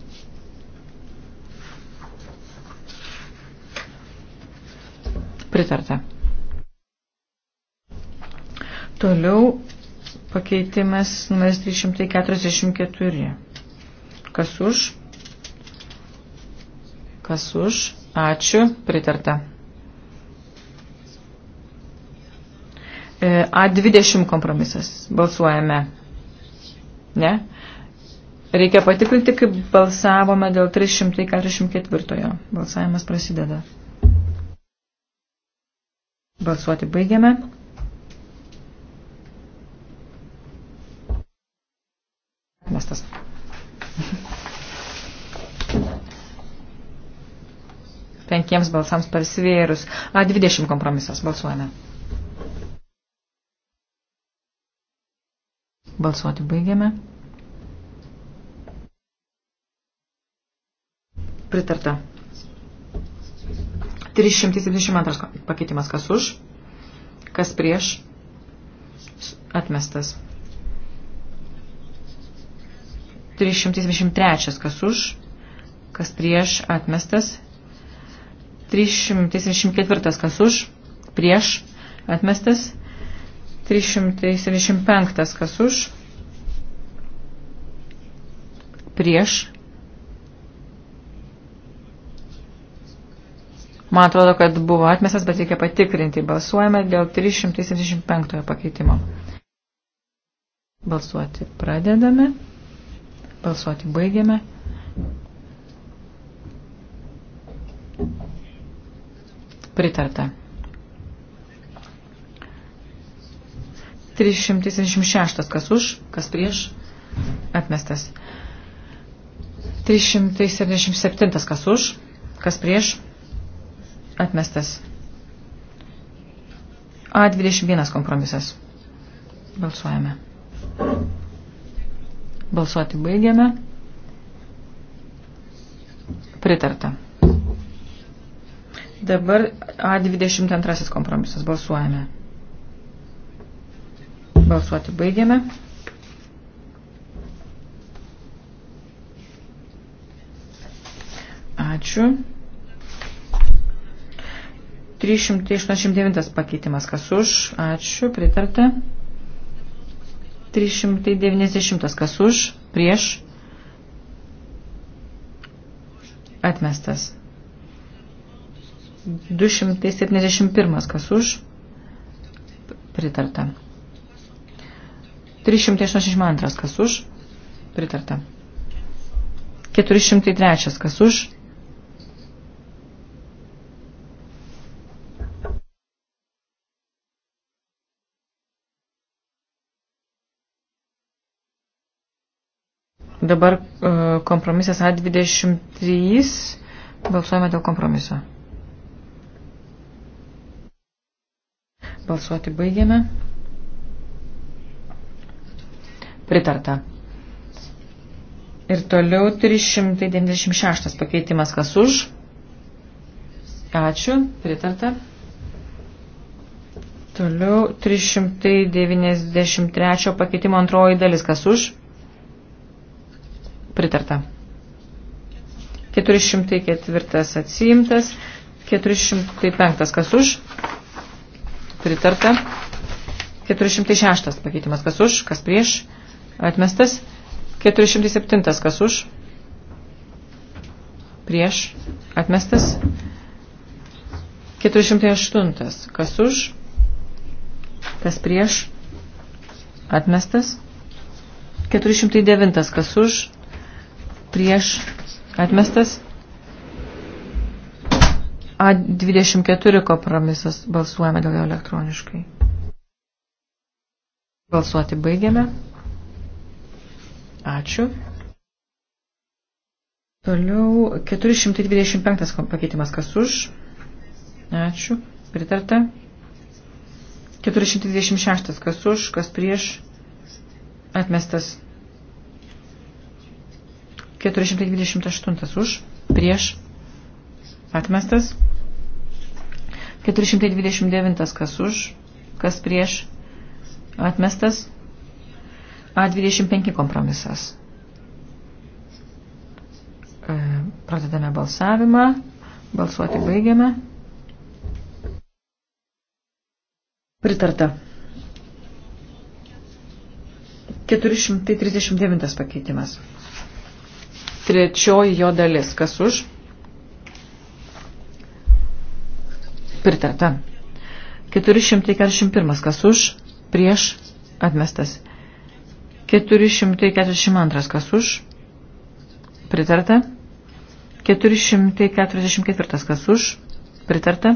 Pritarta. Toliau pakeitimas numeris 344. Kas už? Kas už? Ačiū. Pritarta. E, A20 kompromisas. Balsuojame. Ne? Reikia patikrinti, kaip balsavome dėl 344. Balsavimas prasideda. Balsuoti baigiame. Mestas. Penkiems balsams persvėrus. A20 kompromisas. Balsuojame. Balsuoti baigiame. Pritarta. 372 pakeitimas kas už, kas prieš, atmestas. 323 kas už, kas prieš atmestas. 324 kas už, prieš atmestas. 375 kas už, prieš. Man atrodo, kad buvo atmestas, bet reikia patikrinti. Balsuojame dėl 375 pakeitimo. Balsuoti pradedame. Balsuoti baigiame. Pritarta. 376 kas už, kas prieš, atmestas. 377 kas už, kas prieš, atmestas. A21 kompromisas. Balsuojame. Balsuoti baigiame. Pritarta. Dabar A22 kompromisas. Balsuojame. Balsuoti baigiame. Ačiū. 389 pakeitimas. Kas už? Ačiū. Pritarta. 390 kas už, prieš, atmestas. 271 kas už, pritarta. 382 kas už, pritarta. 403 kas už, Dabar e, kompromisas A23. Balsuojame dėl kompromiso. Balsuoti baigiame. Pritarta. Ir toliau 396 pakeitimas kas už. Ačiū. Pritarta. Toliau 393 pakeitimo antroji dalis kas už. Pritarta. 404 atsiimtas. 405 kas už. Pritarta. 406 pakeitimas kas už, kas prieš. Atmestas. 407 kas už. Prieš. Atmestas. 408 kas už. Kas prieš. Atmestas. 409 kas už prieš atmestas. A24 kompromisas balsuojame dėl jo elektroniškai. Balsuoti baigiame. Ačiū. Toliau 425 pakeitimas kas už. Ačiū. Pritarta. 426 kas už, kas prieš. Atmestas. 428 už, prieš, atmestas. 429 kas už, kas prieš, atmestas. A25 kompromisas. E, pradedame balsavimą. Balsuoti baigiame. Pritarta. 439 pakeitimas. Trečioji jo dalis. Kas už? Pritarta. 441. Kas už? Prieš atmestas. 442. Kas už? Pritarta. 444. Kas už? Pritarta.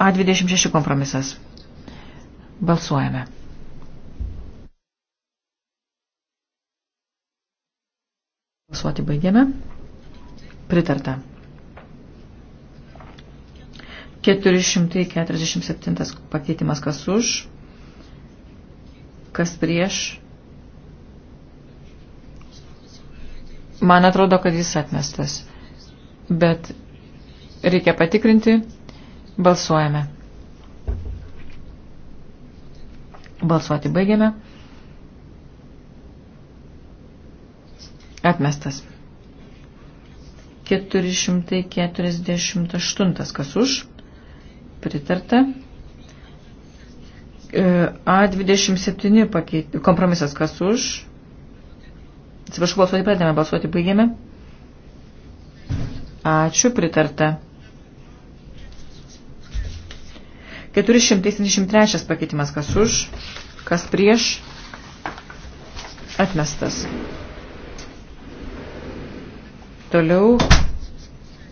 A26 kompromisas. Balsuojame. Balsuoti baigiame. Pritarta. 447 pakeitimas kas už, kas prieš. Man atrodo, kad jis atmestas. Bet reikia patikrinti. Balsuojame. Balsuoti baigiame. Atmestas. 448. Kas už? Pritarta. E, A27 pakeit... kompromisas. Kas už? Atsiprašau, balsuoti pradėjome, balsuoti baigėme. Ačiū, pritarta. 473 pakeitimas. Kas už? Kas prieš? Atmestas. Toliau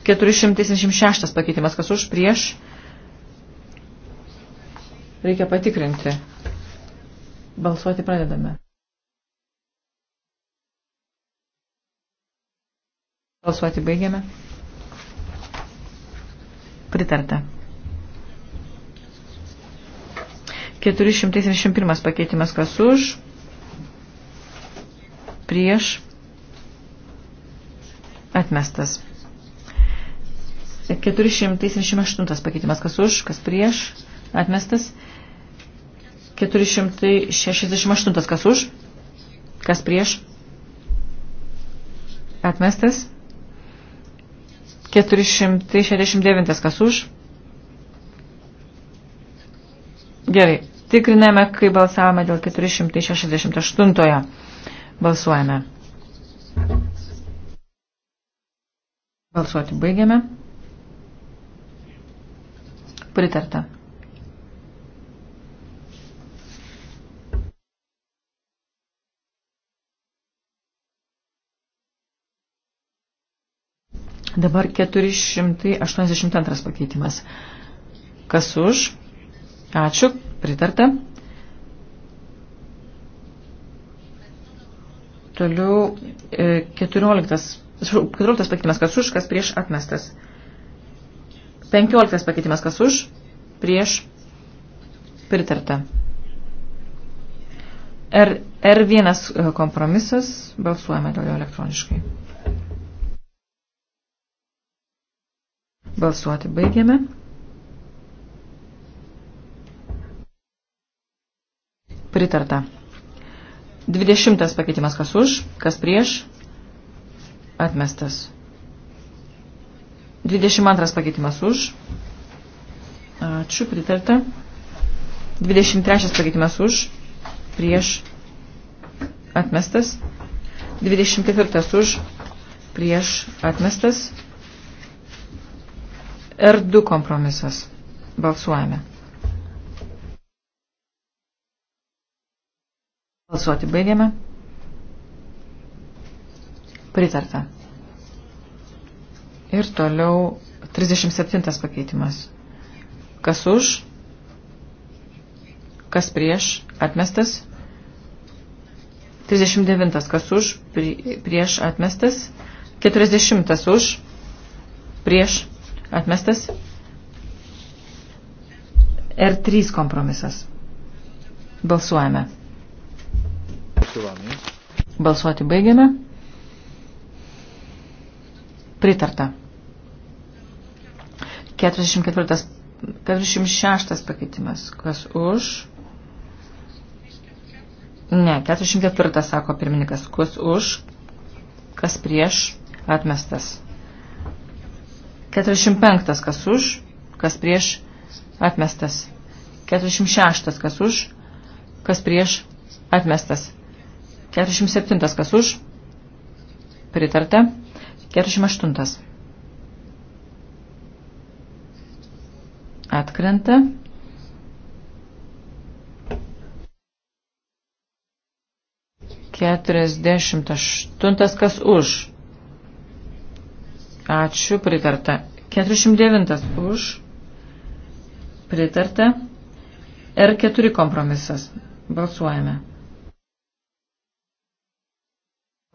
476 pakeitimas, kas už prieš. Reikia patikrinti. Balsuoti pradedame. Balsuoti baigiame. Pritarta. 471 pakeitimas, kas už prieš Atmestas. 478 pakeitimas. Kas už, kas prieš? Atmestas. 468 kas už, kas prieš? Atmestas. 469 kas už. Gerai, tikriname, kai balsavome dėl 468. Balsuojame. Balsuoti baigiame. Pritarta. Dabar 482 pakeitimas. Kas už? Ačiū. Pritarta. Toliau 14 e, 14 pakeitimas kas už, kas prieš atmestas. 15 pakeitimas kas už, prieš pritarta. R, R1 e, kompromisas, balsuojame dėl jo elektroniškai. Balsuoti baigiame. Pritarta. 20 pakeitimas kas už, kas prieš, Atmestas. 22 pakeitimas už. Ačiū, pritarta. 23 pakeitimas už. Prieš. Atmestas. 24 už. Prieš. Atmestas. R2 kompromisas. Balsuojame. Balsuoti baigiame. Pritarta. Ir toliau 37 pakeitimas. Kas už, kas prieš, atmestas. 39. Kas už, prieš, atmestas. 40. Už, prieš, atmestas. R3 kompromisas. Balsuojame. Balsuoti baigiame. Pritarta. 44, 46 pakeitimas. Kas už? Ne, 44 sako pirmininkas. Kas už? Kas prieš? Atmestas. 45 kas už? Kas prieš? Atmestas. 46 kas už? Kas prieš? Atmestas. 47 kas už? Pritarta. 48. Atkrenta. Keturiasdešimt aštuntas, kas už? Ačiū, pritarta. Keturiasdešimt devintas už, pritarta. R4 kompromisas. Balsuojame.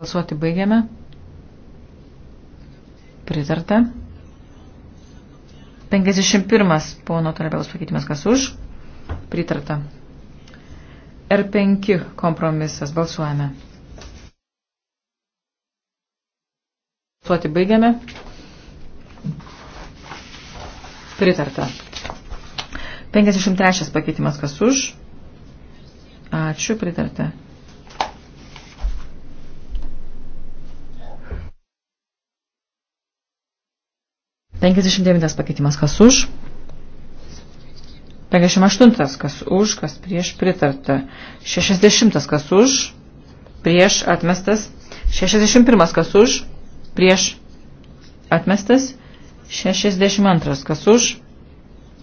Balsuoti baigiame. Pritarta. 51 pono Tarabėlos pakeitimas kas už. Pritarta. R5 kompromisas. Balsuojame. Balsuoti baigiame. Pritarta. 53 pakeitimas kas už. Ačiū, pritarta. 59 pakeitimas kas už. 58 kas už, kas prieš pritarta. 60 kas už, prieš atmestas. 61 kas už, prieš atmestas. 62 kas už,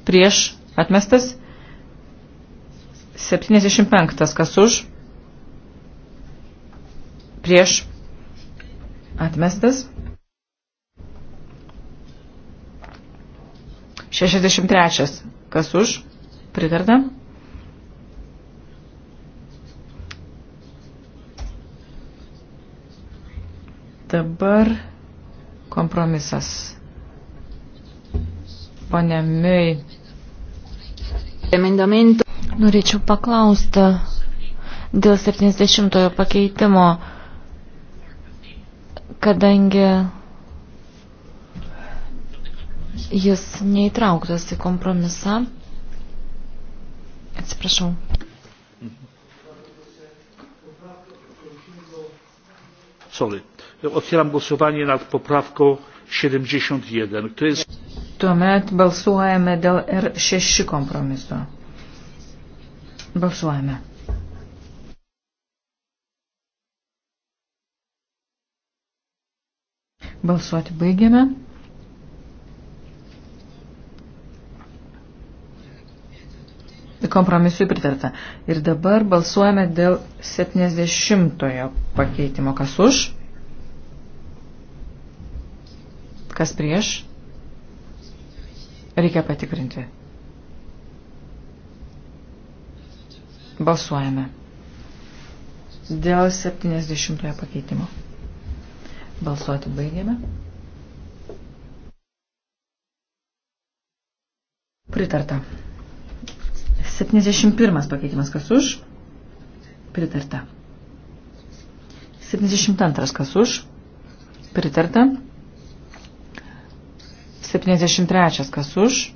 prieš atmestas. 75 kas už, prieš atmestas. 63. Kas už? Pritarta. Dabar kompromisas. Pane Mei. Norėčiau paklausti e, dėl 70 pakeitimo, kadangi Jis neįtrauktas į kompromisą. Atsiprašau. Sorry. Otwieram głosowanie nad poprawką 71. Kto jest... Tuomet balsuojame dėl R6 kompromiso. Balsuojame. Balsuoti baigiame. kompromisui pritarta. Ir dabar balsuojame dėl 70 pakeitimo. Kas už? Kas prieš? Reikia patikrinti. Balsuojame. Dėl 70 pakeitimo. Balsuoti baigėme. Pritarta. 71 pakeitimas kas už. Pritarta. 72 kas už. Pritarta. 73 kas už.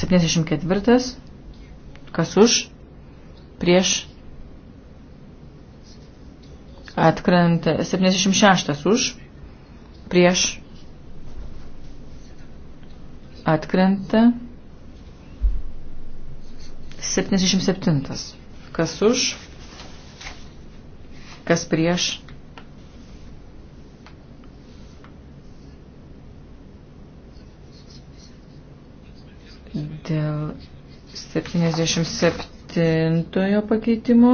Septyniasdešimt ketvirtas, kas už, prieš, atkrenta, septyniasdešimt šeštas už, prieš, Atkrenta. 77. Kas už? Kas prieš? Dėl 77 pakeitimo.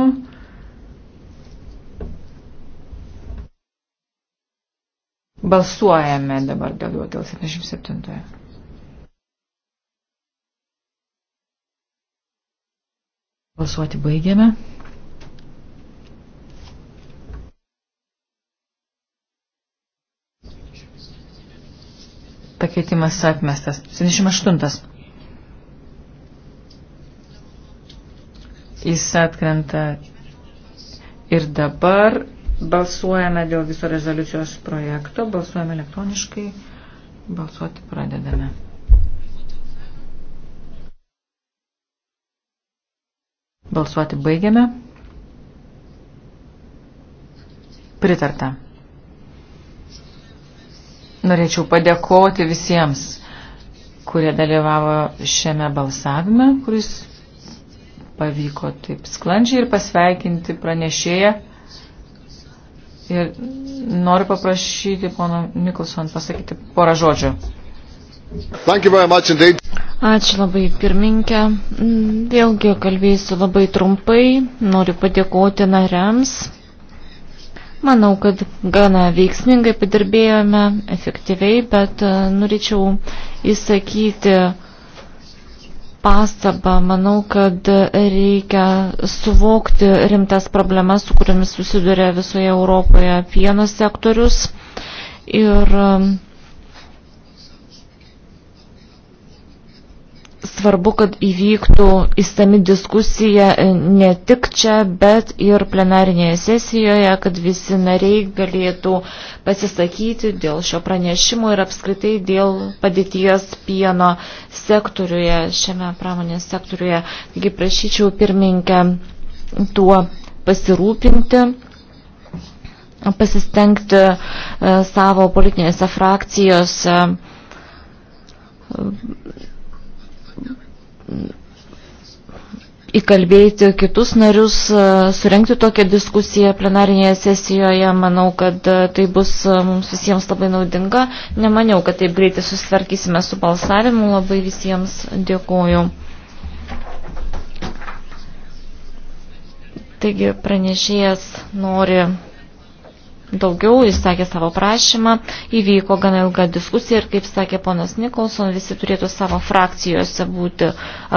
Balsuojame dabar dėl jo, dėl 77. Balsuoti baigiame. Pakeitimas atmestas. 78. Jis atkrenta ir dabar balsuojame dėl viso rezoliucijos projekto, balsuojame elektroniškai, balsuoti pradedame. Balsuoti baigiame. Pritarta. Norėčiau padėkoti visiems, kurie dalyvavo šiame balsavime, kuris pavyko taip sklandžiai ir pasveikinti pranešėją. Ir noriu paprašyti pono Nikolson pasakyti porą žodžių. Thank you very much indeed. Ačiū labai pirminkę. Mm, vėlgi kalbėsiu labai trumpai. Noriu padėkoti nariams. Manau, kad gana veiksmingai padirbėjome, efektyviai, bet e, norėčiau įsakyti pastabą. Manau, kad reikia suvokti rimtas problemas, su kuriamis susiduria visoje Europoje pieno sektorius. Ir svarbu, kad įvyktų įstami diskusija e, ne tik čia, bet ir plenarinėje sesijoje, kad visi nariai galėtų pasisakyti dėl šio pranešimo ir apskritai dėl padėties pieno sektoriuje, šiame pramonės sektoriuje. Taigi prašyčiau pirmininkę tuo pasirūpinti pasistengti e, savo politinėse frakcijose įkalbėti kitus narius, surenkti tokią diskusiją plenarinėje sesijoje. Manau, kad tai bus mums visiems labai naudinga. Nemaniau, kad taip greitai susitvarkysime su balsavimu. Labai visiems dėkoju. Taigi pranešėjas nori daugiau, jis sakė savo prašymą, įvyko gana ilga diskusija ir, kaip sakė ponas Nikolson, visi turėtų savo frakcijose būti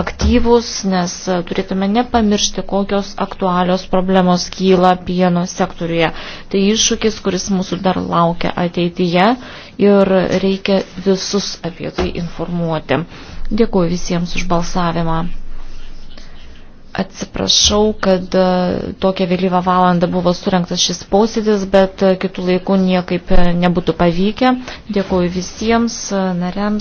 aktyvus, nes turėtume nepamiršti, kokios aktualios problemos kyla pieno sektoriuje. Tai iššūkis, kuris mūsų dar laukia ateityje ir reikia visus apie tai informuoti. Dėkuoju visiems už balsavimą. Atsiprašau, kad e, tokią vėlyvą valandą buvo surinktas šis posėdis, bet e, kitų laikų niekaip e, nebūtų pavykę. Dėkuoju visiems nariams.